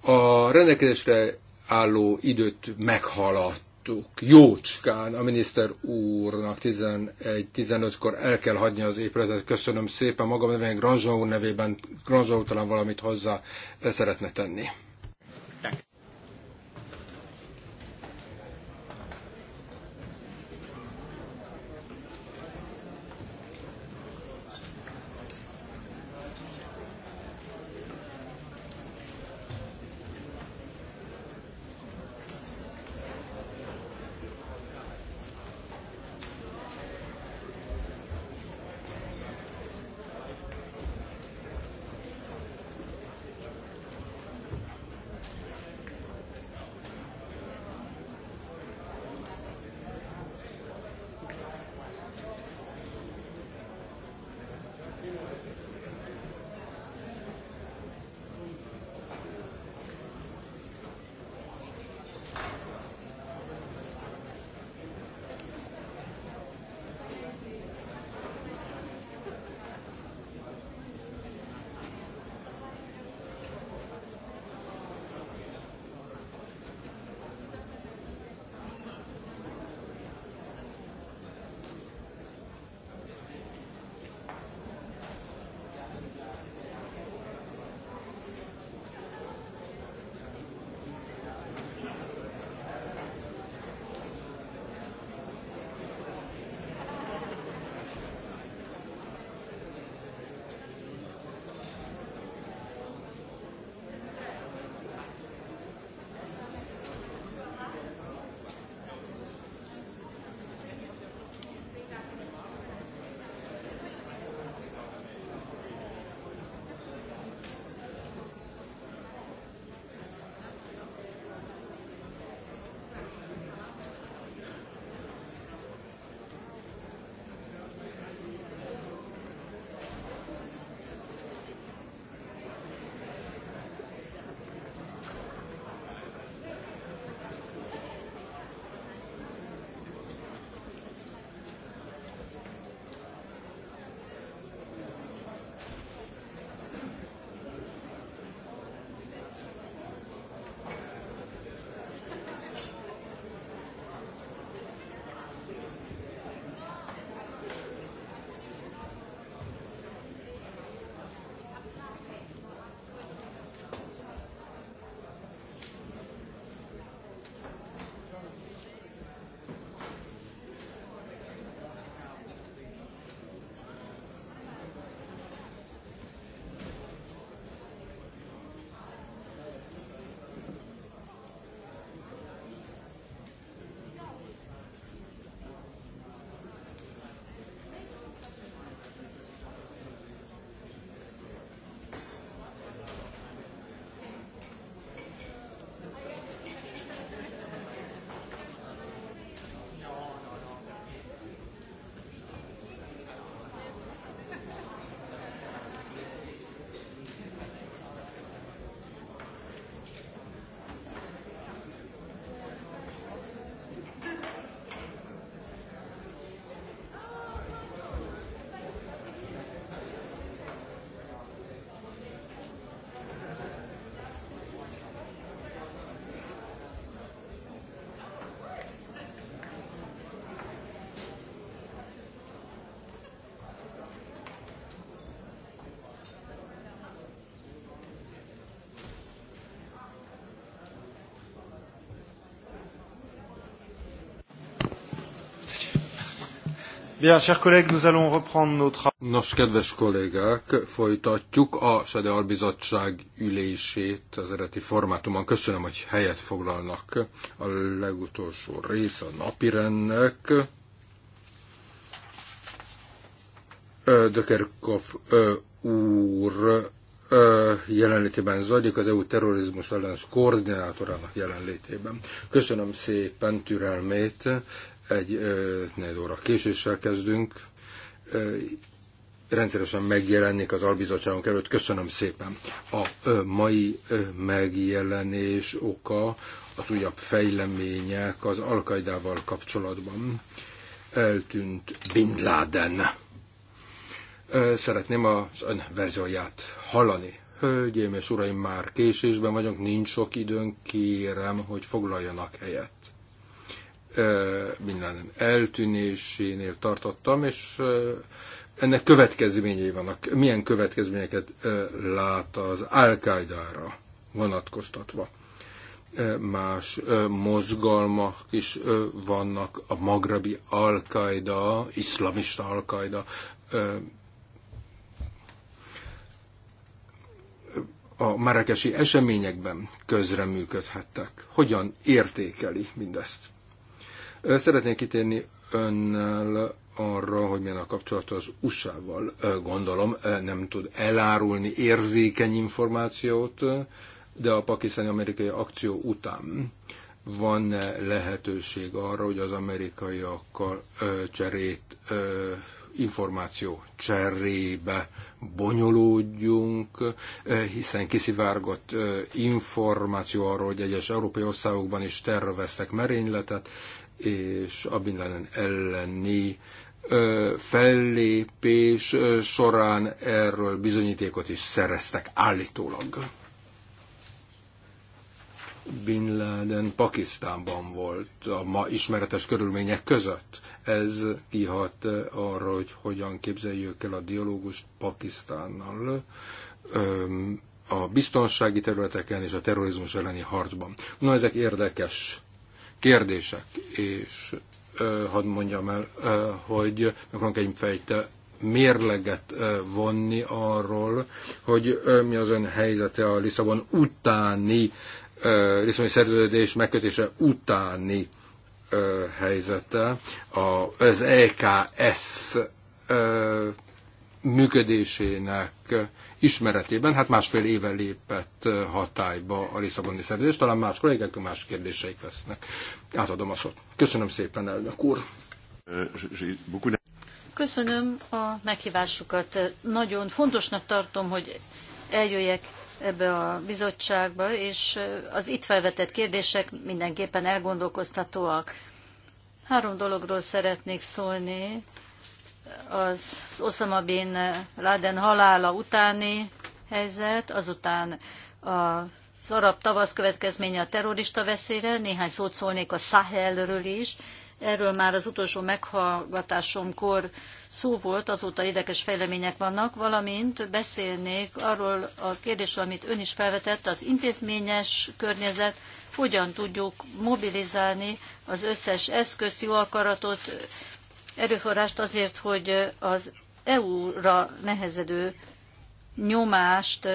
A rendelkezésre álló időt meghaladt láttuk jócskán a miniszter úrnak 11-15-kor el kell hagyni az épületet. Köszönöm szépen magam nevén, Granzsa úr nevében. Granzsa úr talán valamit hozzá szeretne tenni. Bien, chers collègues, nous allons reprendre Nos kedves kollégák, folytatjuk a Sadear Bizottság ülését az eredeti formátumon. Köszönöm, hogy helyet foglalnak a legutolsó rész a napirendnek. Dökerkov úr jelenlétében zajlik, az EU terrorizmus ellenes koordinátorának jelenlétében. Köszönöm szépen türelmét, egy négy óra késéssel kezdünk. Rendszeresen megjelennék az albizottságunk előtt. Köszönöm szépen. A mai megjelenés oka az újabb fejlemények az Alkaidával kapcsolatban. Eltűnt Bin Laden. Szeretném az ön verzióját hallani. Hölgyeim és uraim, már késésben vagyunk, nincs sok időnk, kérem, hogy foglaljanak helyet minden eltűnésénél tartottam, és ennek következményei vannak. Milyen következményeket lát az al vonatkoztatva? Más mozgalmak is vannak, a magrabi al iszlamista al a marakesi eseményekben közreműködhettek. Hogyan értékeli mindezt? Szeretnék kitérni önnel arra, hogy milyen a kapcsolat az USA-val, gondolom, nem tud elárulni érzékeny információt, de a pakisztáni amerikai akció után van -e lehetőség arra, hogy az amerikaiakkal cserét, információ cserébe bonyolódjunk, hiszen kiszivárgott információ arról, hogy egyes európai országokban is terveztek merényletet, és a elleni ö, fellépés ö, során erről bizonyítékot is szereztek állítólag. Bin Laden Pakisztánban volt a ma ismeretes körülmények között. Ez kihat arra, hogy hogyan képzeljük el a dialógust Pakisztánnal a biztonsági területeken és a terrorizmus elleni harcban. Na, ezek érdekes kérdések, és hadd mondjam el, hogy meg egy fejte mérleget vonni arról, hogy mi az ön helyzete a Lisszabon utáni, Lisszaboni szerződés megkötése utáni helyzete, az EKS működésének ismeretében, hát másfél éve lépett hatályba a Lisszaboni szerződés, talán más kollégák más kérdéseik lesznek. Átadom a szót. Köszönöm szépen, elnök úr. Köszönöm a meghívásukat. Nagyon fontosnak tartom, hogy eljöjjek ebbe a bizottságba, és az itt felvetett kérdések mindenképpen elgondolkoztatóak. Három dologról szeretnék szólni, az Osama Bin Laden halála utáni helyzet, azután az arab tavasz következménye a terrorista veszélyre, néhány szót szólnék a Sahelről is, Erről már az utolsó meghallgatásomkor szó volt, azóta érdekes fejlemények vannak, valamint beszélnék arról a kérdésről, amit ön is felvetett, az intézményes környezet, hogyan tudjuk mobilizálni az összes eszközt, jó akaratot, erőforrást azért, hogy az EU-ra nehezedő nyomást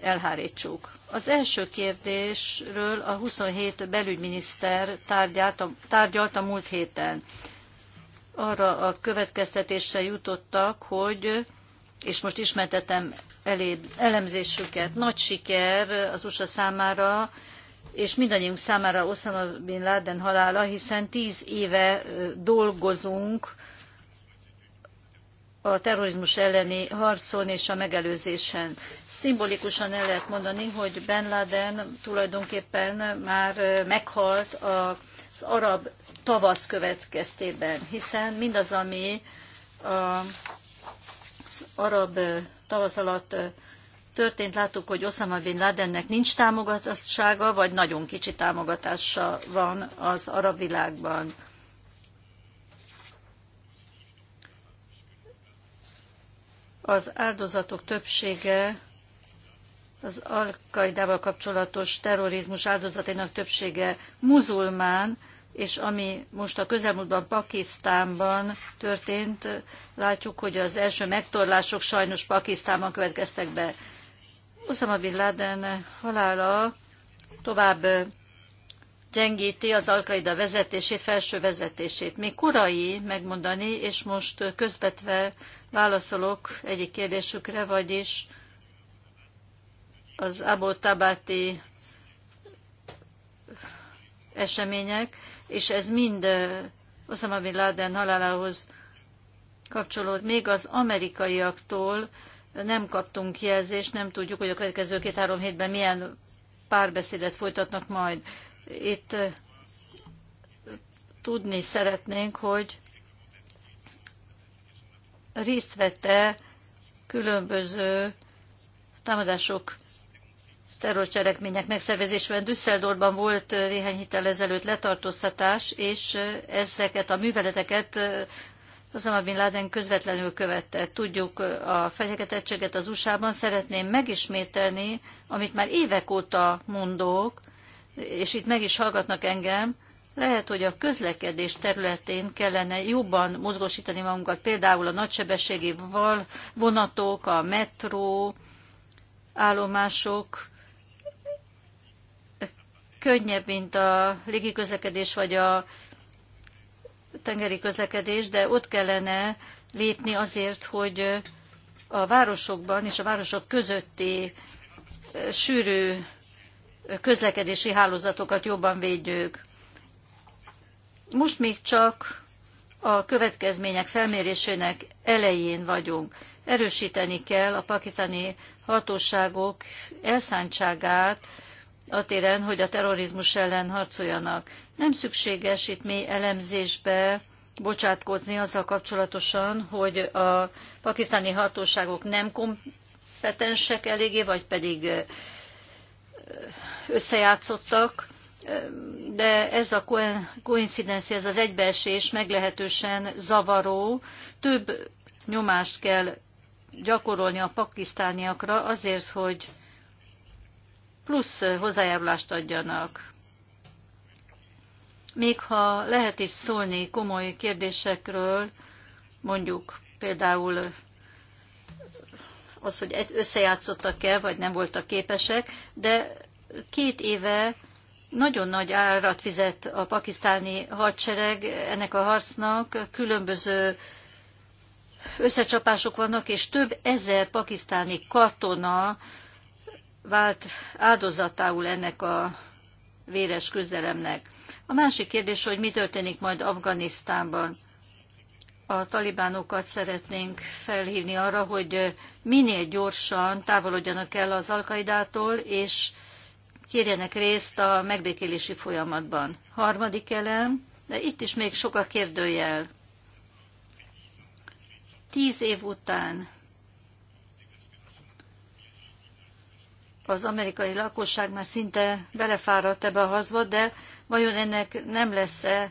elhárítsuk. Az első kérdésről a 27 belügyminiszter tárgyalt a, tárgyalt a múlt héten. Arra a következtetésre jutottak, hogy, és most ismertetem elemzésüket, nagy siker az USA számára és mindannyiunk számára Osama Bin Laden halála, hiszen tíz éve dolgozunk a terrorizmus elleni harcon és a megelőzésen. Szimbolikusan el lehet mondani, hogy Bin Laden tulajdonképpen már meghalt az arab tavasz következtében, hiszen mindaz, ami az arab tavasz alatt történt, láttuk, hogy Osama Bin Ladennek nincs támogatottsága, vagy nagyon kicsi támogatása van az arab világban. Az áldozatok többsége az al kapcsolatos terrorizmus áldozatainak többsége muzulmán, és ami most a közelmúltban Pakisztánban történt, látjuk, hogy az első megtorlások sajnos Pakisztánban következtek be. Osama Bin Laden halála tovább gyengíti az Alkaida vezetését, felső vezetését. Még korai megmondani, és most közvetve válaszolok egyik kérdésükre, vagyis az Abu Tabati események, és ez mind Osama Bin Laden halálához kapcsolód, még az amerikaiaktól nem kaptunk jelzést, nem tudjuk, hogy a következő két-három hétben milyen párbeszédet folytatnak majd. Itt eh, tudni szeretnénk, hogy részt vette különböző támadások terrorcselekmények megszervezésben. Düsseldorban volt eh, néhány hittel ezelőtt letartóztatás, és eh, ezeket a műveleteket Osama Bin Laden közvetlenül követte. Tudjuk a fenyegetettséget az USA-ban. Szeretném megismételni, amit már évek óta mondok, és itt meg is hallgatnak engem, lehet, hogy a közlekedés területén kellene jobban mozgósítani magunkat, például a nagysebességi vonatok, a metró, állomások, könnyebb, mint a légiközlekedés vagy a tengeri közlekedés, de ott kellene lépni azért, hogy a városokban és a városok közötti sűrű közlekedési hálózatokat jobban védjük. Most még csak a következmények felmérésének elején vagyunk. Erősíteni kell a pakisztáni hatóságok elszántságát, a téren, hogy a terrorizmus ellen harcoljanak. Nem szükséges itt mély elemzésbe bocsátkozni azzal kapcsolatosan, hogy a pakisztáni hatóságok nem kompetensek eléggé, vagy pedig összejátszottak, de ez a koincidencia, ez az egybeesés meglehetősen zavaró. Több nyomást kell gyakorolni a pakisztániakra azért, hogy plusz hozzájárulást adjanak. Még ha lehet is szólni komoly kérdésekről, mondjuk például az, hogy összejátszottak-e, vagy nem voltak képesek, de két éve nagyon nagy árat fizet a pakisztáni hadsereg ennek a harcnak, különböző összecsapások vannak, és több ezer pakisztáni katona vált áldozatául ennek a véres küzdelemnek. A másik kérdés, hogy mi történik majd Afganisztánban. A talibánokat szeretnénk felhívni arra, hogy minél gyorsan távolodjanak el az alkaidától, és kérjenek részt a megbékélési folyamatban. Harmadik elem, de itt is még sok a kérdőjel. Tíz év után az amerikai lakosság már szinte belefáradt ebbe a hazba, de vajon ennek nem lesz-e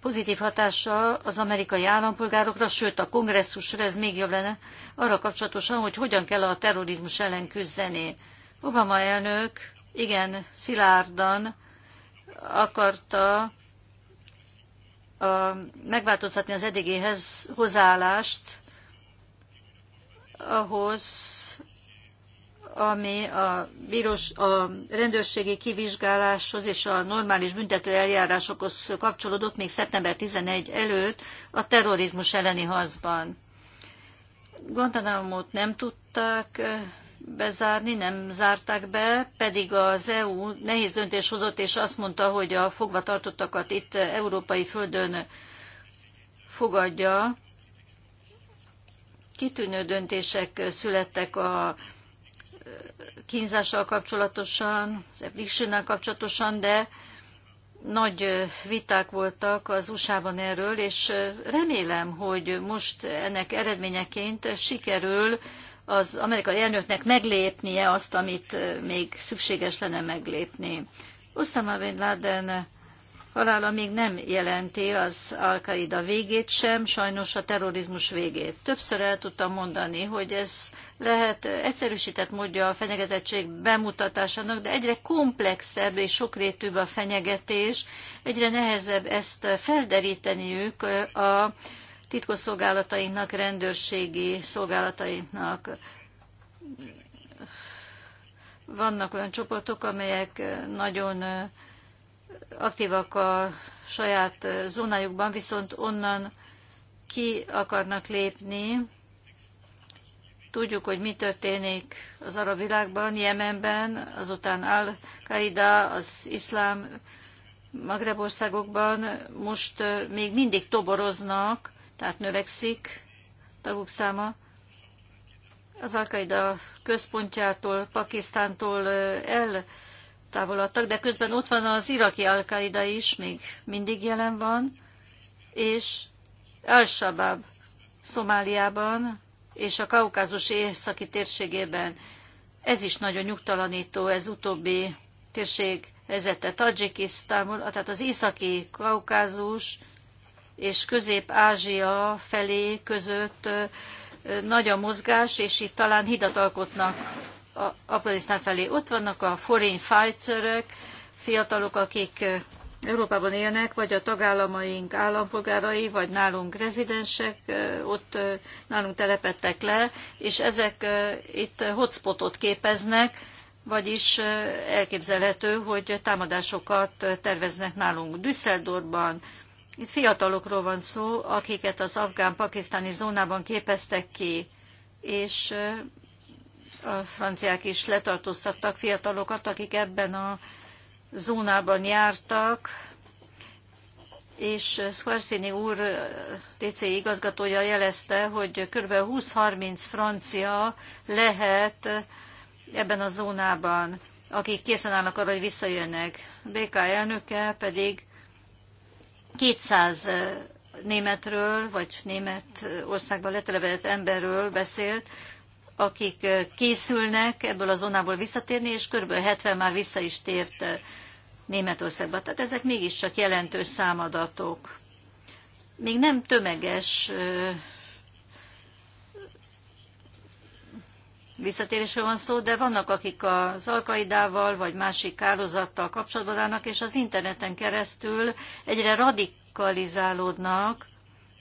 pozitív hatása az amerikai állampolgárokra, sőt a kongresszusra, ez még jobb lenne, arra kapcsolatosan, hogy hogyan kell a terrorizmus ellen küzdeni. Obama elnök igen szilárdan akarta a, megváltoztatni az eddigihez hozzáállást ahhoz, ami a, bírós, a rendőrségi kivizsgáláshoz és a normális büntető eljárásokhoz kapcsolódott még szeptember 11 előtt a terrorizmus elleni harcban. Guantanamo-t nem tudták eh, bezárni, nem zárták be, pedig az EU nehéz döntés hozott, és azt mondta, hogy a fogvatartottakat itt európai földön fogadja. Kitűnő döntések születtek a kínzással kapcsolatosan, az abduction kapcsolatosan, de nagy viták voltak az USA-ban erről, és remélem, hogy most ennek eredményeként sikerül az amerikai elnöknek meglépnie azt, amit még szükséges lenne meglépni. Osama Bin Laden halála még nem jelenti az Al-Qaida végét sem, sajnos a terrorizmus végét. Többször el tudtam mondani, hogy ez lehet egyszerűsített módja a fenyegetettség bemutatásának, de egyre komplexebb és sokrétűbb a fenyegetés, egyre nehezebb ezt felderíteniük a titkosszolgálatainknak, rendőrségi szolgálatainknak vannak olyan csoportok, amelyek nagyon aktívak a saját zónájukban, viszont onnan ki akarnak lépni. Tudjuk, hogy mi történik az arab világban, Jemenben, azután Al-Qaida, az iszlám magrebországokban. most még mindig toboroznak, tehát növekszik taguk száma. Az Al-Qaida központjától, Pakisztántól el eltávolodtak, de közben ott van az iraki al is, még mindig jelen van, és Al-Shabaab Szomáliában és a kaukázus északi térségében. Ez is nagyon nyugtalanító, ez utóbbi térség vezette Tajikisztánból, tehát az északi kaukázus és közép-ázsia felé között nagy a mozgás, és itt talán hidat alkotnak Afganisztán felé. Ott vannak a foreign fighters fiatalok, akik Európában élnek, vagy a tagállamaink állampolgárai, vagy nálunk rezidensek, ott nálunk telepettek le, és ezek itt hotspotot képeznek, vagyis elképzelhető, hogy támadásokat terveznek nálunk. Düsseldorban itt fiatalokról van szó, akiket az afgán-pakisztáni zónában képeztek ki, és a franciák is letartóztattak fiatalokat, akik ebben a zónában jártak, és Squarcini úr, DC igazgatója jelezte, hogy kb. 20-30 francia lehet ebben a zónában, akik készen állnak arra, hogy visszajönnek. BK elnöke pedig 200 németről, vagy német országban letelepedett emberről beszélt, akik készülnek ebből a zónából visszatérni, és kb. 70 már vissza is tért Németországba. Tehát ezek mégiscsak jelentős számadatok. Még nem tömeges visszatérésről van szó, de vannak, akik az alkaidával vagy másik kározattal kapcsolatban állnak, és az interneten keresztül egyre radikalizálódnak,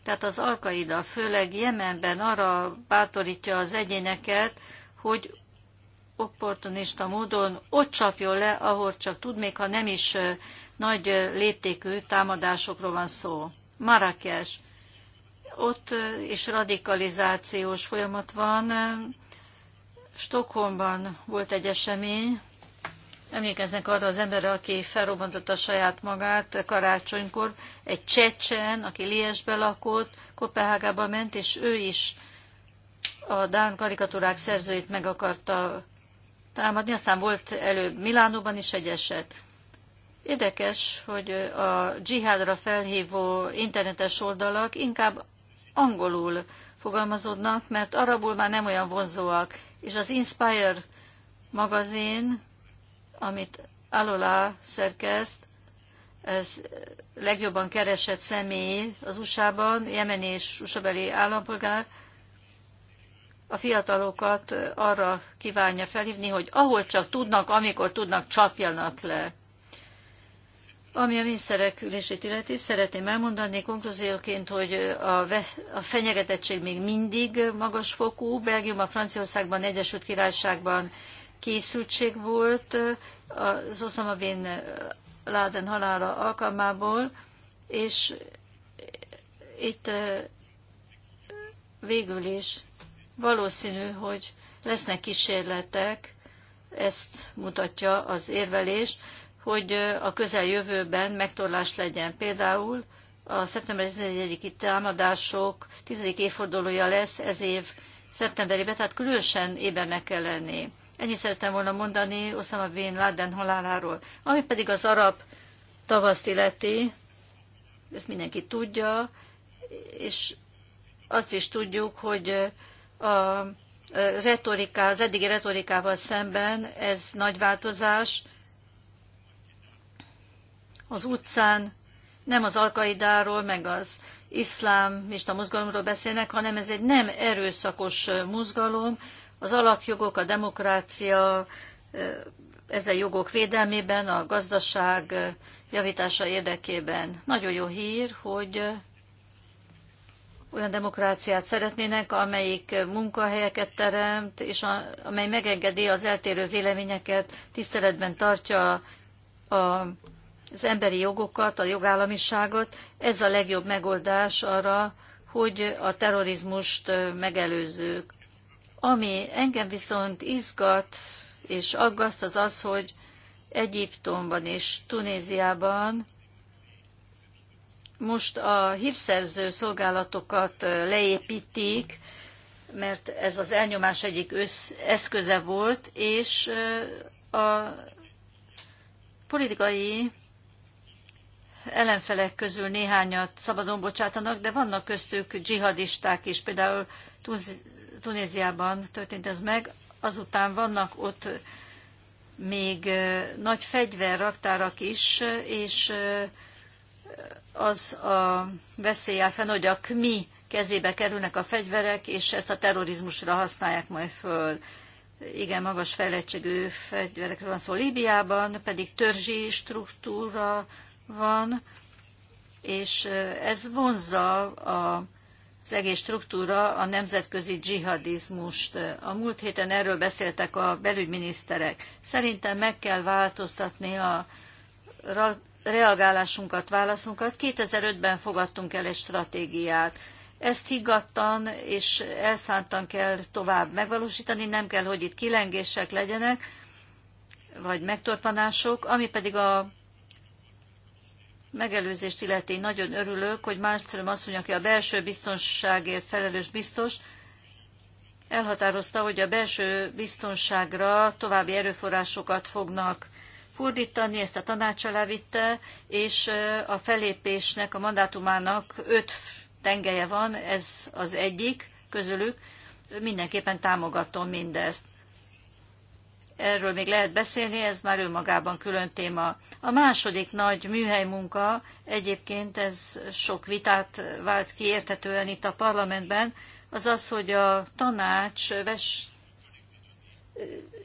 tehát az Alkaida főleg Jemenben arra bátorítja az egyéneket, hogy opportunista módon ott csapjon le, ahol csak tud, még ha nem is nagy léptékű támadásokról van szó. Marrakes. Ott is radikalizációs folyamat van. Stockholmban volt egy esemény, Emlékeznek arra az emberre, aki felrobbantotta saját magát karácsonykor, egy csecsen, aki Liesbe lakott, Kopenhágába ment, és ő is a Dán karikatúrák szerzőit meg akarta támadni, aztán volt előbb Milánóban is egy eset. Érdekes, hogy a dzsihádra felhívó internetes oldalak inkább angolul fogalmazódnak, mert arabul már nem olyan vonzóak, és az Inspire magazin amit Alola szerkeszt, ez legjobban keresett személy az USA-ban, jemeni és USA-beli állampolgár, a fiatalokat arra kívánja felhívni, hogy ahol csak tudnak, amikor tudnak, csapjanak le. Ami a miniszterek illeti, szeretném elmondani konklúzióként, hogy a, a fenyegetettség még mindig magas fokú. a Franciaországban, Egyesült Királyságban készültség volt az Osama Bin Laden halála alkalmából, és itt végül is valószínű, hogy lesznek kísérletek, ezt mutatja az érvelés, hogy a közeljövőben megtorlás legyen. Például a szeptember 11-i támadások 10. évfordulója lesz ez év szeptemberében, tehát különösen ébernek kell lenni. Ennyit szerettem volna mondani Osama Bin Laden haláláról. Ami pedig az arab tavaszt illeti, ezt mindenki tudja, és azt is tudjuk, hogy a retoriká, az eddigi retorikával szemben ez nagy változás. Az utcán nem az alkaidáról, meg az a mozgalomról beszélnek, hanem ez egy nem erőszakos mozgalom, az alapjogok, a demokrácia, ezen jogok védelmében, a gazdaság javítása érdekében. Nagyon jó hír, hogy olyan demokráciát szeretnének, amelyik munkahelyeket teremt, és a, amely megengedi az eltérő véleményeket, tiszteletben tartja a, az emberi jogokat, a jogállamiságot. Ez a legjobb megoldás arra, hogy a terrorizmust megelőzzük. Ami engem viszont izgat és aggaszt az az, hogy Egyiptomban és Tunéziában most a hírszerző szolgálatokat leépítik, mert ez az elnyomás egyik össz, eszköze volt, és a politikai ellenfelek közül néhányat szabadon bocsátanak, de vannak köztük dzsihadisták is, például Tunéziában történt ez meg, azután vannak ott még nagy fegyverraktárak is, és az a veszély áll fenn, hogy a KMI kezébe kerülnek a fegyverek, és ezt a terrorizmusra használják majd föl. Igen, magas fejlettségű fegyverekről van szó. Líbiában pedig törzsi struktúra van, és ez vonzza a az egész struktúra a nemzetközi dzsihadizmust. A múlt héten erről beszéltek a belügyminiszterek. Szerintem meg kell változtatni a reagálásunkat, válaszunkat. 2005-ben fogadtunk el egy stratégiát. Ezt higgadtan és elszántan kell tovább megvalósítani, nem kell, hogy itt kilengések legyenek, vagy megtorpanások, ami pedig a megelőzést illeti, nagyon örülök, hogy Malmström asszony, aki a belső biztonságért felelős biztos, elhatározta, hogy a belső biztonságra további erőforrásokat fognak fordítani, ezt a tanács alá vitte, és a felépésnek, a mandátumának öt tengelye van, ez az egyik közülük, mindenképpen támogatom mindezt erről még lehet beszélni, ez már önmagában külön téma. A második nagy műhely munka, egyébként ez sok vitát vált ki érthetően itt a parlamentben, az az, hogy a tanács ves,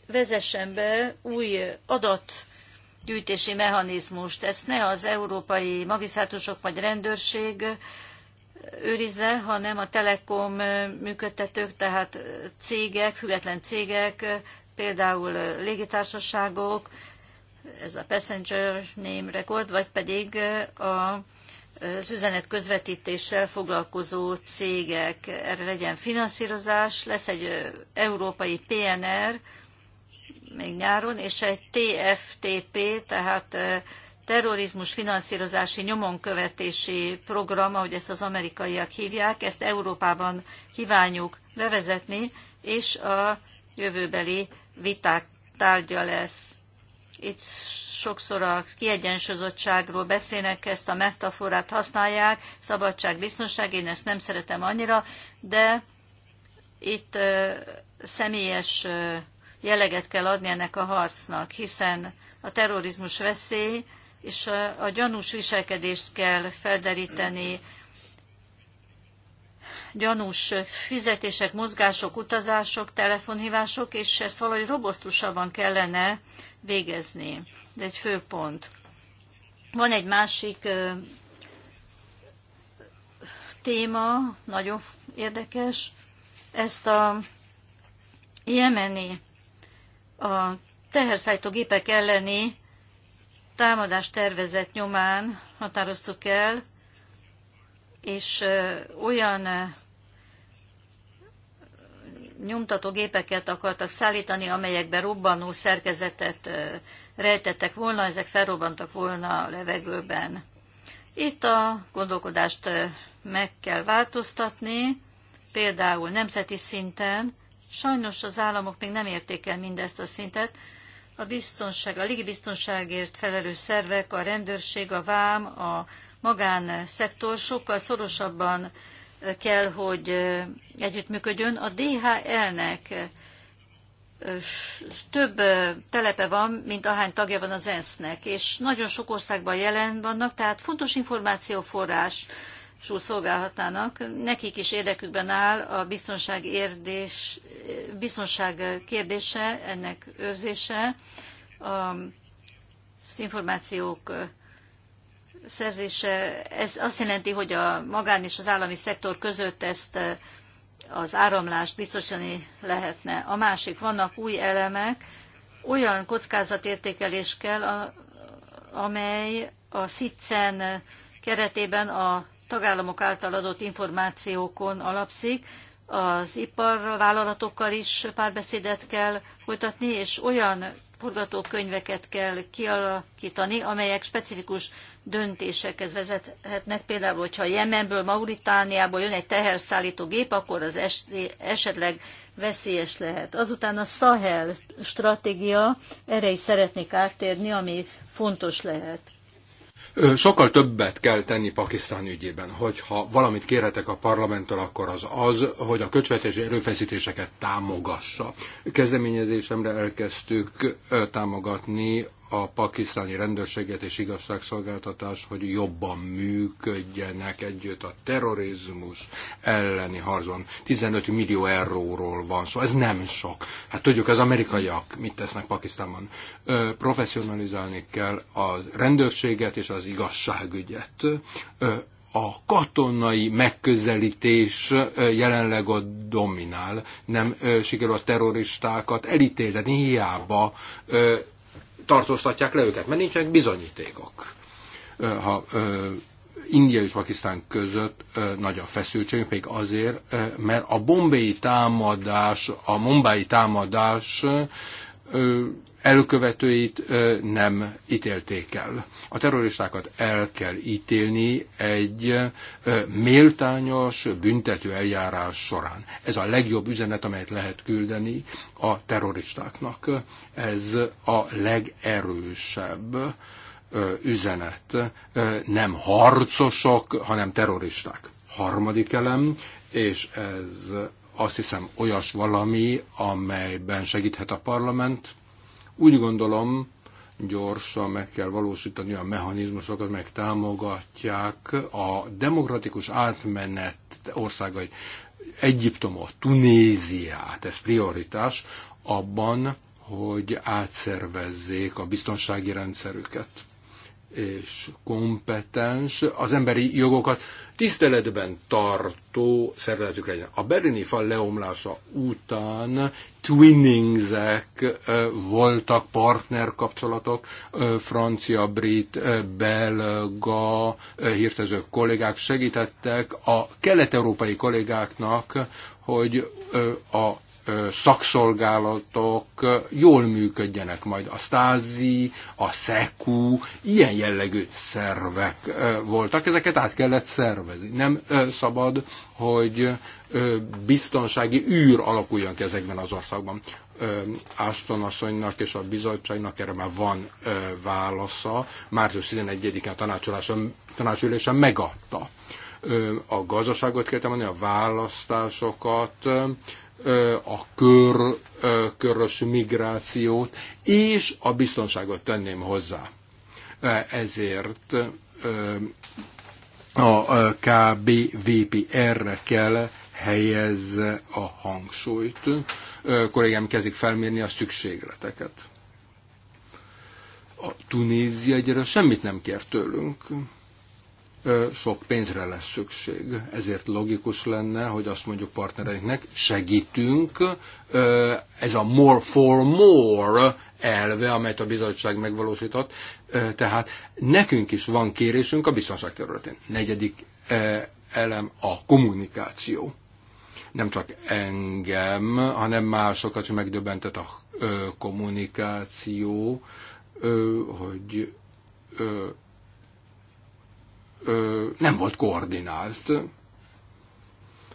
vezessen be új adatgyűjtési mechanizmust. Ezt ne az európai magisztrátusok vagy rendőrség őrizze, hanem a telekom működtetők, tehát cégek, független cégek például légitársaságok, ez a passenger name record, vagy pedig a az üzenet közvetítéssel foglalkozó cégek, erre legyen finanszírozás, lesz egy európai PNR még nyáron, és egy TFTP, tehát terrorizmus finanszírozási nyomonkövetési program, ahogy ezt az amerikaiak hívják, ezt Európában kívánjuk bevezetni, és a jövőbeli viták tárgya lesz. Itt sokszor a kiegyensúlyozottságról beszélnek, ezt a metaforát használják, szabadság, biztonság, én ezt nem szeretem annyira, de itt személyes jelleget kell adni ennek a harcnak, hiszen a terrorizmus veszély, és a, a gyanús viselkedést kell felderíteni, gyanús fizetések, mozgások, utazások, telefonhívások, és ezt valahogy robosztusabban kellene végezni. De egy főpont. Van egy másik téma, nagyon érdekes, ezt a jemeni, a teherszállító gépek elleni támadás tervezet nyomán határoztuk el, és olyan nyomtatógépeket akartak szállítani, amelyekben robbanó szerkezetet rejtettek volna, ezek felrobbantak volna a levegőben. Itt a gondolkodást meg kell változtatni, például nemzeti szinten, sajnos az államok még nem érték el mindezt a szintet, a biztonság, a légibiztonságért felelős szervek, a rendőrség, a vám, a magánszektor sokkal szorosabban kell, hogy együttműködjön. A DHL-nek több telepe van, mint ahány tagja van az ENSZ-nek, és nagyon sok országban jelen vannak, tehát fontos információforrás szolgálhatnának. Nekik is érdekükben áll a biztonság, érdés, biztonság kérdése, ennek őrzése, az információk szerzése, ez azt jelenti, hogy a magán és az állami szektor között ezt eh, az áramlást biztosítani lehetne. A másik, vannak új elemek, olyan kockázatértékelés kell, amely a SZICEN keretében a tagállamok által adott információkon alapszik, az iparvállalatokkal is párbeszédet kell folytatni, és olyan forgatókönyveket kell kialakítani, amelyek specifikus döntésekhez vezethetnek. Például, hogyha Jemenből, Mauritániából jön egy teherszállító gép, akkor az esetleg veszélyes lehet. Azután a Sahel stratégia, erre is szeretnék áttérni, ami fontos lehet. Sokkal többet kell tenni Pakisztán ügyében. Hogyha valamit kérhetek a parlamenttől, akkor az az, hogy a kötvetési erőfeszítéseket támogassa. Kezdeményezésemre elkezdtük támogatni a pakisztáni rendőrséget és igazságszolgáltatást, hogy jobban működjenek együtt a terrorizmus elleni harcban. 15 millió erróról van szó, szóval ez nem sok. Hát tudjuk, az amerikaiak mit tesznek Pakisztánban. Ö, professzionalizálni kell a rendőrséget és az igazságügyet. Ö, a katonai megközelítés jelenleg ott dominál. Nem sikerül a terroristákat elítélni, hiába tartóztatják le őket, mert nincsenek bizonyítékok. Ha India és Pakisztán között nagy a feszültség, még azért, mert a bombai támadás, a mumbai támadás elkövetőit nem ítélték el. A terroristákat el kell ítélni egy méltányos büntető eljárás során. Ez a legjobb üzenet, amelyet lehet küldeni a terroristáknak. Ez a legerősebb üzenet. Nem harcosok, hanem terroristák. Harmadik elem, és ez azt hiszem olyas valami, amelyben segíthet a parlament, úgy gondolom, gyorsan meg kell valósítani a mechanizmusokat, meg támogatják a demokratikus átmenet országai. Egyiptomot, Tunéziát, ez prioritás, abban, hogy átszervezzék a biztonsági rendszerüket és kompetens, az emberi jogokat tiszteletben tartó szervezetük legyen. A berlini fal leomlása után twinningsek voltak, partnerkapcsolatok, francia, brit, belga hírszerző kollégák segítettek a kelet-európai kollégáknak, hogy a szakszolgálatok jól működjenek majd. A stázi, a szekú, ilyen jellegű szervek voltak, ezeket át kellett szervezni. Nem szabad, hogy biztonsági űr alakuljon ki ezekben az országban. Ashton asszonynak és a bizottságnak erre már van válasza. Március 11-én a tanácsülésen megadta. A gazdaságot kell mondani, a választásokat, a kör, körös migrációt, és a biztonságot tenném hozzá. Ezért a KBVP erre kell helyezze a hangsúlyt. Kollégám kezdik felmérni a szükségleteket. A Tunézia egyre semmit nem kér tőlünk sok pénzre lesz szükség. Ezért logikus lenne, hogy azt mondjuk partnereinknek, segítünk, ez a more for more elve, amelyet a bizottság megvalósított, tehát nekünk is van kérésünk a biztonság területén. Negyedik elem a kommunikáció. Nem csak engem, hanem másokat is megdöbbentett a kommunikáció, hogy ö, nem volt koordinált.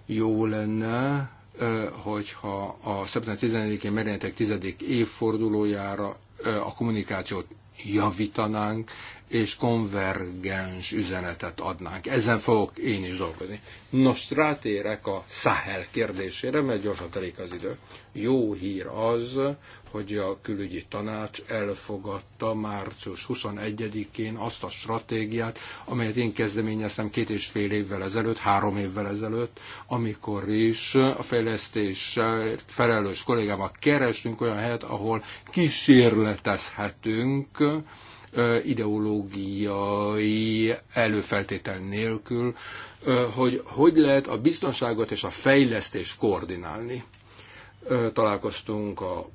Jó lenne, ö, hogyha a szeptember 14 én megjelenetek 10. évfordulójára ö, a kommunikációt javítanánk, és konvergens üzenetet adnánk. Ezen fogok én is dolgozni. Nos, rátérek a Sahel kérdésére, mert gyorsan telik az idő. Jó hír az, hogy a külügyi tanács elfogadta március 21-én azt a stratégiát, amelyet én kezdeményeztem két és fél évvel ezelőtt, három évvel ezelőtt, amikor is a fejlesztésért felelős kollégámmal kerestünk olyan helyet, ahol kísérletezhetünk, ideológiai előfeltétel nélkül, hogy hogy lehet a biztonságot és a fejlesztést koordinálni. Találkoztunk a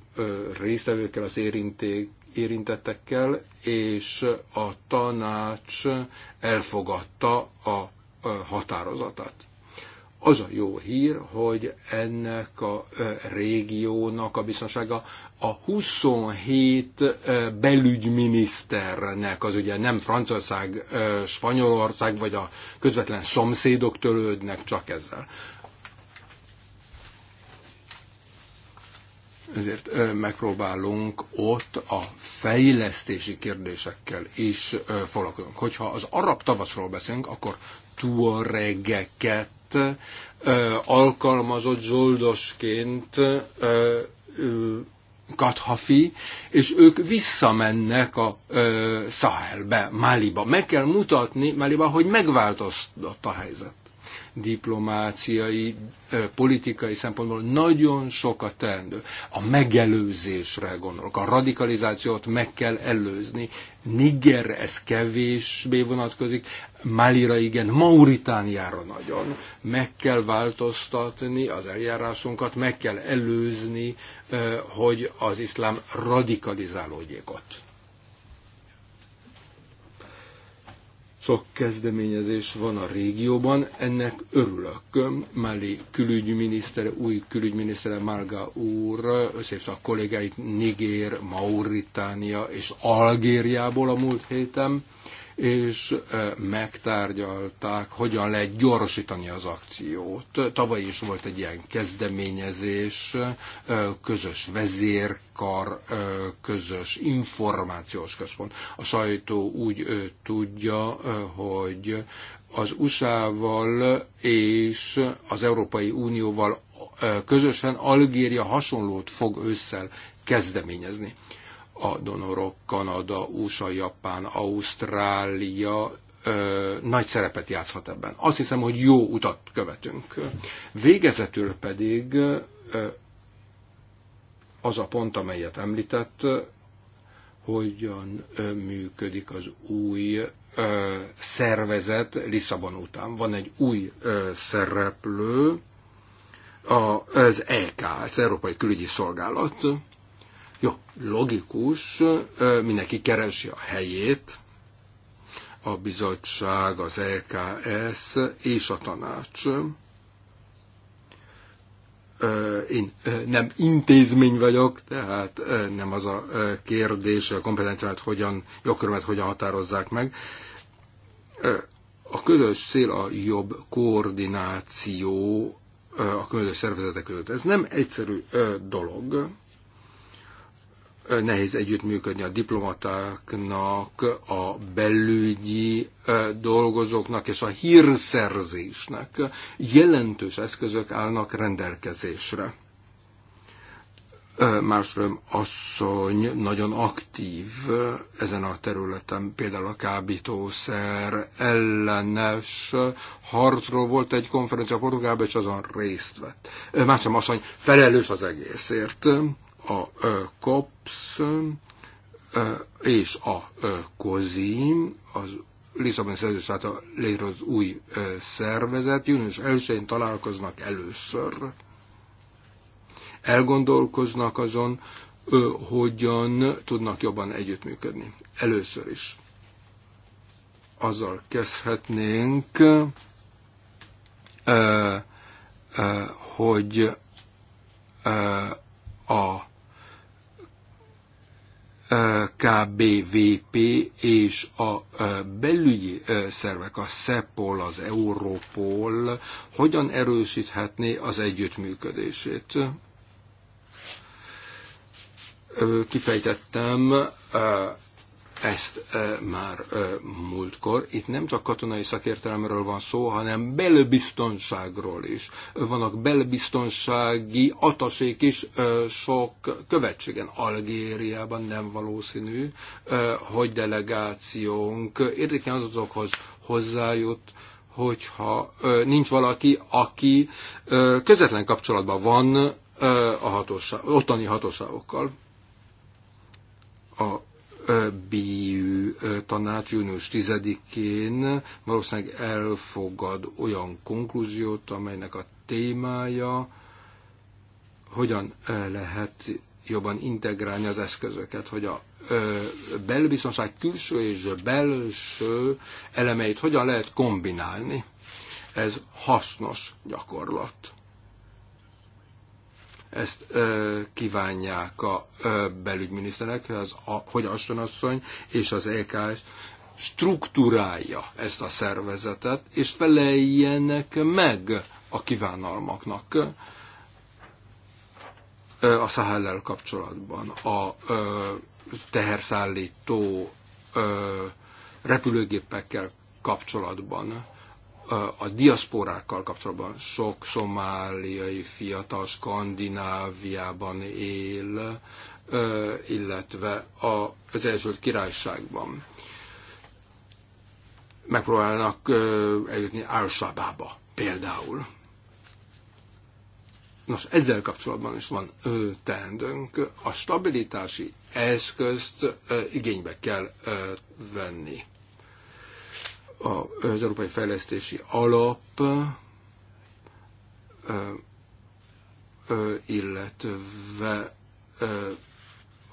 résztvevőkkel, az érinték, érintettekkel, és a tanács elfogadta a határozatát. Az a jó hír, hogy ennek a régiónak a biztonsága a 27 belügyminiszternek, az ugye nem Franciaország, Spanyolország vagy a közvetlen szomszédok törődnek csak ezzel. ezért megpróbálunk ott a fejlesztési kérdésekkel is foglalkozunk. Hogyha az arab tavaszról beszélünk, akkor tuaregeket alkalmazott zsoldosként Kathafi, és ők visszamennek a Sahelbe Szahelbe, Máliba. Meg kell mutatni Máliba, hogy megváltozott a helyzet diplomáciai, politikai szempontból nagyon sokat teendő. A megelőzésre gondolok, a radikalizációt meg kell előzni. Niger ez kevésbé vonatkozik, Málira igen, Mauritániára nagyon. Meg kell változtatni az eljárásunkat, meg kell előzni, hogy az iszlám radikalizálódjék ott. Sok kezdeményezés van a régióban, ennek örülök. Máli külügyminisztere, új külügyminisztere Marga úr, összehívta a kollégáit Niger, Mauritánia és Algériából a múlt héten és megtárgyalták, hogyan lehet gyorsítani az akciót. Tavaly is volt egy ilyen kezdeményezés, közös vezérkar, közös információs központ. A sajtó úgy tudja, hogy az USA-val és az Európai Unióval közösen Algéria hasonlót fog ősszel kezdeményezni a donorok Kanada, USA, Japán, Ausztrália ö, nagy szerepet játszhat ebben. Azt hiszem, hogy jó utat követünk. Végezetül pedig ö, az a pont, amelyet említett, hogyan működik az új ö, szervezet Lisszabon után. Van egy új ö, szereplő, a, az EK, az Európai Külügyi Szolgálat, jó, logikus, mindenki keresi a helyét, a bizottság, az EKS és a tanács. Én nem intézmény vagyok, tehát nem az a kérdés, a kompetenciát hogyan, jogkörömet hogyan határozzák meg. A közös cél a jobb koordináció a különböző szervezetek között. Ez nem egyszerű dolog nehéz együttműködni a diplomatáknak, a belügyi dolgozóknak és a hírszerzésnek. Jelentős eszközök állnak rendelkezésre. Másröm asszony nagyon aktív ezen a területen, például a kábítószer ellenes harcról volt egy konferencia Portugálban, és azon részt vett. Másröm asszony felelős az egészért a COPS és a COZIM, az Lisszabon szerződés által létrehoz új szervezet, június 1-én találkoznak először. Elgondolkoznak azon, hogyan tudnak jobban együttműködni. Először is azzal kezdhetnénk, hogy a KBVP és a belügyi szervek, a SEPOL, az Europol hogyan erősíthetné az együttműködését? Kifejtettem ezt már múltkor. Itt nem csak katonai szakértelemről van szó, hanem belbiztonságról is. Vannak belbiztonsági atasék is sok követségen. Algériában nem valószínű, hogy delegációnk értékeny azokhoz, hozzájut, hogyha nincs valaki, aki közvetlen kapcsolatban van a hatóság, ottani hatóságokkal. A BIU tanács június 10-én valószínűleg elfogad olyan konklúziót, amelynek a témája hogyan lehet jobban integrálni az eszközöket, hogy a belbiztonság külső és belső elemeit hogyan lehet kombinálni. Ez hasznos gyakorlat. Ezt ö, kívánják a ö, belügyminiszterek, az, a, hogy Aston asszony és az EKS struktúrálja ezt a szervezetet, és feleljenek meg a kívánalmaknak ö, a Szahállal kapcsolatban. A ö, teherszállító ö, repülőgépekkel kapcsolatban a diaszporákkal kapcsolatban sok szomáliai fiatal Skandináviában él, illetve az Egyesült Királyságban. Megpróbálnak eljutni Ársabába például. Nos, ezzel kapcsolatban is van ö, teendőnk. A stabilitási eszközt ö, igénybe kell ö, venni az Európai Fejlesztési Alap, illetve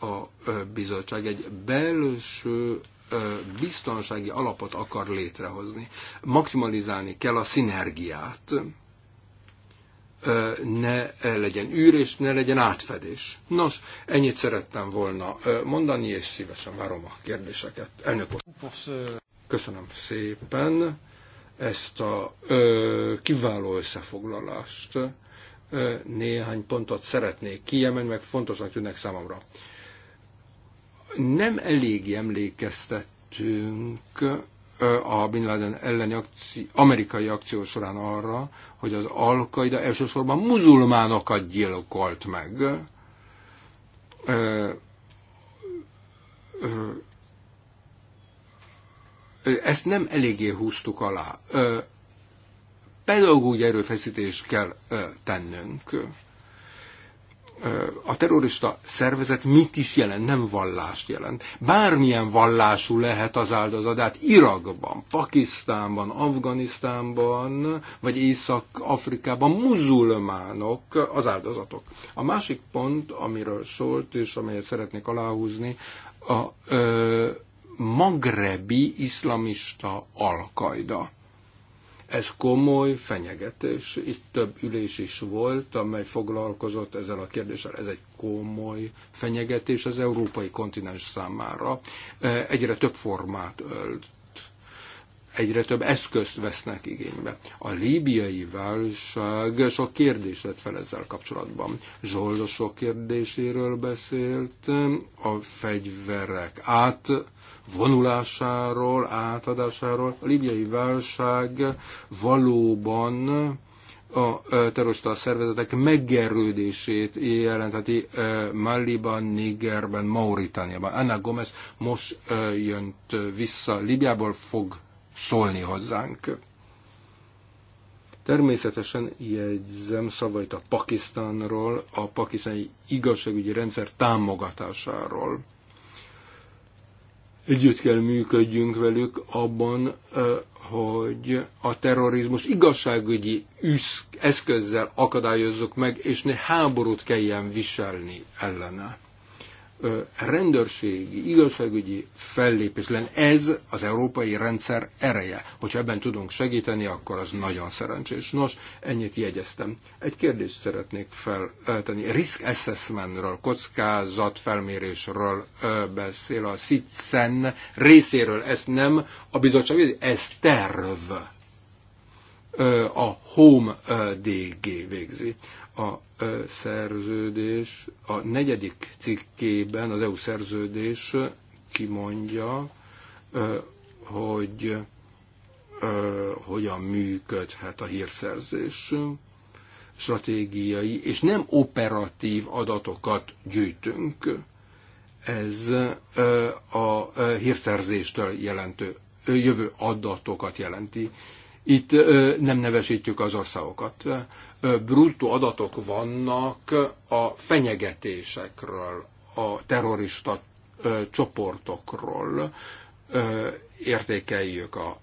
a bizottság egy belső biztonsági alapot akar létrehozni. Maximalizálni kell a szinergiát. Ne legyen űr és ne legyen átfedés. Nos, ennyit szerettem volna mondani, és szívesen várom a kérdéseket. Elnök úr. Köszönöm szépen ezt a ö, kiváló összefoglalást. Ö, néhány pontot szeretnék kiemelni, meg fontosnak tűnnek számomra. Nem elég emlékeztettünk a Bin Laden elleni akció, amerikai akció során arra, hogy az al elsősorban muzulmánokat gyilkolt meg. Ö, ö, ezt nem eléggé húztuk alá. Pedagógiai erőfeszítést kell tennünk. A terrorista szervezet mit is jelent? Nem vallást jelent. Bármilyen vallású lehet az hát Irakban, Pakisztánban, Afganisztánban, vagy Észak-Afrikában muzulmánok az áldozatok. A másik pont, amiről szólt, és amelyet szeretnék aláhúzni, a ö, magrebi iszlamista alkaida. Ez komoly fenyegetés. Itt több ülés is volt, amely foglalkozott ezzel a kérdéssel. Ez egy komoly fenyegetés az európai kontinens számára. Egyre több formát ölt egyre több eszközt vesznek igénybe. A líbiai válság sok kérdés lett fel ezzel kapcsolatban. Zsoldosok kérdéséről beszélt, a fegyverek át vonulásáról, átadásáról. A libiai válság valóban a terrorista szervezetek meggerődését jelentheti Maliban, Nigerben, Mauritániában. Anna Gomez most jönt vissza Libiából, fog szólni hozzánk. Természetesen jegyzem szavait a Pakisztánról, a pakisztáni igazságügyi rendszer támogatásáról. Együtt kell működjünk velük abban, hogy a terrorizmus igazságügyi eszközzel akadályozzuk meg, és ne háborút kelljen viselni ellene rendőrségi, igazságügyi fellépés lenne. Ez az európai rendszer ereje. Hogyha ebben tudunk segíteni, akkor az nagyon szerencsés. Nos, ennyit jegyeztem. Egy kérdést szeretnék feltenni. Risk assessmentről, kockázatfelmérésről beszél a SITSEN részéről. Ez nem a bizottság, ez terv a Home DG végzi. A szerződés a negyedik cikkében az EU szerződés kimondja, hogy hogyan működhet a hírszerzés stratégiai és nem operatív adatokat gyűjtünk. Ez a hírszerzéstől jelentő, jövő adatokat jelenti. Itt nem nevesítjük az országokat bruttó adatok vannak a fenyegetésekről, a terrorista csoportokról, értékeljük a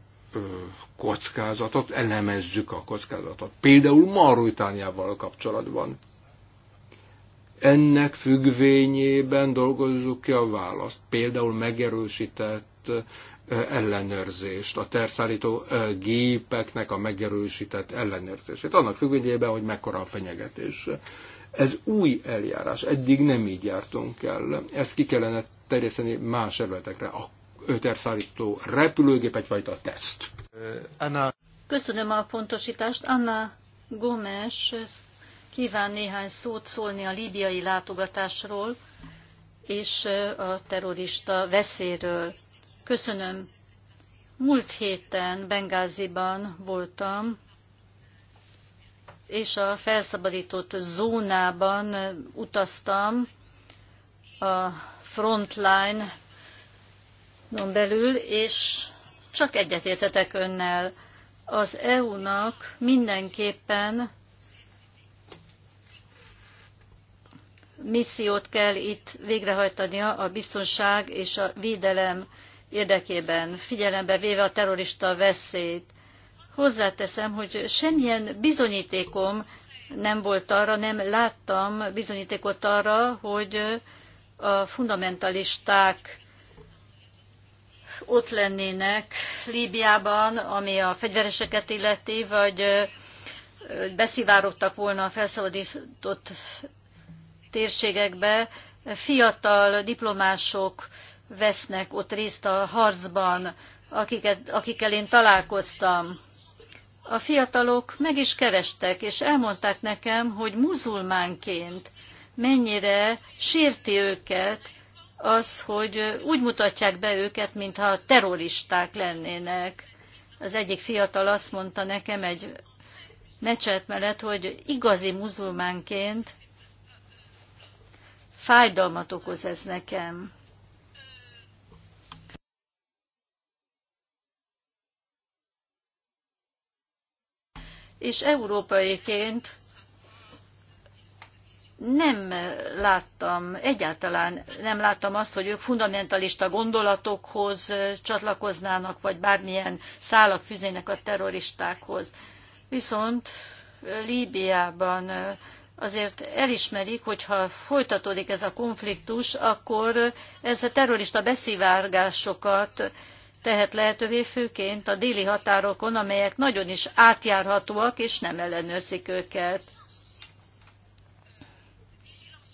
kockázatot, elemezzük a kockázatot. Például Mauritániával kapcsolatban. Ennek függvényében dolgozzuk ki a választ. Például megerősített ellenőrzést, a terszállító gépeknek a megerősített ellenőrzését, annak függvényében, hogy mekkora a fenyegetés. Ez új eljárás, eddig nem így jártunk el. Ezt ki kellene terjeszteni más területekre. A terszállító repülőgép egyfajta teszt. Anna. Köszönöm a pontosítást. Anna Gomes kíván néhány szót szólni a líbiai látogatásról és a terrorista veszélyről. Köszönöm. Múlt héten Bengáziban voltam, és a felszabadított zónában utaztam a frontline belül, és csak egyetértetek önnel. Az EU-nak mindenképpen missziót kell itt végrehajtania a biztonság és a védelem érdekében, figyelembe véve a terrorista veszélyt. Hozzáteszem, hogy semmilyen bizonyítékom nem volt arra, nem láttam bizonyítékot arra, hogy a fundamentalisták ott lennének Líbiában, ami a fegyvereseket illeti, vagy beszivárogtak volna a felszabadított térségekbe. Fiatal diplomások vesznek ott részt a harcban, akiket, akikkel én találkoztam. A fiatalok meg is kerestek, és elmondták nekem, hogy muzulmánként mennyire sírti őket az, hogy úgy mutatják be őket, mintha terroristák lennének. Az egyik fiatal azt mondta nekem egy mecset mellett, hogy igazi muzulmánként fájdalmat okoz ez nekem. és európaiként nem láttam, egyáltalán nem láttam azt, hogy ők fundamentalista gondolatokhoz csatlakoznának, vagy bármilyen szálak fűznének a terroristákhoz. Viszont Líbiában azért elismerik, hogy ha folytatódik ez a konfliktus, akkor ez a terrorista beszivárgásokat tehet lehetővé főként a déli határokon, amelyek nagyon is átjárhatóak, és nem ellenőrzik őket.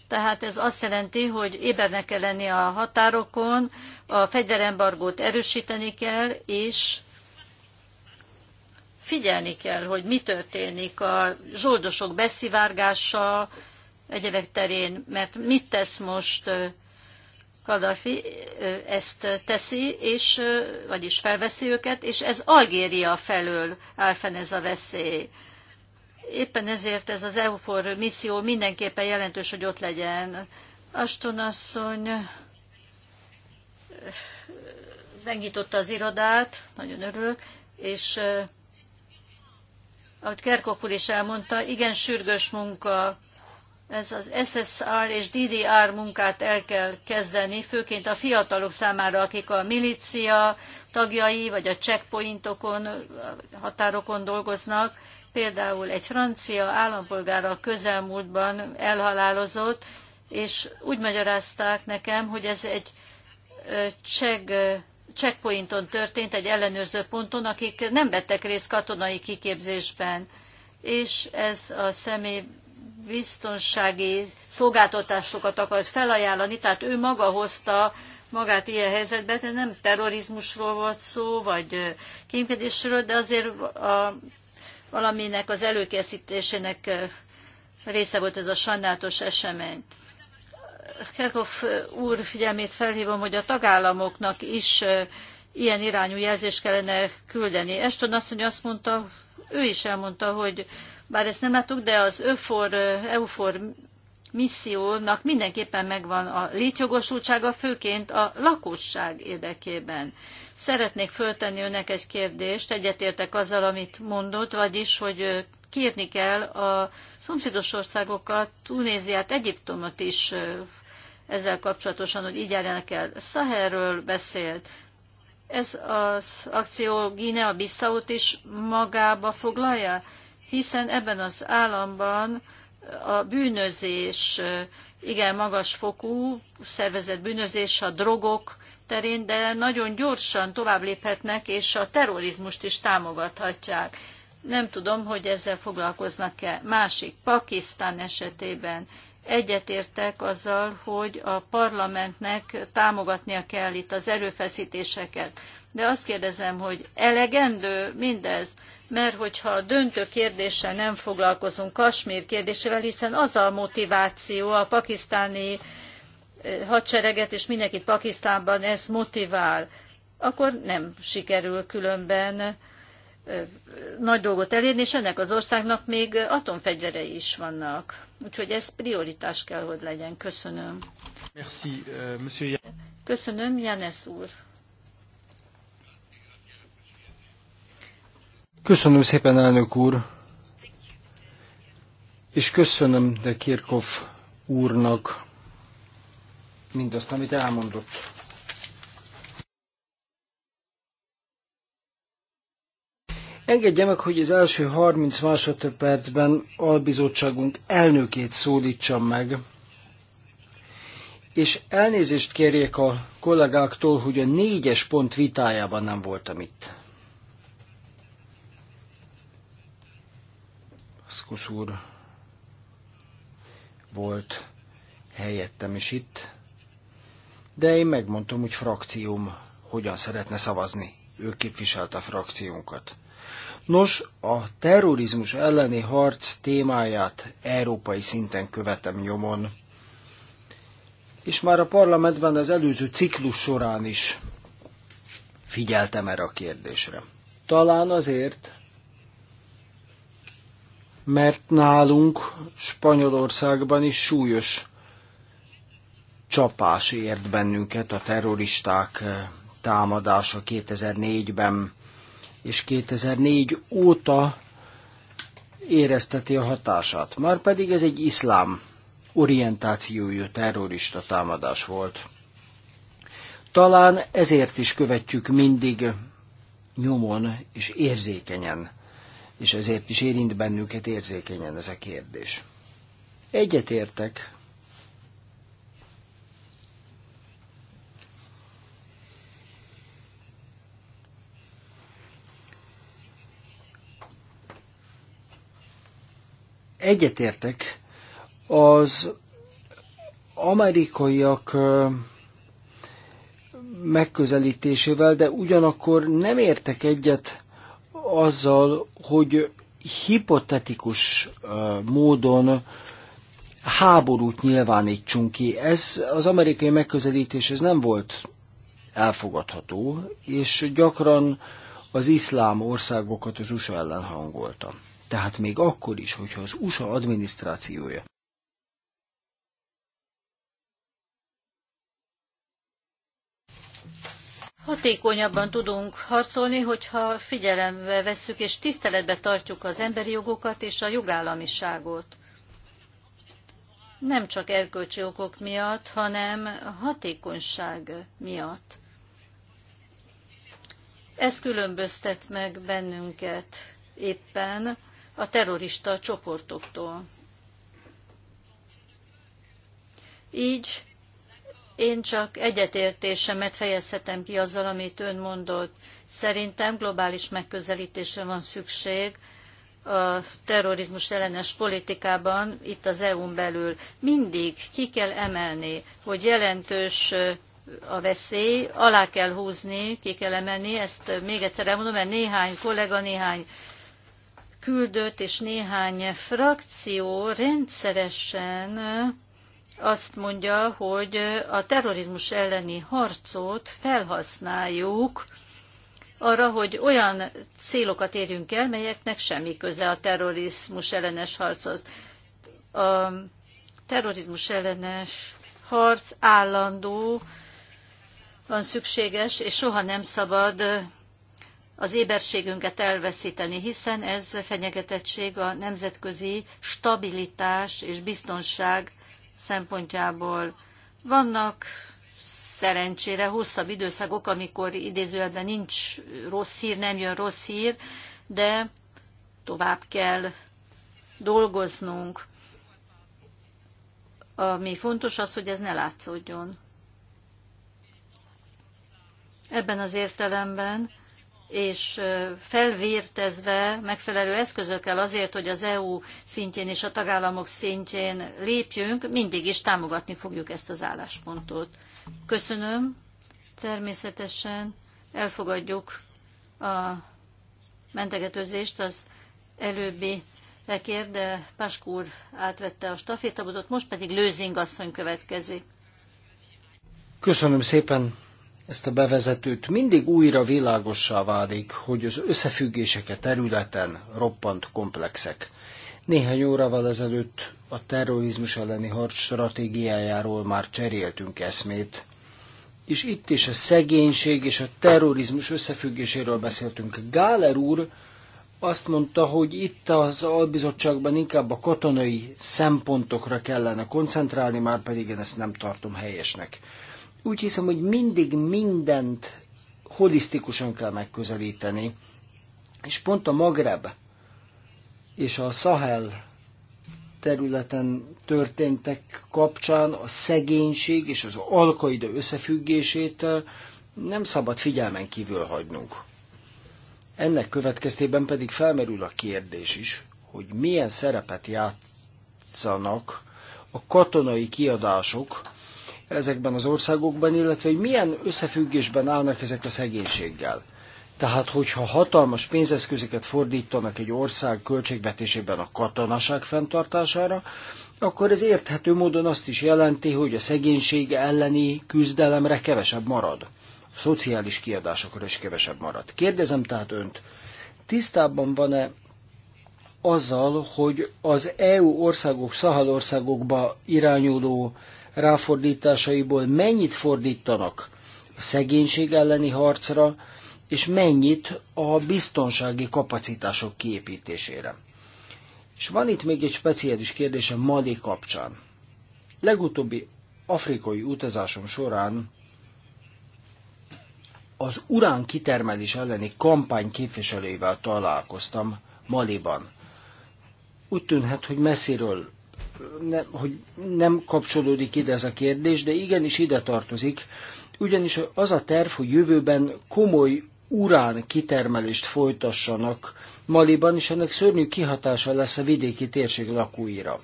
Tehát ez azt jelenti, hogy ébernek kell lenni a határokon, a fegyverembargót erősíteni kell, és figyelni kell, hogy mi történik a zsoldosok beszivárgása egyebek terén, mert mit tesz most Kadhafi ezt teszi, és, vagyis felveszi őket, és ez Algéria felől áll fenn ez a veszély. Éppen ezért ez az EUFOR misszió mindenképpen jelentős, hogy ott legyen. Aston asszony megnyitotta az irodát, nagyon örülök, és ahogy Kerkok úr is elmondta, igen sürgős munka ez az SSR és DDR munkát el kell kezdeni, főként a fiatalok számára, akik a milícia tagjai, vagy a checkpointokon, határokon dolgoznak. Például egy francia állampolgár a közelmúltban elhalálozott, és úgy magyarázták nekem, hogy ez egy check, checkpointon történt, egy ellenőrző ponton, akik nem vettek részt katonai kiképzésben. És ez a személy biztonsági szolgáltatásokat akart felajánlani, tehát ő maga hozta magát ilyen helyzetbe, de nem terrorizmusról volt szó, vagy kémkedésről, de azért a, valaminek az előkészítésének része volt ez a sajnálatos esemény. Kerkhoff úr figyelmét felhívom, hogy a tagállamoknak is ilyen irányú jelzést kellene küldeni. Eston asszony azt mondta, ő is elmondta, hogy bár ezt nem láttuk, de az ÖFOR, EUFOR missziónak mindenképpen megvan a létjogosultsága, főként a lakosság érdekében. Szeretnék föltenni önnek egy kérdést, egyetértek azzal, amit mondott, vagyis, hogy kérni kell a szomszédos országokat, Tunéziát, Egyiptomot is ezzel kapcsolatosan, hogy így járjanak el. Szaherről beszélt. Ez az akció a bissaut is magába foglalja? hiszen ebben az államban a bűnözés igen magas fokú, szervezett bűnözés a drogok terén, de nagyon gyorsan tovább léphetnek, és a terrorizmust is támogathatják. Nem tudom, hogy ezzel foglalkoznak-e. Másik, Pakisztán esetében egyetértek azzal, hogy a parlamentnek támogatnia kell itt az erőfeszítéseket. De azt kérdezem, hogy elegendő mindez? mert hogyha a döntő kérdéssel nem foglalkozunk, Kasmír kérdésével, hiszen az a motiváció a pakisztáni eh, hadsereget és mindenkit Pakisztánban ez motivál, akkor nem sikerül különben eh, nagy dolgot elérni, és ennek az országnak még atomfegyverei is vannak. Úgyhogy ez prioritás kell, hogy legyen. Köszönöm. Merci, uh, Köszönöm, Janes úr. Köszönöm szépen, elnök úr, és köszönöm de Kirkov úrnak mindazt, amit elmondott. Engedje meg, hogy az első 30 másodpercben albizottságunk elnökét szólítsam meg, és elnézést kérjék a kollégáktól, hogy a négyes pont vitájában nem voltam itt. Szkusz úr volt helyettem is itt, de én megmondtam, hogy frakcióm hogyan szeretne szavazni. Ő képviselte a frakciónkat. Nos, a terrorizmus elleni harc témáját európai szinten követem nyomon. És már a parlamentben az előző ciklus során is figyeltem erre a kérdésre. Talán azért, mert nálunk Spanyolországban is súlyos csapás ért bennünket a terroristák támadása 2004-ben, és 2004 óta érezteti a hatását. Márpedig ez egy iszlám orientációjú terrorista támadás volt. Talán ezért is követjük mindig nyomon és érzékenyen és ezért is érint bennünket érzékenyen ez a kérdés. Egyetértek. Egyetértek az amerikaiak megközelítésével, de ugyanakkor nem értek egyet azzal, hogy hipotetikus módon háborút nyilvánítsunk ki. Ez az amerikai megközelítés ez nem volt elfogadható, és gyakran az iszlám országokat az USA ellen hangolta. Tehát még akkor is, hogyha az USA adminisztrációja Hatékonyabban tudunk harcolni, hogyha figyelembe vesszük és tiszteletbe tartjuk az emberi jogokat és a jogállamiságot. Nem csak erkölcsi okok miatt, hanem hatékonyság miatt. Ez különböztet meg bennünket éppen a terrorista csoportoktól. Így én csak egyetértésemet fejezhetem ki azzal, amit ön mondott. Szerintem globális megközelítésre van szükség a terrorizmus ellenes politikában, itt az EU-n belül. Mindig ki kell emelni, hogy jelentős a veszély, alá kell húzni, ki kell emelni, ezt még egyszer elmondom, mert néhány kollega, néhány küldött és néhány frakció rendszeresen azt mondja, hogy a terrorizmus elleni harcot felhasználjuk arra, hogy olyan célokat érjünk el, melyeknek semmi köze a terrorizmus ellenes harchoz. A terrorizmus ellenes harc állandó, van szükséges, és soha nem szabad az éberségünket elveszíteni, hiszen ez fenyegetettség a nemzetközi stabilitás és biztonság szempontjából. Vannak szerencsére hosszabb időszakok, amikor idézőjelben nincs rossz hír, nem jön rossz hír, de tovább kell dolgoznunk. Ami fontos az, hogy ez ne látszódjon. Ebben az értelemben és felvértezve megfelelő eszközökkel azért, hogy az EU szintjén és a tagállamok szintjén lépjünk, mindig is támogatni fogjuk ezt az álláspontot. Köszönöm. Természetesen elfogadjuk a mentegetőzést az előbbi lekér, de úr átvette a stafétabotot, most pedig Lőzing asszony következik. Köszönöm szépen, ezt a bevezetőt, mindig újra világossá válik, hogy az összefüggések területen roppant komplexek. Néhány órával ezelőtt a terrorizmus elleni harc stratégiájáról már cseréltünk eszmét, és itt is a szegénység és a terrorizmus összefüggéséről beszéltünk. Gáler úr azt mondta, hogy itt az albizottságban inkább a katonai szempontokra kellene koncentrálni, már pedig én ezt nem tartom helyesnek. Úgy hiszem, hogy mindig mindent holisztikusan kell megközelíteni. És pont a Magreb és a Sahel területen történtek kapcsán a szegénység és az alkaida összefüggését eh, nem szabad figyelmen kívül hagynunk. Ennek következtében pedig felmerül a kérdés is, hogy milyen szerepet játszanak a katonai kiadások ezekben az országokban, illetve hogy milyen összefüggésben állnak ezek a szegénységgel. Tehát, hogyha hatalmas pénzeszközöket fordítanak egy ország költségvetésében a katonaság fenntartására, akkor ez érthető módon azt is jelenti, hogy a szegénység elleni küzdelemre kevesebb marad. A szociális kiadásokra is kevesebb marad. Kérdezem tehát önt, tisztában van-e azzal, hogy az EU országok, Szahal országokba irányuló ráfordításaiból mennyit fordítanak a szegénység elleni harcra, és mennyit a biztonsági kapacitások kiépítésére. És van itt még egy speciális a Mali kapcsán. Legutóbbi afrikai utazásom során az urán kitermelés elleni kampány képviselőivel találkoztam Maliban. Úgy tűnhet, hogy messziről ne, hogy nem kapcsolódik ide ez a kérdés, de igenis ide tartozik, ugyanis az a terv, hogy jövőben komoly urán kitermelést folytassanak Maliban, és ennek szörnyű kihatása lesz a vidéki térség lakóira.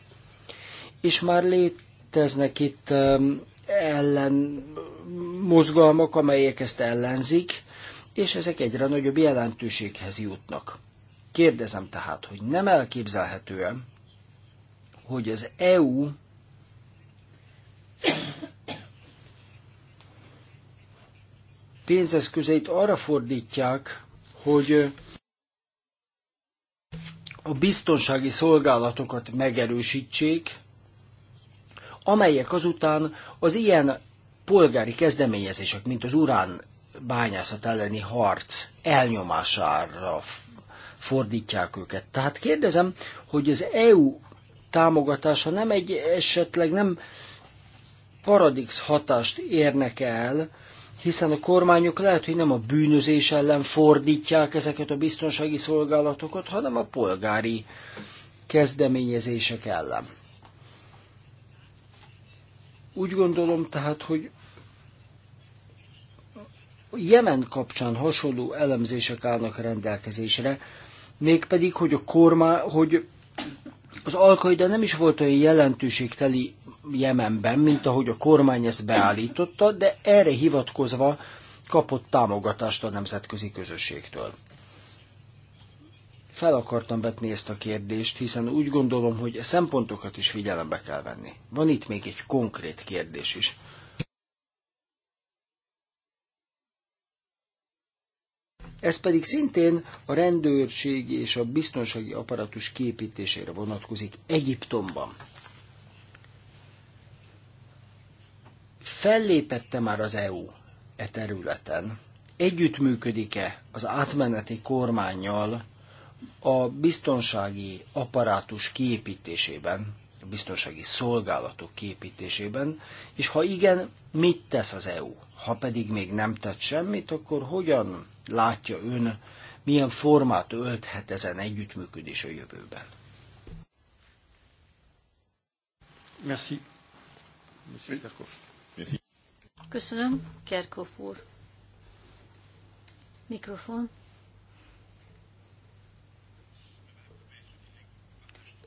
És már léteznek itt ellen mozgalmak, amelyek ezt ellenzik, és ezek egyre nagyobb jelentőséghez jutnak. Kérdezem tehát, hogy nem elképzelhető hogy az EU pénzeszközeit arra fordítják, hogy a biztonsági szolgálatokat megerősítsék, amelyek azután az ilyen polgári kezdeményezések, mint az urán bányászat elleni harc elnyomására fordítják őket. Tehát kérdezem, hogy az EU támogatása nem egy esetleg nem paradix hatást érnek el, hiszen a kormányok lehet, hogy nem a bűnözés ellen fordítják ezeket a biztonsági szolgálatokat, hanem a polgári kezdeményezések ellen. Úgy gondolom tehát, hogy Jemen kapcsán hasonló elemzések állnak rendelkezésre, mégpedig, hogy a kormány, hogy az Alkaida nem is volt olyan jelentőségteli Jemenben, mint ahogy a kormány ezt beállította, de erre hivatkozva kapott támogatást a nemzetközi közösségtől. Fel akartam vetni ezt a kérdést, hiszen úgy gondolom, hogy a szempontokat is figyelembe kell venni. Van itt még egy konkrét kérdés is. Ez pedig szintén a rendőrségi és a biztonsági aparatus képítésére vonatkozik Egyiptomban. Fellépette már az EU e területen? Együttműködik-e az átmeneti kormányjal a biztonsági apparátus kiépítésében, a biztonsági szolgálatok kiépítésében, és ha igen, mit tesz az EU? Ha pedig még nem tett semmit, akkor hogyan látja ön, milyen formát ölthet ezen együttműködés a jövőben? Merci. Köszönöm, Kerkov úr. Mikrofon.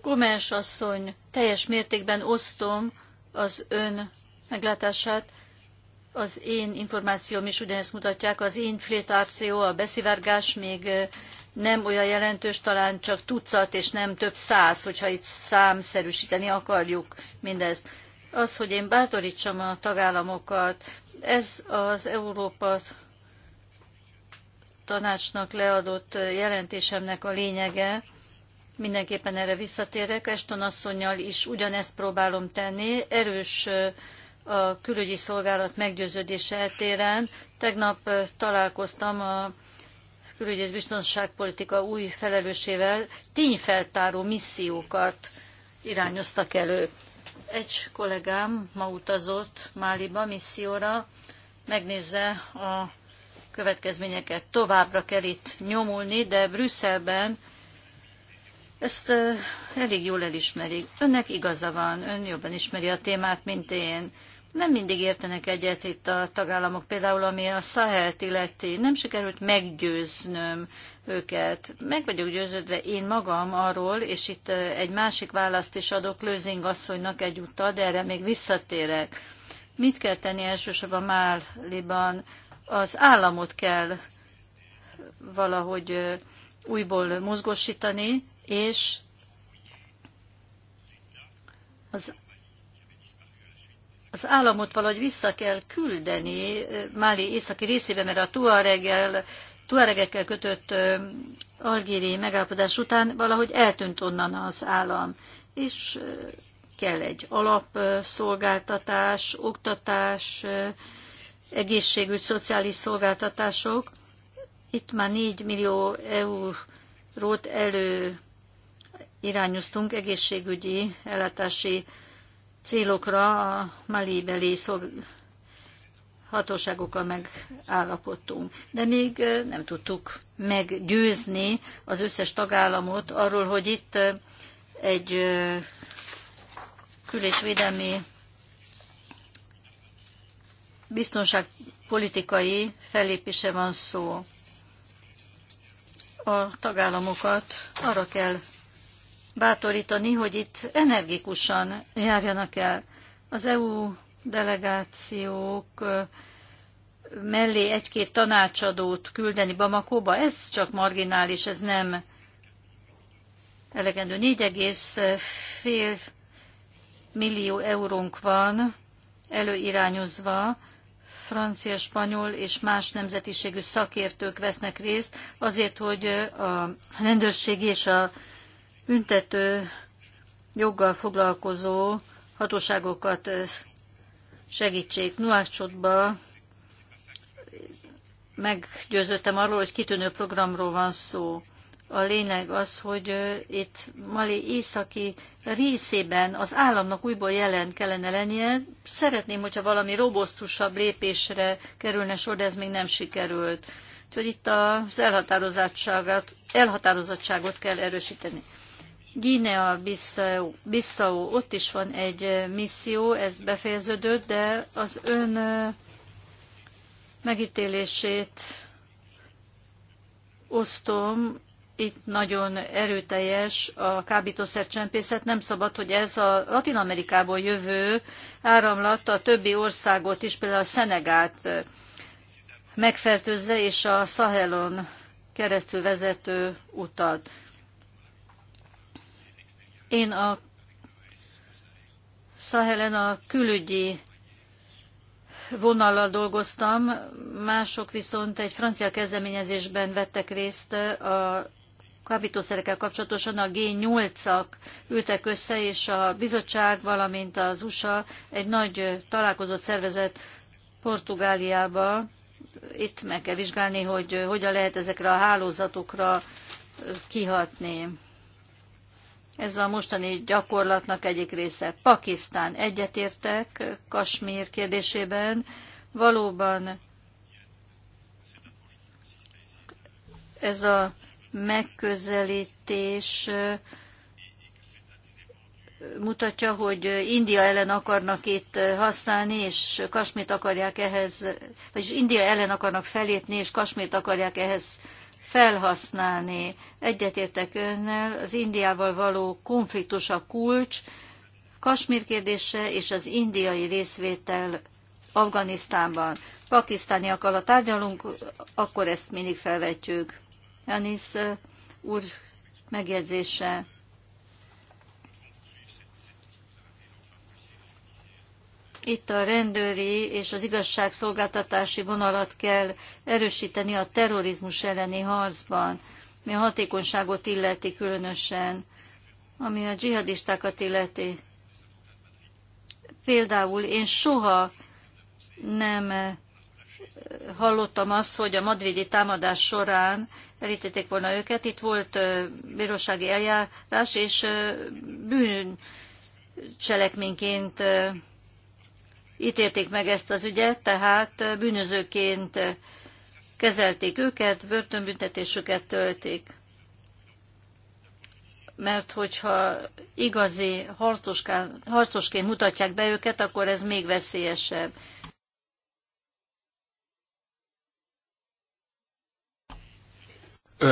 Gomes asszony, teljes mértékben osztom az ön meglátását, az én információm is ugyanezt mutatják, az inflétáció, a beszivárgás még nem olyan jelentős, talán csak tucat és nem több száz, hogyha itt számszerűsíteni akarjuk mindezt. Az, hogy én bátorítsam a tagállamokat, ez az Európa tanácsnak leadott jelentésemnek a lényege, mindenképpen erre visszatérek, Eston asszonynal is ugyanezt próbálom tenni, erős a külügyi szolgálat meggyőződése eltéren. Tegnap találkoztam a külügyi biztonságpolitika új felelősével tényfeltáró missziókat irányoztak elő. Egy kollégám ma utazott Máliba misszióra, megnézze a következményeket. Továbbra kell itt nyomulni, de Brüsszelben ezt elég jól elismerik. Önnek igaza van, ön jobban ismeri a témát, mint én nem mindig értenek egyet itt a tagállamok, például ami a Szahelt illeti. Nem sikerült meggyőznöm őket. Meg vagyok győződve én magam arról, és itt egy másik választ is adok Lőzing asszonynak egyúttal, de erre még visszatérek. Mit kell tenni elsősorban Máliban? Az államot kell valahogy újból mozgósítani, és az az államot valahogy vissza kell küldeni Máli északi részébe, mert a Tuaregekkel kötött algériai megállapodás után valahogy eltűnt onnan az állam. És kell egy alapszolgáltatás, oktatás, egészségügy, szociális szolgáltatások. Itt már 4 millió eurót elő irányoztunk egészségügyi ellátási célokra a Mali belé hatóságokkal megállapodtunk. De még nem tudtuk meggyőzni az összes tagállamot arról, hogy itt egy kül- és védelmi biztonságpolitikai fellépése van szó. A tagállamokat arra kell bátorítani, hogy itt energikusan járjanak el. Az EU delegációk mellé egy-két tanácsadót küldeni Bamakóba, ez csak marginális, ez nem elegendő. 4,5 millió eurónk van előirányozva, francia, spanyol és más nemzetiségű szakértők vesznek részt azért, hogy a rendőrség és a büntető joggal foglalkozó hatóságokat eh, segítsék. Nuácsotba meggyőződtem arról, hogy kitűnő programról van szó. A lényeg az, hogy eh, itt Mali északi részében az államnak újból jelen kellene lennie. Szeretném, hogyha valami robosztusabb lépésre kerülne sor, de ez még nem sikerült. Úgyhogy itt az elhatározottságot, elhatározottságot kell erősíteni. Guinea Bissau, Bissau, ott is van egy misszió, ez befejeződött, de az ön megítélését osztom, itt nagyon erőteljes a kábítószercsempészet. Nem szabad, hogy ez a Latin Amerikából jövő áramlat a többi országot is, például a Szenegát megfertőzze, és a Sahelon keresztül vezető utat. Én a Szahelen a külügyi vonallal dolgoztam, mások viszont egy francia kezdeményezésben vettek részt a kábítószerekkel kapcsolatosan a G8-ak ültek össze, és a bizottság, valamint az USA egy nagy találkozót szervezett Portugáliába. Itt meg kell vizsgálni, hogy hogyan lehet ezekre a hálózatokra kihatni. Ez a mostani gyakorlatnak egyik része. Pakisztán egyetértek Kasmír kérdésében. Valóban ez a megközelítés eh, mutatja, hogy India ellen akarnak itt eh, használni, és Kasmét akarják ehhez, vagyis India ellen akarnak felépni, és Kasmét akarják ehhez felhasználni. Egyetértek önnel, az Indiával való konfliktus a kulcs, Kasmír kérdése és az indiai részvétel Afganisztánban. Pakisztániakkal a tárgyalunk, akkor ezt mindig felvetjük. Janis eh, úr megjegyzése. Itt a rendőri és az igazságszolgáltatási vonalat kell erősíteni a terrorizmus elleni harcban, mi a hatékonyságot illeti különösen, ami a dzsihadistákat illeti. Például én soha nem eh, hallottam azt, hogy a madridi támadás során elítették volna őket. Itt volt eh, bírósági eljárás, és eh, bűncselekményként ítélték meg ezt az ügyet, tehát bűnözőként kezelték őket, börtönbüntetésüket tölték. Mert hogyha igazi harcosként mutatják be őket, akkor ez még veszélyesebb.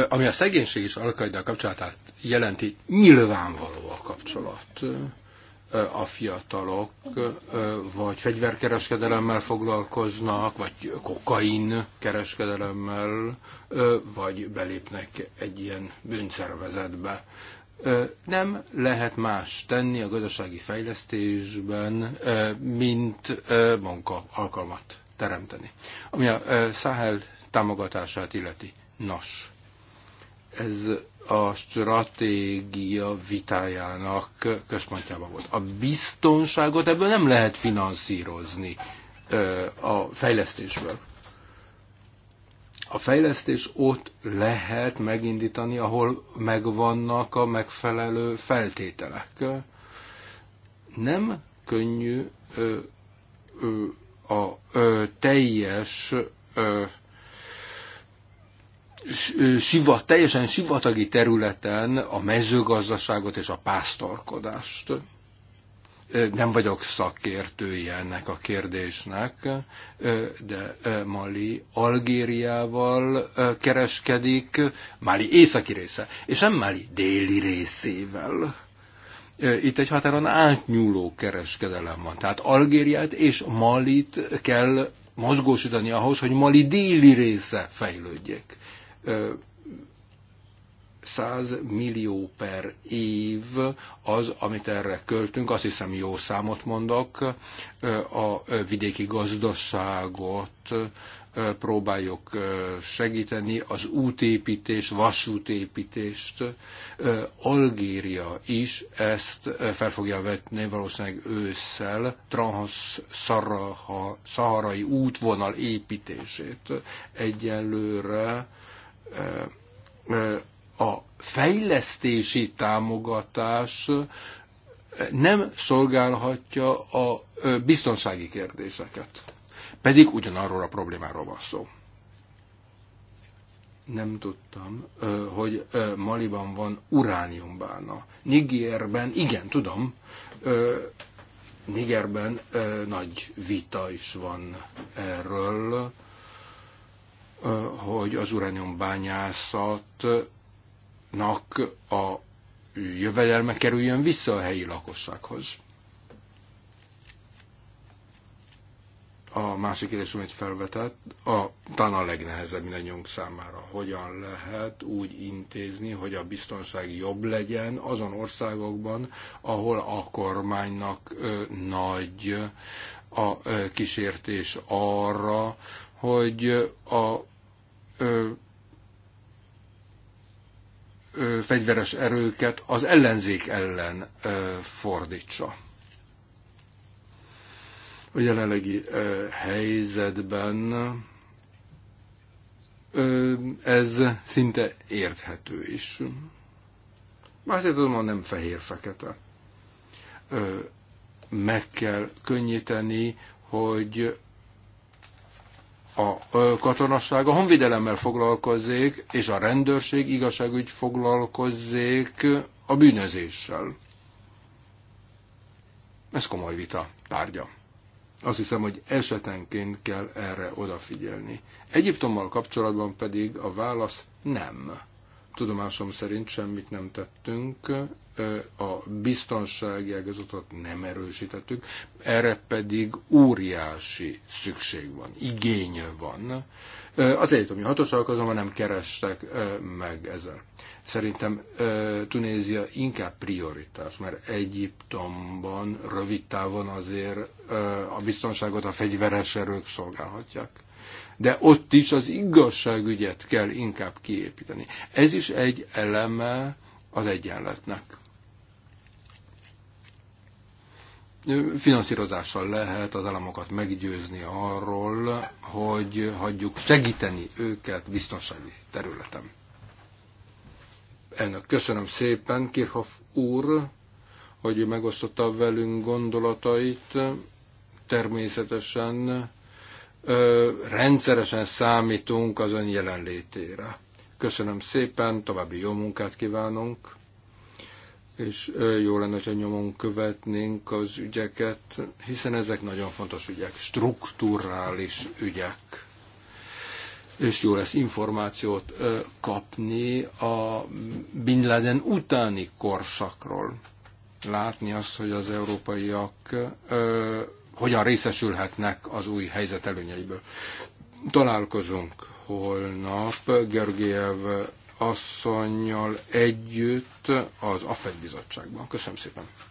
Ami a szegénység és alkaidnak kapcsolatát jelenti, nyilvánvaló a kapcsolat a fiatalok vagy fegyverkereskedelemmel foglalkoznak, vagy kokain kereskedelemmel, vagy belépnek egy ilyen bűnszervezetbe. Nem lehet más tenni a gazdasági fejlesztésben, mint munka alkalmat teremteni. Ami a Száhel támogatását illeti. Nos, ez a stratégia vitájának központjában volt. A biztonságot ebből nem lehet finanszírozni a fejlesztésből. A fejlesztés ott lehet megindítani, ahol megvannak a megfelelő feltételek. Nem könnyű a teljes sivat, teljesen sivatagi területen a mezőgazdaságot és a pásztorkodást. Nem vagyok szakértője ennek a kérdésnek, de Mali Algériával kereskedik, Mali északi része, és nem Mali déli részével. Itt egy határon átnyúló kereskedelem van. Tehát Algériát és Malit kell mozgósítani ahhoz, hogy Mali déli része fejlődjék 100 millió per év az, amit erre költünk, azt hiszem jó számot mondok, a vidéki gazdaságot próbáljuk segíteni, az útépítés, vasútépítést. Algéria is ezt fel fogja vetni valószínűleg ősszel, Trans-Szaharai útvonal építését. Egyelőre a fejlesztési támogatás nem szolgálhatja a biztonsági kérdéseket. Pedig ugyanarról a problémáról van szó. Nem tudtam, hogy Maliban van urániumbána. Nigérben, igen, tudom, Nigerben nagy vita is van erről hogy az urániombányászatnak a jövedelme kerüljön vissza a helyi lakossághoz. A másik kérdés, amit felvetett, a, talán a legnehezebb mindannyiunk számára. Hogyan lehet úgy intézni, hogy a biztonság jobb legyen azon országokban, ahol a kormánynak ö, nagy a ö, kísértés arra, hogy a ö, ö, fegyveres erőket az ellenzék ellen ö, fordítsa. A jelenlegi ö, helyzetben ö, ez szinte érthető is. Már azért tudom, nem fehér-fekete. meg kell könnyíteni, hogy a katonasság a honvédelemmel foglalkozzék, és a rendőrség, igazságügy foglalkozzék a bűnözéssel. Ez komoly vita tárgya. Azt hiszem, hogy esetenként kell erre odafigyelni. Egyiptommal kapcsolatban pedig a válasz nem tudomásom szerint semmit nem tettünk, a biztonsági ágazatot nem erősítettük, erre pedig óriási szükség van, igény van. Az egyetemi hatóságok azonban nem kerestek meg ezzel. Szerintem Tunézia inkább prioritás, mert Egyiptomban rövid távon azért a biztonságot a fegyveres erők szolgálhatják de ott is az igazságügyet kell inkább kiépíteni. Ez is egy eleme az egyenletnek. Finanszírozással lehet az államokat meggyőzni arról, hogy hagyjuk segíteni őket biztonsági területen. Ennek köszönöm szépen, Kirchhoff úr, hogy megosztotta velünk gondolatait. Természetesen rendszeresen számítunk az ön jelenlétére. Köszönöm szépen, további jó munkát kívánunk, és jó lenne, ha nyomon követnénk az ügyeket, hiszen ezek nagyon fontos ügyek, strukturális ügyek. És jó lesz információt kapni a Bin Laden utáni korszakról. Látni azt, hogy az európaiak hogyan részesülhetnek az új helyzet előnyeiből. Találkozunk holnap Gergiev asszonynal együtt az AFED bizottságban. Köszönöm szépen!